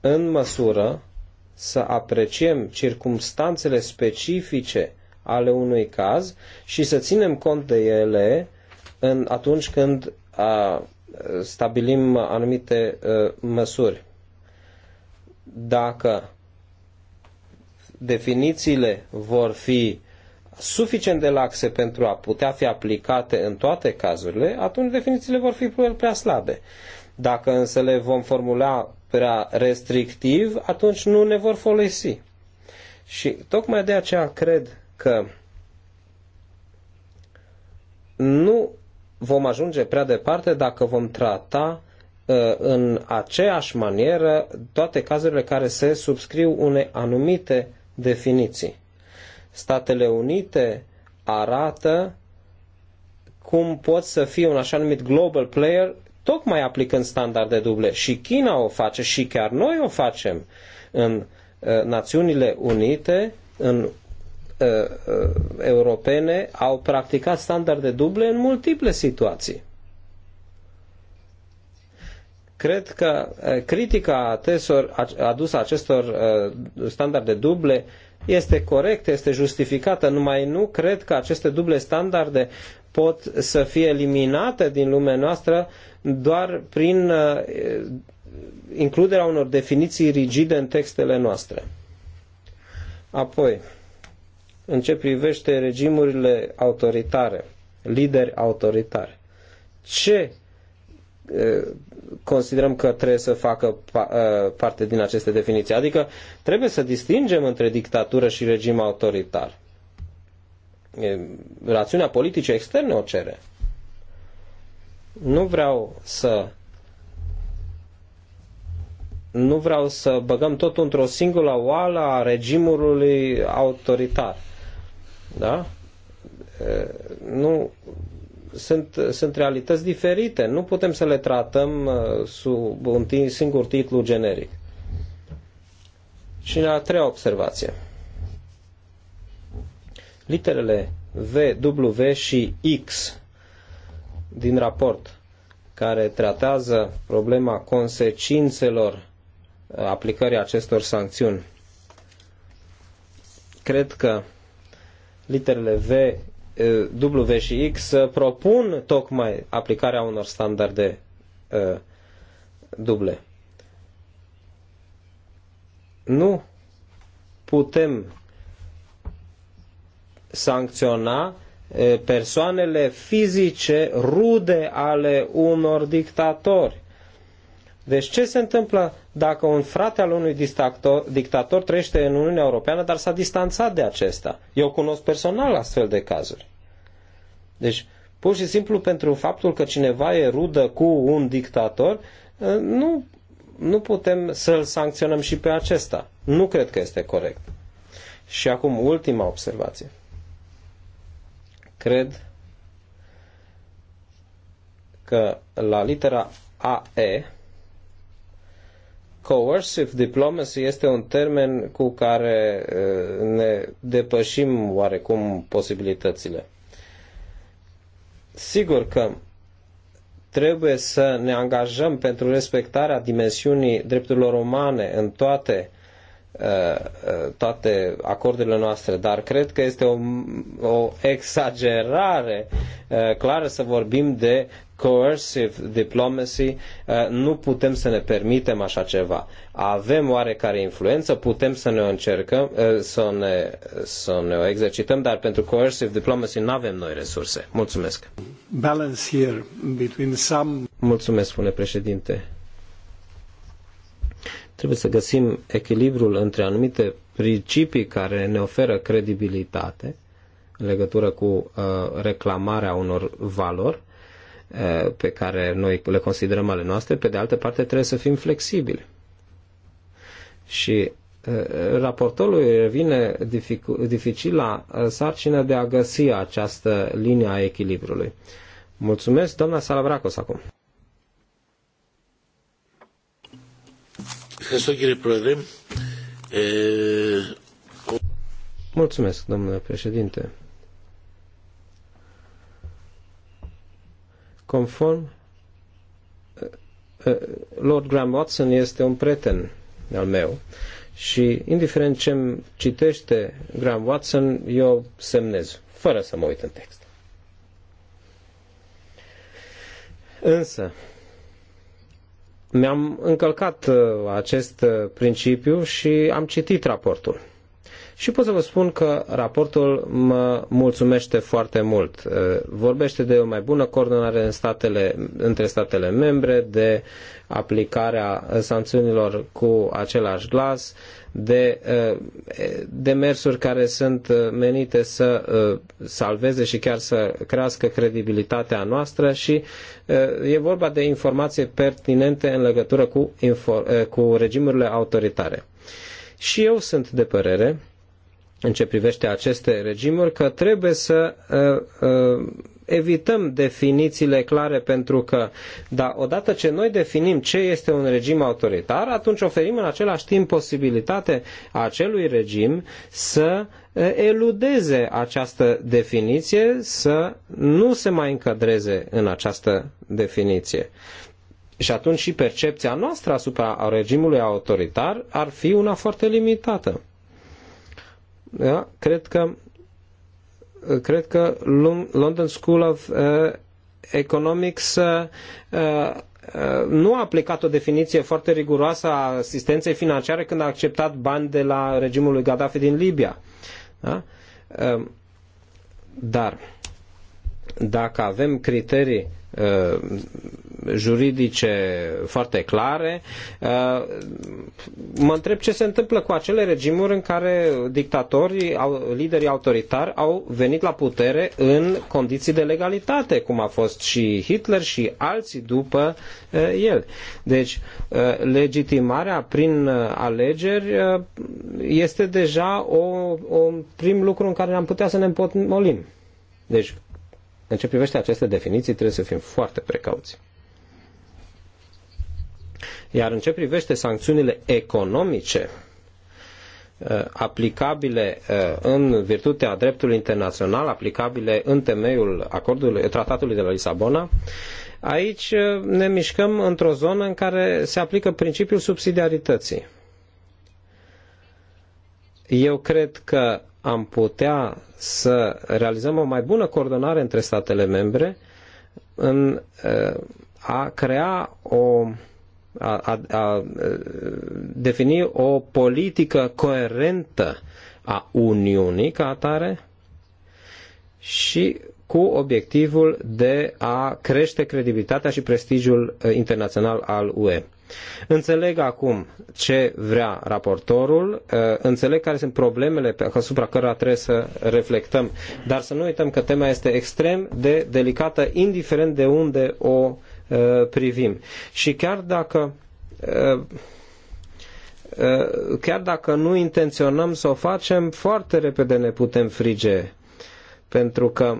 în măsură să apreciem circumstanțele specifice ale unui caz și să ținem cont de ele în, atunci când a, stabilim anumite a, măsuri. Dacă definițiile vor fi suficient de laxe pentru a putea fi aplicate în toate cazurile, atunci definițiile vor fi prea slabe. Dacă însă le vom formula prea restrictiv, atunci nu ne vor folosi. Și tocmai de aceea cred că nu vom ajunge prea departe dacă vom trata uh, în aceeași manieră toate cazurile care se subscriu unei anumite definiții. Statele Unite arată cum poți să fii un așa numit global player tocmai aplicând standarde duble. Și China o face și chiar noi o facem în uh, Națiunile Unite, în uh, uh, europene au practicat standarde duble în multiple situații. Cred că critica adusă acestor standarde duble este corectă, este justificată, numai nu cred că aceste duble standarde pot să fie eliminate din lumea noastră doar prin uh, includerea unor definiții rigide în textele noastre. Apoi, în ce privește regimurile autoritare, lideri autoritare, ce uh, considerăm că trebuie să facă uh, parte din aceste definiții. Adică trebuie să distingem între dictatură și regim autoritar. Rațiunea politică externă o cere. Nu vreau să nu vreau să băgăm tot într-o singură oală a regimului autoritar. Da? Nu, sunt, sunt realități diferite. Nu putem să le tratăm sub un singur titlu generic. Și la a treia observație. Literele V, W și X din raport care tratează problema consecințelor uh, aplicării acestor sancțiuni. Cred că literele V, uh, W și X uh, propun tocmai aplicarea unor standarde duble. Nu putem sancționa persoanele fizice rude ale unor dictatori. Deci ce se întâmplă dacă un frate al unui dictator, dictator trăiește în Uniunea Europeană, dar s-a distanțat de acesta? Eu cunosc personal astfel de cazuri. Deci, pur și simplu pentru faptul că cineva e rudă cu un dictator, nu, nu putem să-l sancționăm și pe acesta. Nu cred că este corect. Și acum, ultima observație. Cred că la litera AE, coercive diplomacy este un termen cu care uh, ne depășim oarecum posibilitățile. Sigur că trebuie să ne angajăm pentru respectarea dimensiunii drepturilor umane în toate Uh, uh, toate acordurile noastre, dar cred că este o, o exagerare uh, clară să vorbim de coercive diplomacy, nu putem să ne permitem așa ceva. Avem oarecare influență, putem să ne o încercăm, să ne, să ne o exercităm, dar pentru coercive diplomacy nu avem noi resurse. Mulțumesc. Balance here between some... Mulțumesc, spune președinte. Trebuie să găsim echilibrul între anumite principii care ne oferă credibilitate în legătură cu uh, reclamarea unor valori uh, pe care noi le considerăm ale noastre, pe de altă parte trebuie să fim flexibili. Și uh, raportorului revine uh, sarcină de a găsi această linie a echilibrului. Mulțumesc, doamna Salavracos, acum. Ευχαριστώ κύριε Πρόεδρε. Mulțumesc, domnule președinte. Conform, eh, eh, Lord Graham Watson este un prieten al meu și indiferent ce îmi citește Graham Watson, eu semnez, fără să mă uit în text. Însă, mi-am încălcat uh, acest uh, principiu și am citit raportul. Și pot să vă spun că raportul mă mulțumește foarte mult. Vorbește de o mai bună coordonare în statele, între statele membre, de aplicarea sancțiunilor cu același glas, de demersuri care sunt menite să salveze și chiar să crească credibilitatea noastră și e vorba de informații pertinente în legătură cu, cu regimurile autoritare. Și eu sunt de părere în ce privește aceste regimuri că trebuie să uh, uh, evităm definițiile clare pentru că da, odată ce noi definim ce este un regim autoritar, atunci oferim în același timp posibilitate acelui regim să uh, eludeze această definiție, să nu se mai încadreze în această definiție. Și atunci și percepția noastră asupra regimului autoritar ar fi una foarte limitată. Da? Cred că cred că London School of uh, Economics uh, uh, nu a aplicat o definiție foarte riguroasă a asistenței financiare când a acceptat bani de la regimul lui Gaddafi din Libia. Da? Dar dacă avem criterii juridice foarte clare. Uh, mă întreb ce se întâmplă cu acele regimuri în care dictatorii, liderii autoritari au venit la putere în condiții de legalitate, cum a fost și Hitler și alții după uh, el. Deci, uh, legitimarea prin alegeri este deja o, un prim lucru în care am putea să ne împotmolim. Deci, în ce privește aceste definiții, trebuie să fim foarte precauți. Iar în ce privește sancțiunile economice eh, aplicabile eh, în virtutea dreptului internațional, aplicabile în temeiul acordului, tratatului de la Lisabona, aici eh, ne mișcăm într-o zonă în care se aplică principiul subsidiarității. Eu cred că am putea să realizăm o mai bună coordonare între statele membre în a crea o a, a, a defini o politică coerentă a Uniunii ca atare și cu obiectivul de a crește credibilitatea și prestigiul uh, internațional al UE. Înțeleg acum ce vrea raportorul, uh, înțeleg care sunt problemele asupra cărora trebuie să reflectăm, dar să nu uităm că tema este extrem de delicată, indiferent de unde o uh, Uh, privim. Și chiar dacă uh, uh, chiar dacă nu intenționăm să o facem, foarte repede ne putem frige. Pentru că,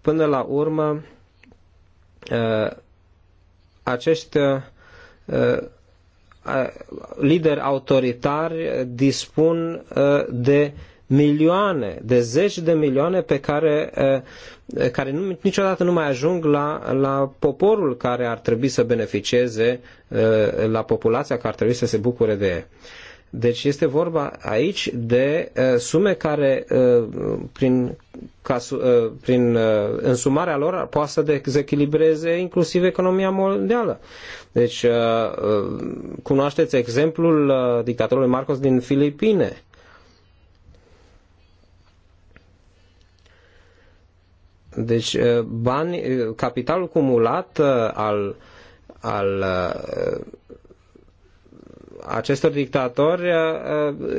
până la urmă, acești lideri autoritari dispun de milioane, de zeci de milioane pe care, eh, eh, care nu, niciodată nu mai ajung la, la poporul care ar trebui să beneficieze, eh, la populația care ar trebui să se bucure de ea. Deci este vorba aici de sume care prin, ca, prin însumarea lor poate să dezechilibreze inclusiv economia mondială. Deci cunoașteți exemplul dictatorului Marcos din Filipine, Deci uh, bani, uh, capitalul cumulat uh, al, al acestor dictatori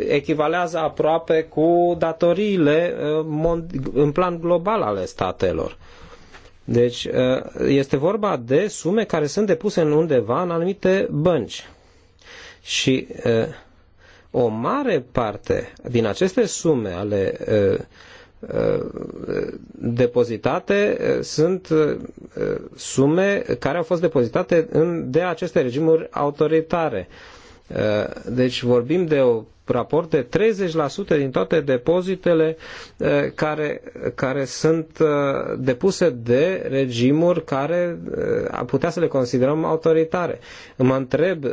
echivalează aproape cu datoriile în plan global ale statelor. Deci este vorba de sume care sunt depuse în undeva în anumite bănci. Și o mare parte din aceste sume ale depozitate sunt uh, sume care au fost depozitate în, de aceste regimuri autoritare. Uh, deci vorbim de o raport de 30% din toate depozitele eh, care, care sunt eh, depuse de regimuri care eh, am putea să le considerăm autoritare. Mă întreb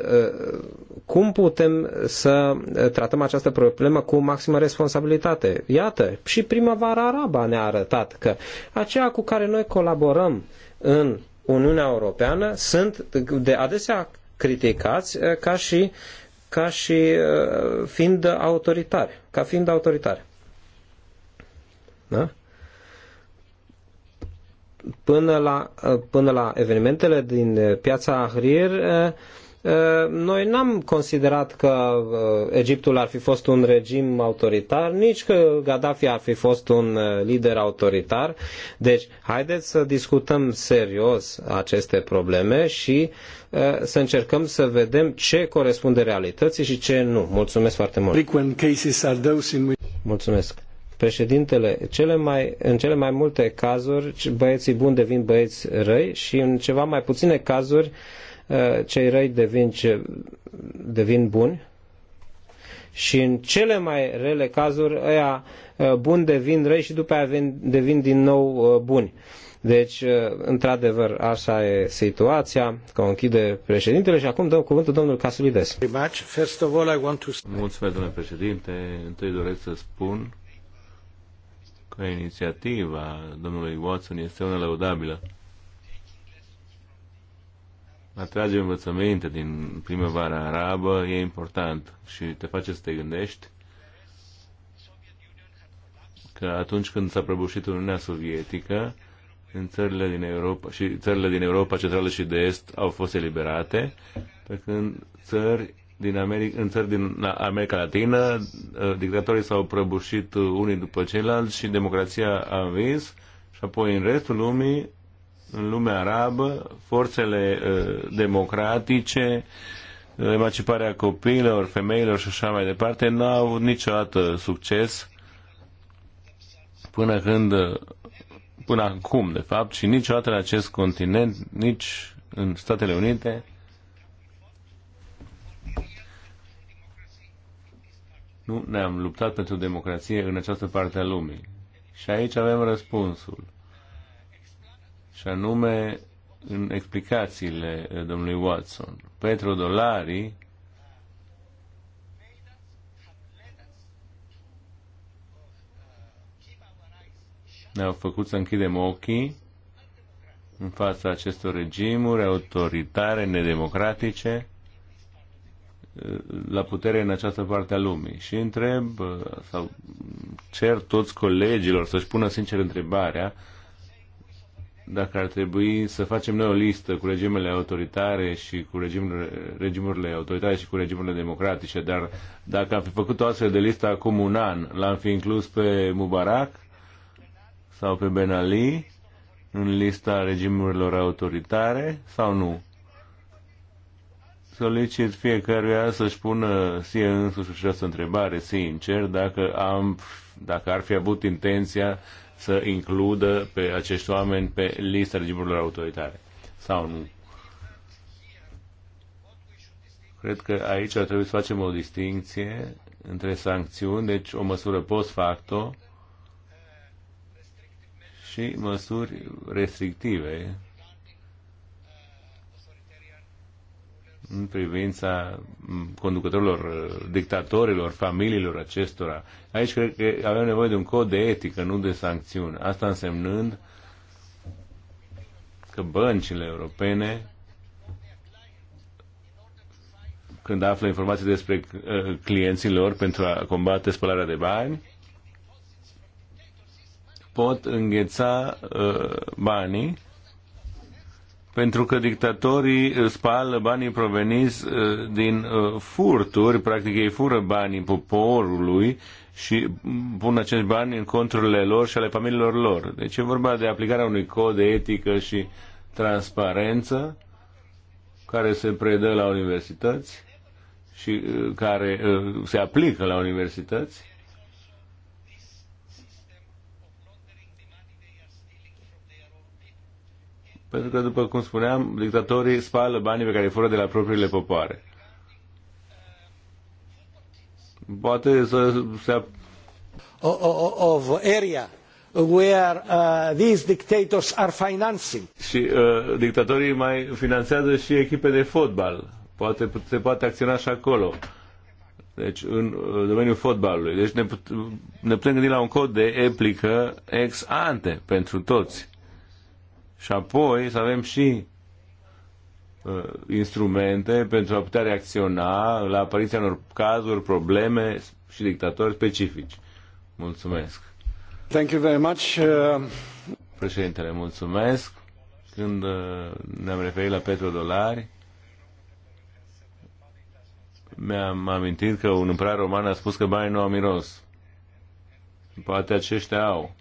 cum putem să tratăm această problemă cu maximă responsabilitate. Iată, și primăvara araba ne-a arătat că aceea cu care noi colaborăm în Uniunea Europeană sunt de adesea criticați ca și uh, ca și uh, fiind autoritare, ca fiind autoritare. Da? Până la, uh, până la evenimentele din uh, piața Ahrir, Uh, noi n-am considerat că uh, Egiptul ar fi fost un regim autoritar, nici că Gaddafi ar fi fost un uh, lider autoritar. Deci, haideți să discutăm serios aceste probleme și să încercăm să vedem ce corespunde realității și ce nu. Mulțumesc foarte mult. Mulțumesc președintele, cele mai, în cele mai multe cazuri, băieții buni devin băieți răi și în ceva mai puține cazuri, Eh, cei răi devin, ce, devin buni și în cele mai rele cazuri ăia eh, buni devin răi și după aia vin, devin din nou eh, buni. Deci, într-adevăr, așa e situația, că o închide președintele și acum dăm cuvântul domnului Casulides. Mulțumesc, domnule președinte. Întâi doresc să spun că inițiativa domnului Watson este una lăudabilă a trage învățăminte din primăvara arabă e important și te face să te gândești că atunci când s-a prăbușit Uniunea Sovietică, în țările din Europa și țările din Europa Centrală și de Est au fost eliberate, pe când țări din America, în țări din America Latină, uh, dictatorii s-au prăbușit unii după ceilalți și democrația a învins și apoi în restul lumii în lumea arabă, forțele ă, democratice, emanciparea copiilor, femeilor și așa mai departe, nu au avut niciodată succes până când, până acum, de fapt, și niciodată în acest continent, nici în Statele Unite, nu ne-am luptat pentru democrație în această parte a lumii. Și aici avem răspunsul și anume în explicațiile eh, domnului Watson. Petrodolarii ne-au făcut să închidem ochii în fața acestor regimuri autoritare, nedemocratice, eh, la putere în această parte a lumii. Și întreb, eh, sau cer toți colegilor să-și pună sincer întrebarea, dacă ar trebui să facem noi o listă cu regimele autoritare și cu regimurile, regimurile autoritare și cu regimurile democratice, dar dacă am fi făcut o astfel de listă acum un an, l-am fi inclus pe Mubarak sau pe Ben Ali în lista regimurilor autoritare sau nu? solicit fiecăruia să-și pună sie însuși această întrebare, sincer, dacă, am, dacă ar fi avut intenția să includă pe acești oameni pe lista regimurilor autoritare sau nu. Cred că aici ar trebui să facem o distinție între sancțiuni, deci o măsură post facto și măsuri restrictive în privința mm, conducătorilor, uh, dictatorilor, familiilor acestora. Aici cred că avem nevoie de un cod de etică, nu de sancțiuni. Asta însemnând că băncile europene, când află informații despre uh, clienții lor pentru a combate spălarea de bani, pot îngheța uh, banii pentru că dictatorii spală banii proveniți uh, din uh, furturi, practic ei fură banii poporului și pun acești bani în conturile lor și ale familiilor lor. Deci e vorba de aplicarea unui cod de etică și transparență care se predă la universități și uh, care se aplică la universități pentru că, după cum spuneam, dictatorii spală banii pe care îi fură de la propriile popoare. Poate să se... Of area where uh, these dictators are financing. Și uh, dictatorii mai finanțează și echipe de fotbal. Poate se poate acționa și acolo. Deci, în uh, domeniul fotbalului. Deci ne, put, ne putem gândi la un cod de eplică ex ante pentru toți și apoi să avem și uh, instrumente pentru a putea reacționa la apariția unor cazuri, probleme și dictatori specifici. Mulțumesc. Thank you very much. Uh... Președintele, mulțumesc. Când uh, ne-am referit la petrodolari, mi-am amintit că un împărat roman a spus că banii nu au miros. Poate aceștia au.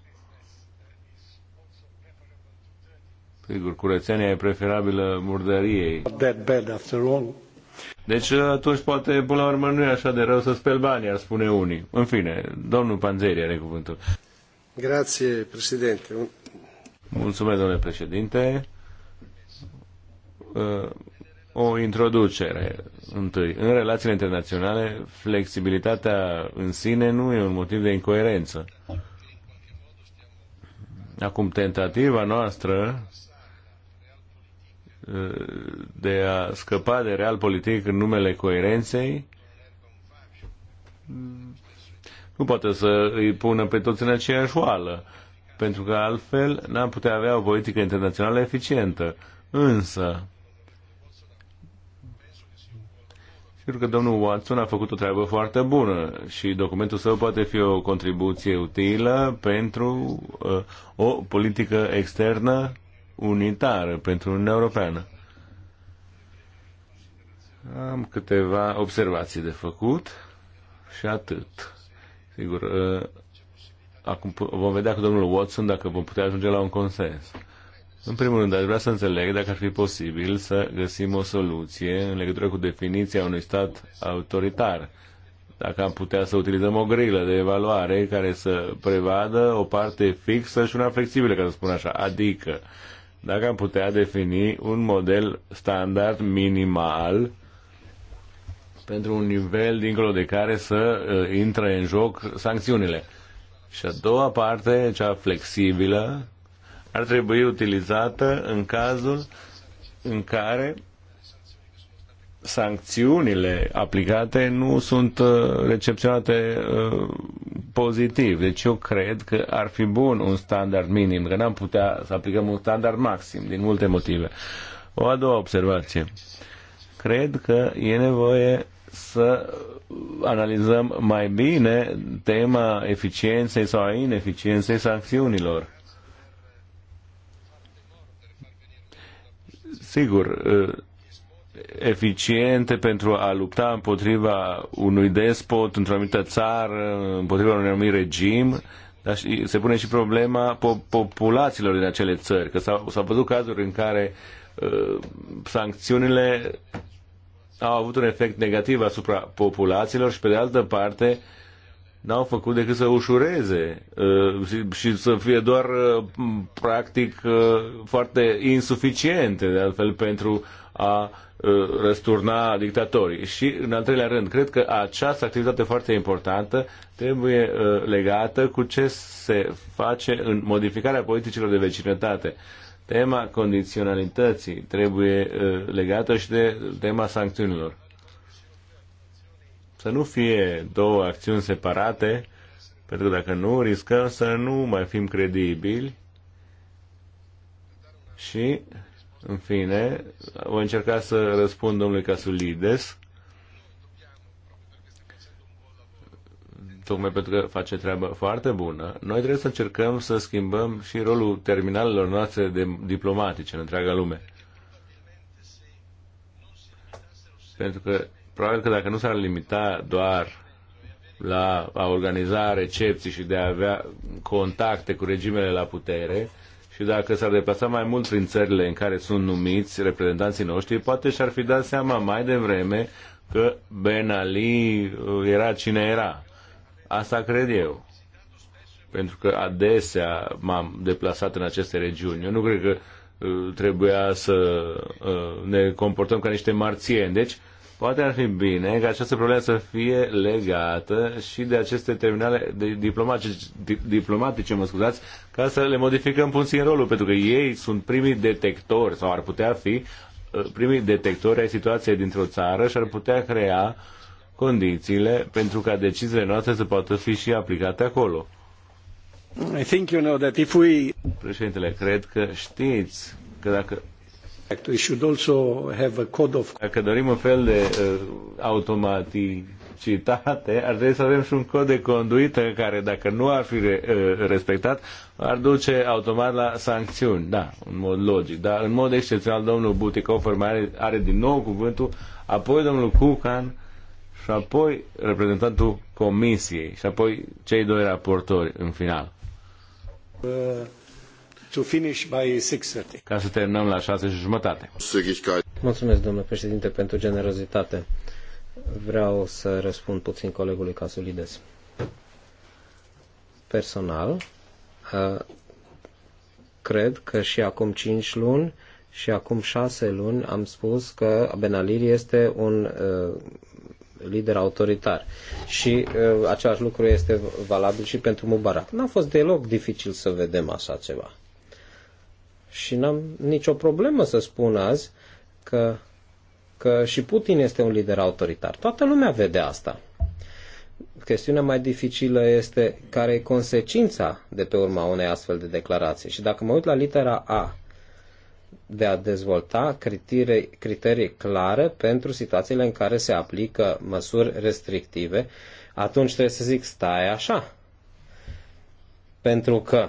Sigur, curățenia e preferabilă murdăriei. That bad after all. Deci atunci poate până la urmă nu e așa de rău să speli banii, ar spune unii. În fine, domnul Panzeri are cuvântul. Grație, președinte. Mulțumesc, domnule președinte. Uh, o introducere întâi. În relațiile internaționale, flexibilitatea în sine nu e un motiv de incoerență. Acum, tentativa noastră de a scăpa de real politic în numele coerenței, nu poate să îi pună pe toți în aceeași oală, pentru că altfel n-am putea avea o politică internațională eficientă. Însă, sigur că domnul Watson a făcut o treabă foarte bună și documentul său poate fi o contribuție utilă pentru uh, o politică externă unitară pentru Uniunea Europeană. Am câteva observații de făcut și atât. Sigur, ă, acum vom vedea cu domnul Watson dacă vom putea ajunge la un consens. În primul rând, aș vrea să înțeleg dacă ar fi posibil să găsim o soluție în legătură cu definiția unui stat autoritar. Dacă am putea să utilizăm o grilă de evaluare care să prevadă o parte fixă și una flexibilă, ca să spun așa. Adică, uh, dacă am putea defini un model standard minimal pentru un nivel dincolo de care să uh, intre în joc sancțiunile. Și a doua parte, cea flexibilă, ar trebui utilizată în cazul în care sancțiunile aplicate nu sunt uh, recepționate uh, pozitiv. Deci eu cred că ar fi bun un standard minim, că n-am putea să aplicăm un standard maxim din multe motive. O a doua observație. Cred că e nevoie să analizăm mai bine tema eficienței sau a ineficienței sancțiunilor. Sigur, uh, eficiente pentru a lupta împotriva unui despot într-o anumită țară, împotriva unui anumit regim, dar se pune și problema po- populațiilor din acele țări, că s-au, s-au văzut cazuri în care uh, sancțiunile au avut un efect negativ asupra populațiilor și, pe de altă parte, n-au făcut decât să ușureze uh, și, și să fie doar, uh, practic, uh, foarte insuficiente, de altfel, pentru a Uh, răsturna dictatorii. Și, în al treilea rând, cred că această activitate foarte importantă trebuie uh, legată cu ce se face în modificarea politicilor de vecinătate. Tema condiționalității trebuie uh, legată și de tema sancțiunilor. Să nu fie două acțiuni separate, pentru că dacă nu, riscăm să nu mai fim credibili și în fine, voi încerca să răspund domnului Casulides. tocmai pentru că face treabă foarte bună, noi trebuie să încercăm să schimbăm și rolul terminalelor noastre de diplomatice în întreaga lume. Pentru că probabil că dacă nu s-ar limita doar la a organiza recepții și de a avea contacte cu regimele la putere, și dacă s-ar deplasa mai mult prin țările în care sunt numiți reprezentanții noștri, poate și-ar fi dat seama mai devreme că Ben Ali uh, era cine era. Asta cred eu. Pentru că adesea m-am deplasat în aceste regiuni. Eu nu cred că uh, trebuia să uh, ne comportăm ca niște marțieni. Deci, Poate ar fi bine ca această problemă să fie legată și de aceste terminale de diplomatice, diplomatice mă scuzați, ca să le modificăm puțin rolul, pentru că ei sunt primii detectori sau ar putea fi uh, primii detectori ai situației dintr-o țară și ar putea crea condițiile pentru ca deciziile noastre să poată fi și aplicate acolo. I think you know that if we... Președintele, cred că știți că dacă We should also have a code of... Dacă dorim un fel de uh, automaticitate, ar trebui să avem și un cod de conduită care, dacă nu ar fi re, uh, respectat, ar duce automat la sancțiuni. Da, în mod logic. Dar, în mod excepțional, domnul Buticofer mai are, are din nou cuvântul, apoi domnul Cucan și apoi reprezentantul comisiei și apoi cei doi raportori în final. Uh to finish by 6.30. Ca să terminăm la 6 și jumătate. Mulțumesc, domnule președinte, pentru generozitate. Vreau să răspund puțin colegului Casulides. Personal, ă, cred că și acum 5 luni și acum 6 luni am spus că Ben Ali este un ă, lider autoritar. Și uh, același lucru este valabil și pentru Mubarak. N-a fost deloc dificil să vedem așa ceva. Și n-am nicio problemă să spun azi că, că și Putin este un lider autoritar. Toată lumea vede asta. Chestiunea mai dificilă este care e consecința de pe urma unei astfel de declarații. Și dacă mă uit la litera A, de a dezvolta criterii, criterii clare pentru situațiile în care se aplică măsuri restrictive, atunci trebuie să zic stai așa. Pentru că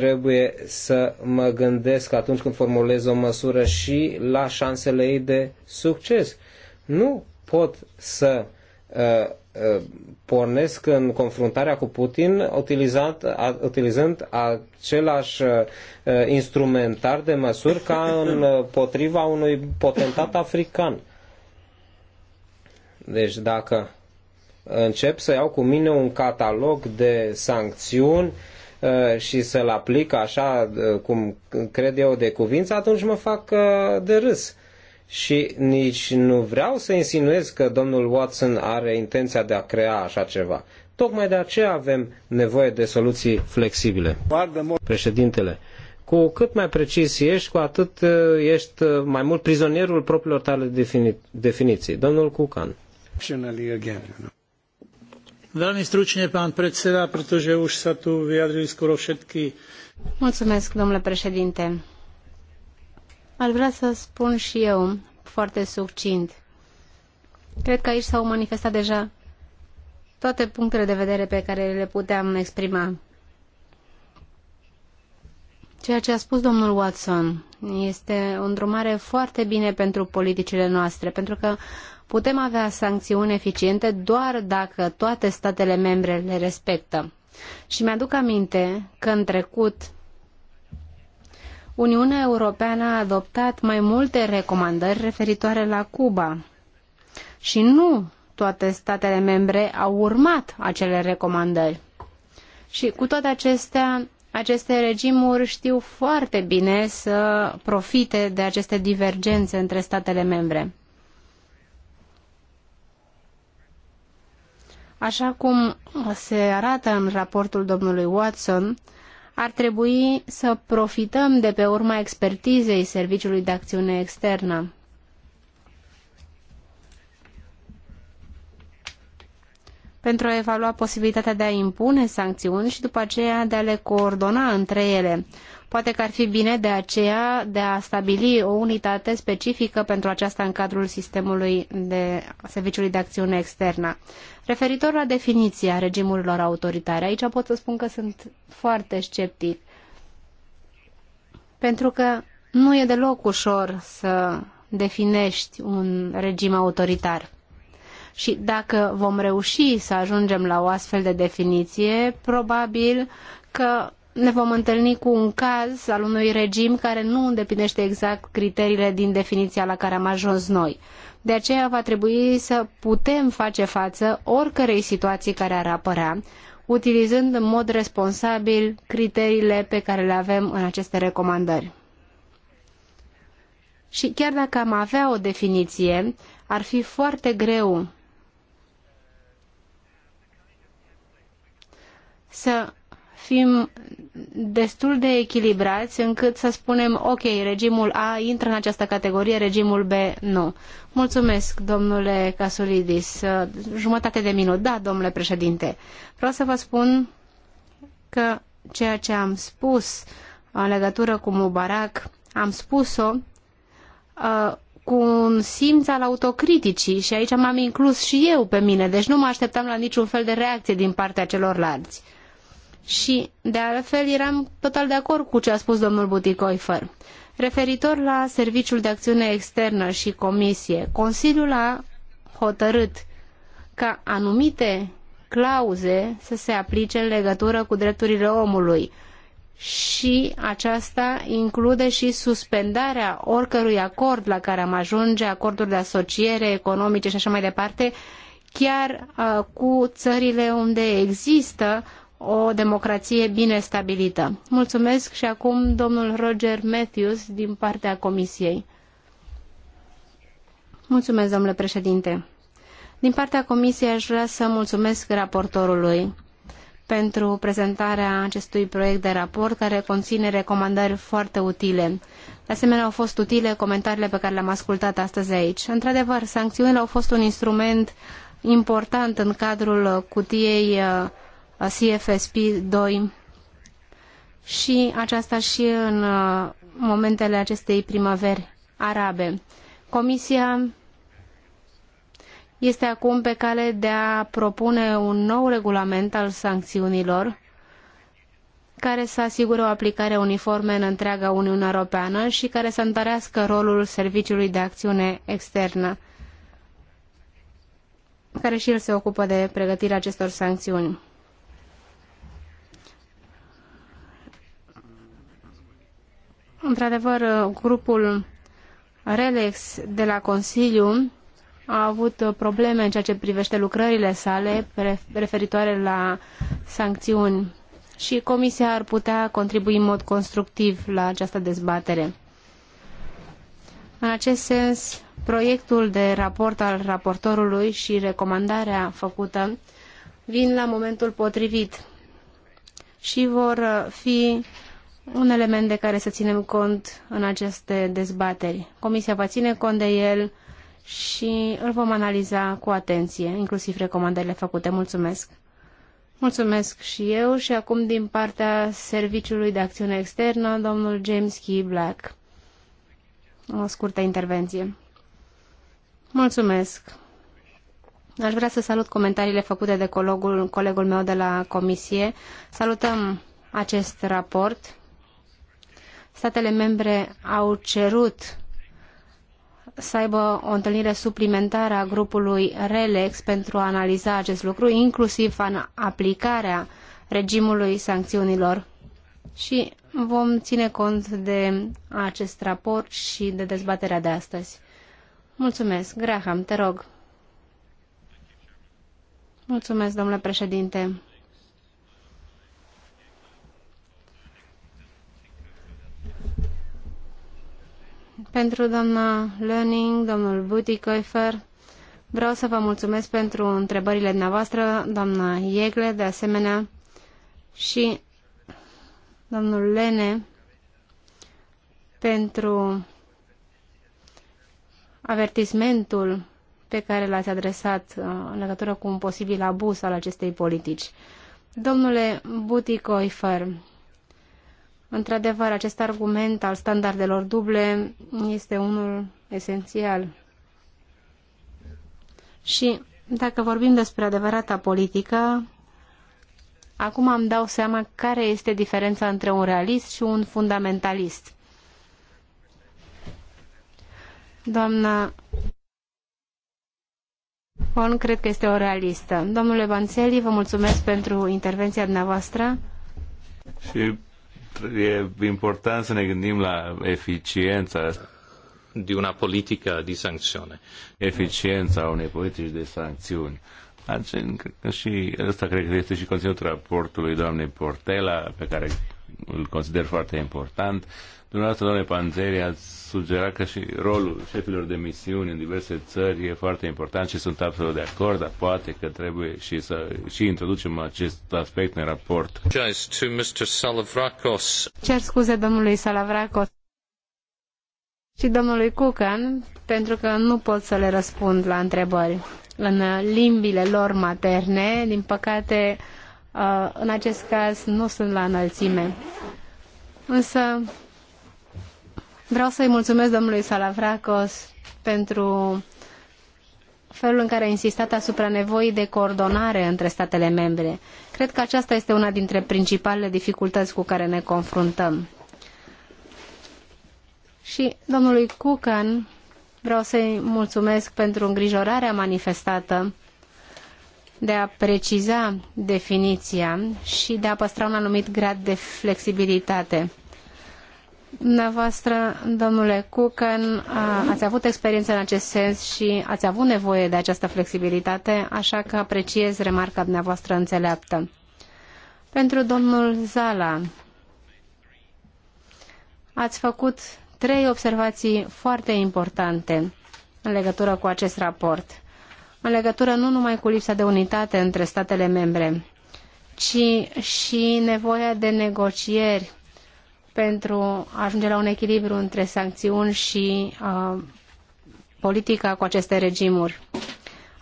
trebuie să mă gândesc atunci când formulez o măsură și la șansele ei de succes. Nu pot să uh, uh, pornesc în confruntarea cu Putin utilizat, uh, utilizând același uh, instrumentar de măsuri ca în uh, potriva unui potentat african. Deci dacă încep să iau cu mine un catalog de sancțiuni uh, Uh, și să-l aplic așa uh, cum cred eu de cuvință, atunci mă fac uh, de râs. Și nici nu vreau să insinuez că domnul Watson are intenția de a crea așa ceva. Tocmai de aceea avem nevoie de soluții flexibile. Președintele, cu cât mai precis ești, cu atât ești mai mult prizonierul propriilor tale defini- definiții. Domnul Cucan. Veľmi stručne, pán predseda, pretože už sa tu vyjadrili skoro všetky. Mulțumesc, domnule președinte. Ar vrea să spun și eu foarte succint. Cred că aici s-au manifestat deja toate punctele de vedere pe care le puteam exprima. Ceea ce a spus domnul Watson este o îndrumare foarte bine pentru politicile noastre, pentru că putem avea sancțiuni eficiente doar dacă toate statele membre le respectă. Și mi-aduc aminte că în trecut Uniunea Europeană a adoptat mai multe recomandări referitoare la Cuba și nu toate statele membre au urmat acele recomandări. Și cu toate acestea, aceste regimuri știu foarte bine să profite de aceste divergențe între statele membre. Așa cum se arată în raportul domnului Watson, ar trebui să profităm de pe urma expertizei Serviciului de Acțiune Externă. pentru a evalua posibilitatea de a impune sancțiuni și după aceea de a le coordona între ele. Poate că ar fi bine de aceea de a stabili o unitate specifică pentru aceasta în cadrul sistemului de serviciului de acțiune externă. Referitor la definiția regimurilor autoritare, aici pot să spun că sunt foarte sceptic. Pentru că nu e deloc ușor să definești un regim autoritar. Și dacă vom reuși să ajungem la o astfel de definiție, probabil că ne vom întâlni cu un caz al unui regim care nu îndeplinește exact criteriile din definiția la care am ajuns noi. De aceea va trebui să putem face față oricărei situații care ar apărea, utilizând în mod responsabil criteriile pe care le avem în aceste recomandări. Și chiar dacă am avea o definiție, ar fi foarte greu să fim destul de echilibrați încât să spunem, ok, regimul A intră în această categorie, regimul B nu. Mulțumesc, domnule Casulidis. Uh, jumătate de minut. Da, domnule președinte. Vreau să vă spun că ceea ce am spus în legătură cu Mubarak, am spus-o uh, cu un simț al autocriticii și aici m-am inclus și eu pe mine, deci nu mă așteptam la niciun fel de reacție din partea celorlalți. Și, de altfel, eram total de acord cu ce a spus domnul Buticoifer. Referitor la Serviciul de Acțiune Externă și Comisie, Consiliul a hotărât ca anumite clauze să se aplice în legătură cu drepturile omului și aceasta include și suspendarea oricărui acord la care am ajunge, acorduri de asociere economice și așa mai departe, chiar uh, cu țările unde există o democrație bine stabilită. Mulțumesc și acum domnul Roger Matthews din partea Comisiei. Mulțumesc, domnule președinte. Din partea Comisiei aș vrea să mulțumesc raportorului pentru prezentarea acestui proiect de raport care conține recomandări foarte utile. De asemenea, au fost utile comentariile pe care le-am ascultat astăzi aici. Într-adevăr, sancțiunile au fost un instrument important în cadrul cutiei uh, CFSP2 și aceasta și în uh, momentele acestei primăveri arabe. Comisia este acum pe cale de a propune un nou regulament al sancțiunilor care să asigure o aplicare uniformă în întreaga Uniune Europeană și care să întărească rolul Serviciului de Acțiune Externă, care și el se ocupă de pregătirea acestor sancțiuni. Într-adevăr, grupul Relex de la Consiliu a avut probleme în ceea ce privește lucrările sale referitoare la sancțiuni și Comisia ar putea contribui în mod constructiv la această dezbatere. În acest sens, proiectul de raport al raportorului și recomandarea făcută vin la momentul potrivit și vor fi un element de care să ținem cont în aceste dezbateri. Comisia va ține cont de el și îl vom analiza cu atenție, inclusiv recomandările făcute. Mulțumesc! Mulțumesc și eu și acum din partea Serviciului de Acțiune Externă, domnul James Key Black. O scurtă intervenție. Mulțumesc! Aș vrea să salut comentariile făcute de colegul, colegul meu de la Comisie. Salutăm acest raport Statele membre au cerut să aibă o întâlnire suplimentară a grupului RELEX pentru a analiza acest lucru, inclusiv în aplicarea regimului sancțiunilor. Și vom ține cont de acest raport și de dezbaterea de astăzi. Mulțumesc. Graham, te rog. Mulțumesc, domnule președinte. Pentru doamna Learning, domnul Butikoifer, vreau să vă mulțumesc pentru întrebările dumneavoastră, doamna Iegle, de asemenea, și domnul Lene, pentru avertismentul pe care l-ați adresat uh, în legătură cu un posibil abuz al acestei politici. Domnule Buticoifer, Într-adevăr, acest argument al standardelor duble este unul esențial. Și dacă vorbim despre adevărata politică, acum îmi dau seama care este diferența între un realist și un fundamentalist. Doamna Pon, cred că este o realistă. Domnule Banțeli, vă mulțumesc pentru intervenția dumneavoastră. Și e important să ne gândim la eficiența de una politică de sancțiune. Eficiența unei politici de sancțiuni. Acel, și ăsta cred că este și conținutul raportului doamnei Portela, pe care îl consider foarte important. Dumneavoastră, doamne Panzeri, ați sugerat că și rolul șefilor de misiuni în diverse țări e foarte important și sunt absolut de acord, dar poate că trebuie și să și introducem acest aspect în raport. Cer scuze domnului Salavracos și domnului Cucan, pentru că nu pot să le răspund la întrebări în limbile lor materne. Din păcate, Uh, în acest caz nu sunt la înălțime. Însă vreau să-i mulțumesc domnului Salavracos pentru felul în care a insistat asupra nevoii de coordonare între statele membre. Cred că aceasta este una dintre principalele dificultăți cu care ne confruntăm. Și domnului Cucan vreau să-i mulțumesc pentru îngrijorarea manifestată de a preciza definiția și de a păstra un anumit grad de flexibilitate. Dumneavoastră, domnule Cucan, ați avut experiență în acest sens și ați avut nevoie de această flexibilitate, așa că apreciez remarca dumneavoastră înțeleaptă. Pentru domnul Zala, ați făcut trei observații foarte importante în legătură cu acest raport în legătură nu numai cu lipsa de unitate între statele membre, ci și nevoia de negocieri pentru a ajunge la un echilibru între sancțiuni și uh, politica cu aceste regimuri.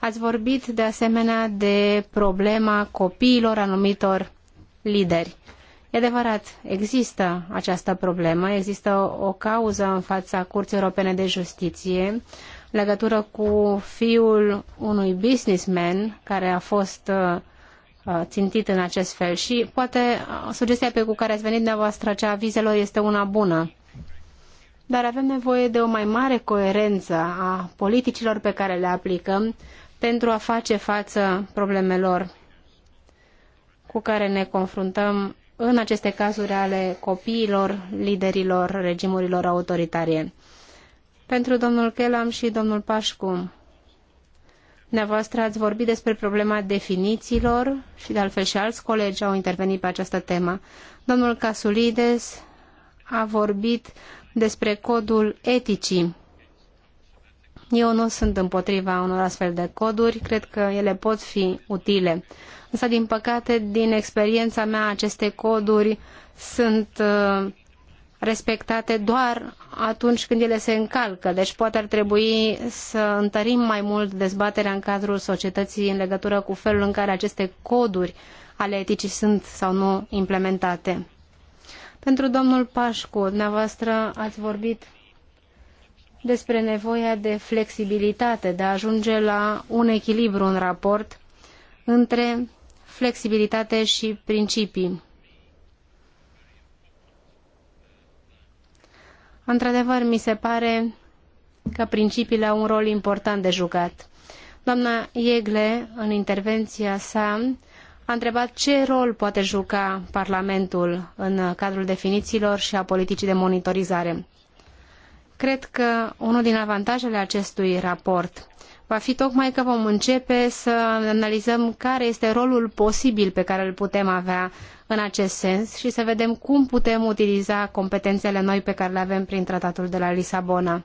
Ați vorbit de asemenea de problema copiilor anumitor lideri. E adevărat, există această problemă, există o cauză în fața Curții Europene de Justiție legătură cu fiul unui businessman care a fost uh, uh, țintit în acest fel și poate uh, sugestia pe cu care ați venit dumneavoastră cea a vizelor este una bună. Dar avem nevoie de o mai mare coerență a politicilor pe care le aplicăm pentru a face față problemelor cu care ne confruntăm în aceste cazuri ale copiilor, liderilor regimurilor autoritare pentru domnul Kelam și domnul Pașcu. Dumneavoastră ați vorbit despre problema definițiilor și de altfel și alți colegi au intervenit pe această temă. Domnul Casulides a vorbit despre codul eticii. Eu nu sunt împotriva unor astfel de coduri, cred că ele pot fi utile. Însă, din păcate, din experiența mea, aceste coduri sunt uh, respectate doar atunci când ele se încalcă. Deci poate ar trebui să întărim mai mult dezbaterea în cadrul societății în legătură cu felul în care aceste coduri ale eticii sunt sau nu implementate. Pentru domnul Pașcu, dumneavoastră ați vorbit despre nevoia de flexibilitate, de a ajunge la un echilibru în raport între flexibilitate și principii. Într-adevăr, mi se pare că principiile au un rol important de jucat. Doamna Iegle, în intervenția sa, a întrebat ce rol poate juca Parlamentul în cadrul definițiilor și a politicii de monitorizare. Cred că unul din avantajele acestui raport va fi tocmai că vom începe să analizăm care este rolul posibil pe care îl putem avea în acest sens și să vedem cum putem utiliza competențele noi pe care le avem prin tratatul de la Lisabona.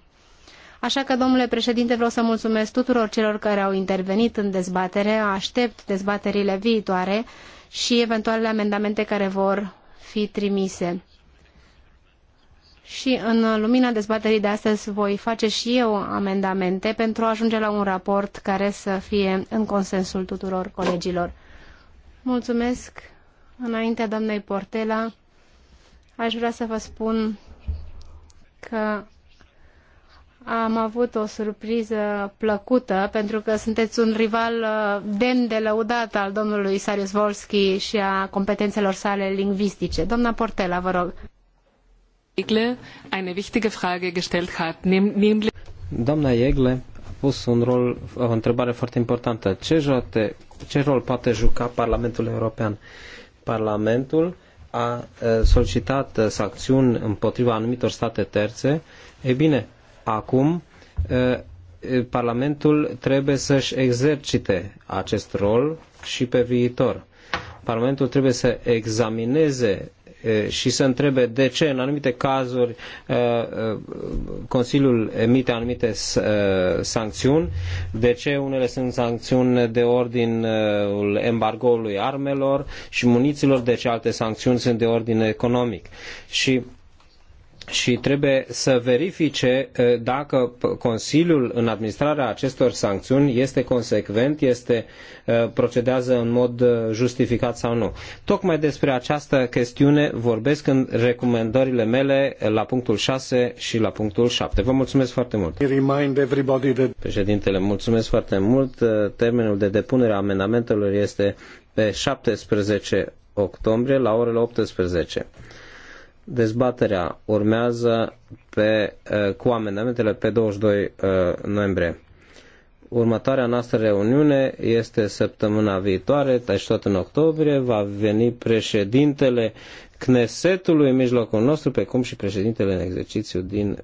Așa că, domnule președinte, vreau să mulțumesc tuturor celor care au intervenit în dezbatere, aștept dezbaterile viitoare și eventualele amendamente care vor fi trimise. Și în lumina dezbaterii de astăzi voi face și eu amendamente pentru a ajunge la un raport care să fie în consensul tuturor colegilor. Mulțumesc! Înaintea doamnei Portela, aș vrea să vă spun că am avut o surpriză plăcută pentru că sunteți un rival uh, demn de lăudat al domnului Sarius Volski și a competențelor sale lingvistice. Doamna Portela, vă rog. Eine wichtige Frage gestellt hat, nämlich Doamna Egle a pus un rol, o întrebare foarte importantă. Ce, joate, ce rol poate juca Parlamentul European? Parlamentul a solicitat sancțiuni împotriva anumitor state terțe, e bine, acum Parlamentul trebuie să-și exercite acest rol și pe viitor. Parlamentul trebuie să examineze și să întrebe de ce în anumite cazuri Consiliul emite anumite sancțiuni, de ce unele sunt sancțiuni de ordinul embargoului armelor și muniților, de ce alte sancțiuni sunt de ordin economic. Și și trebuie să verifice dacă Consiliul în administrarea acestor sancțiuni este consecvent, este, procedează în mod justificat sau nu. Tocmai despre această chestiune vorbesc în recomandările mele la punctul 6 și la punctul 7. Vă mulțumesc foarte mult. Președintele, mulțumesc foarte mult. Termenul de depunere a amendamentelor este pe 17 octombrie la orele 18. Dezbaterea urmează pe, eh, cu amendamentele pe 22 eh, noiembrie. Următoarea noastră reuniune este săptămâna viitoare, deci tot în octombrie, va veni președintele Knesetului în mijlocul nostru, pe cum și președintele în exercițiu din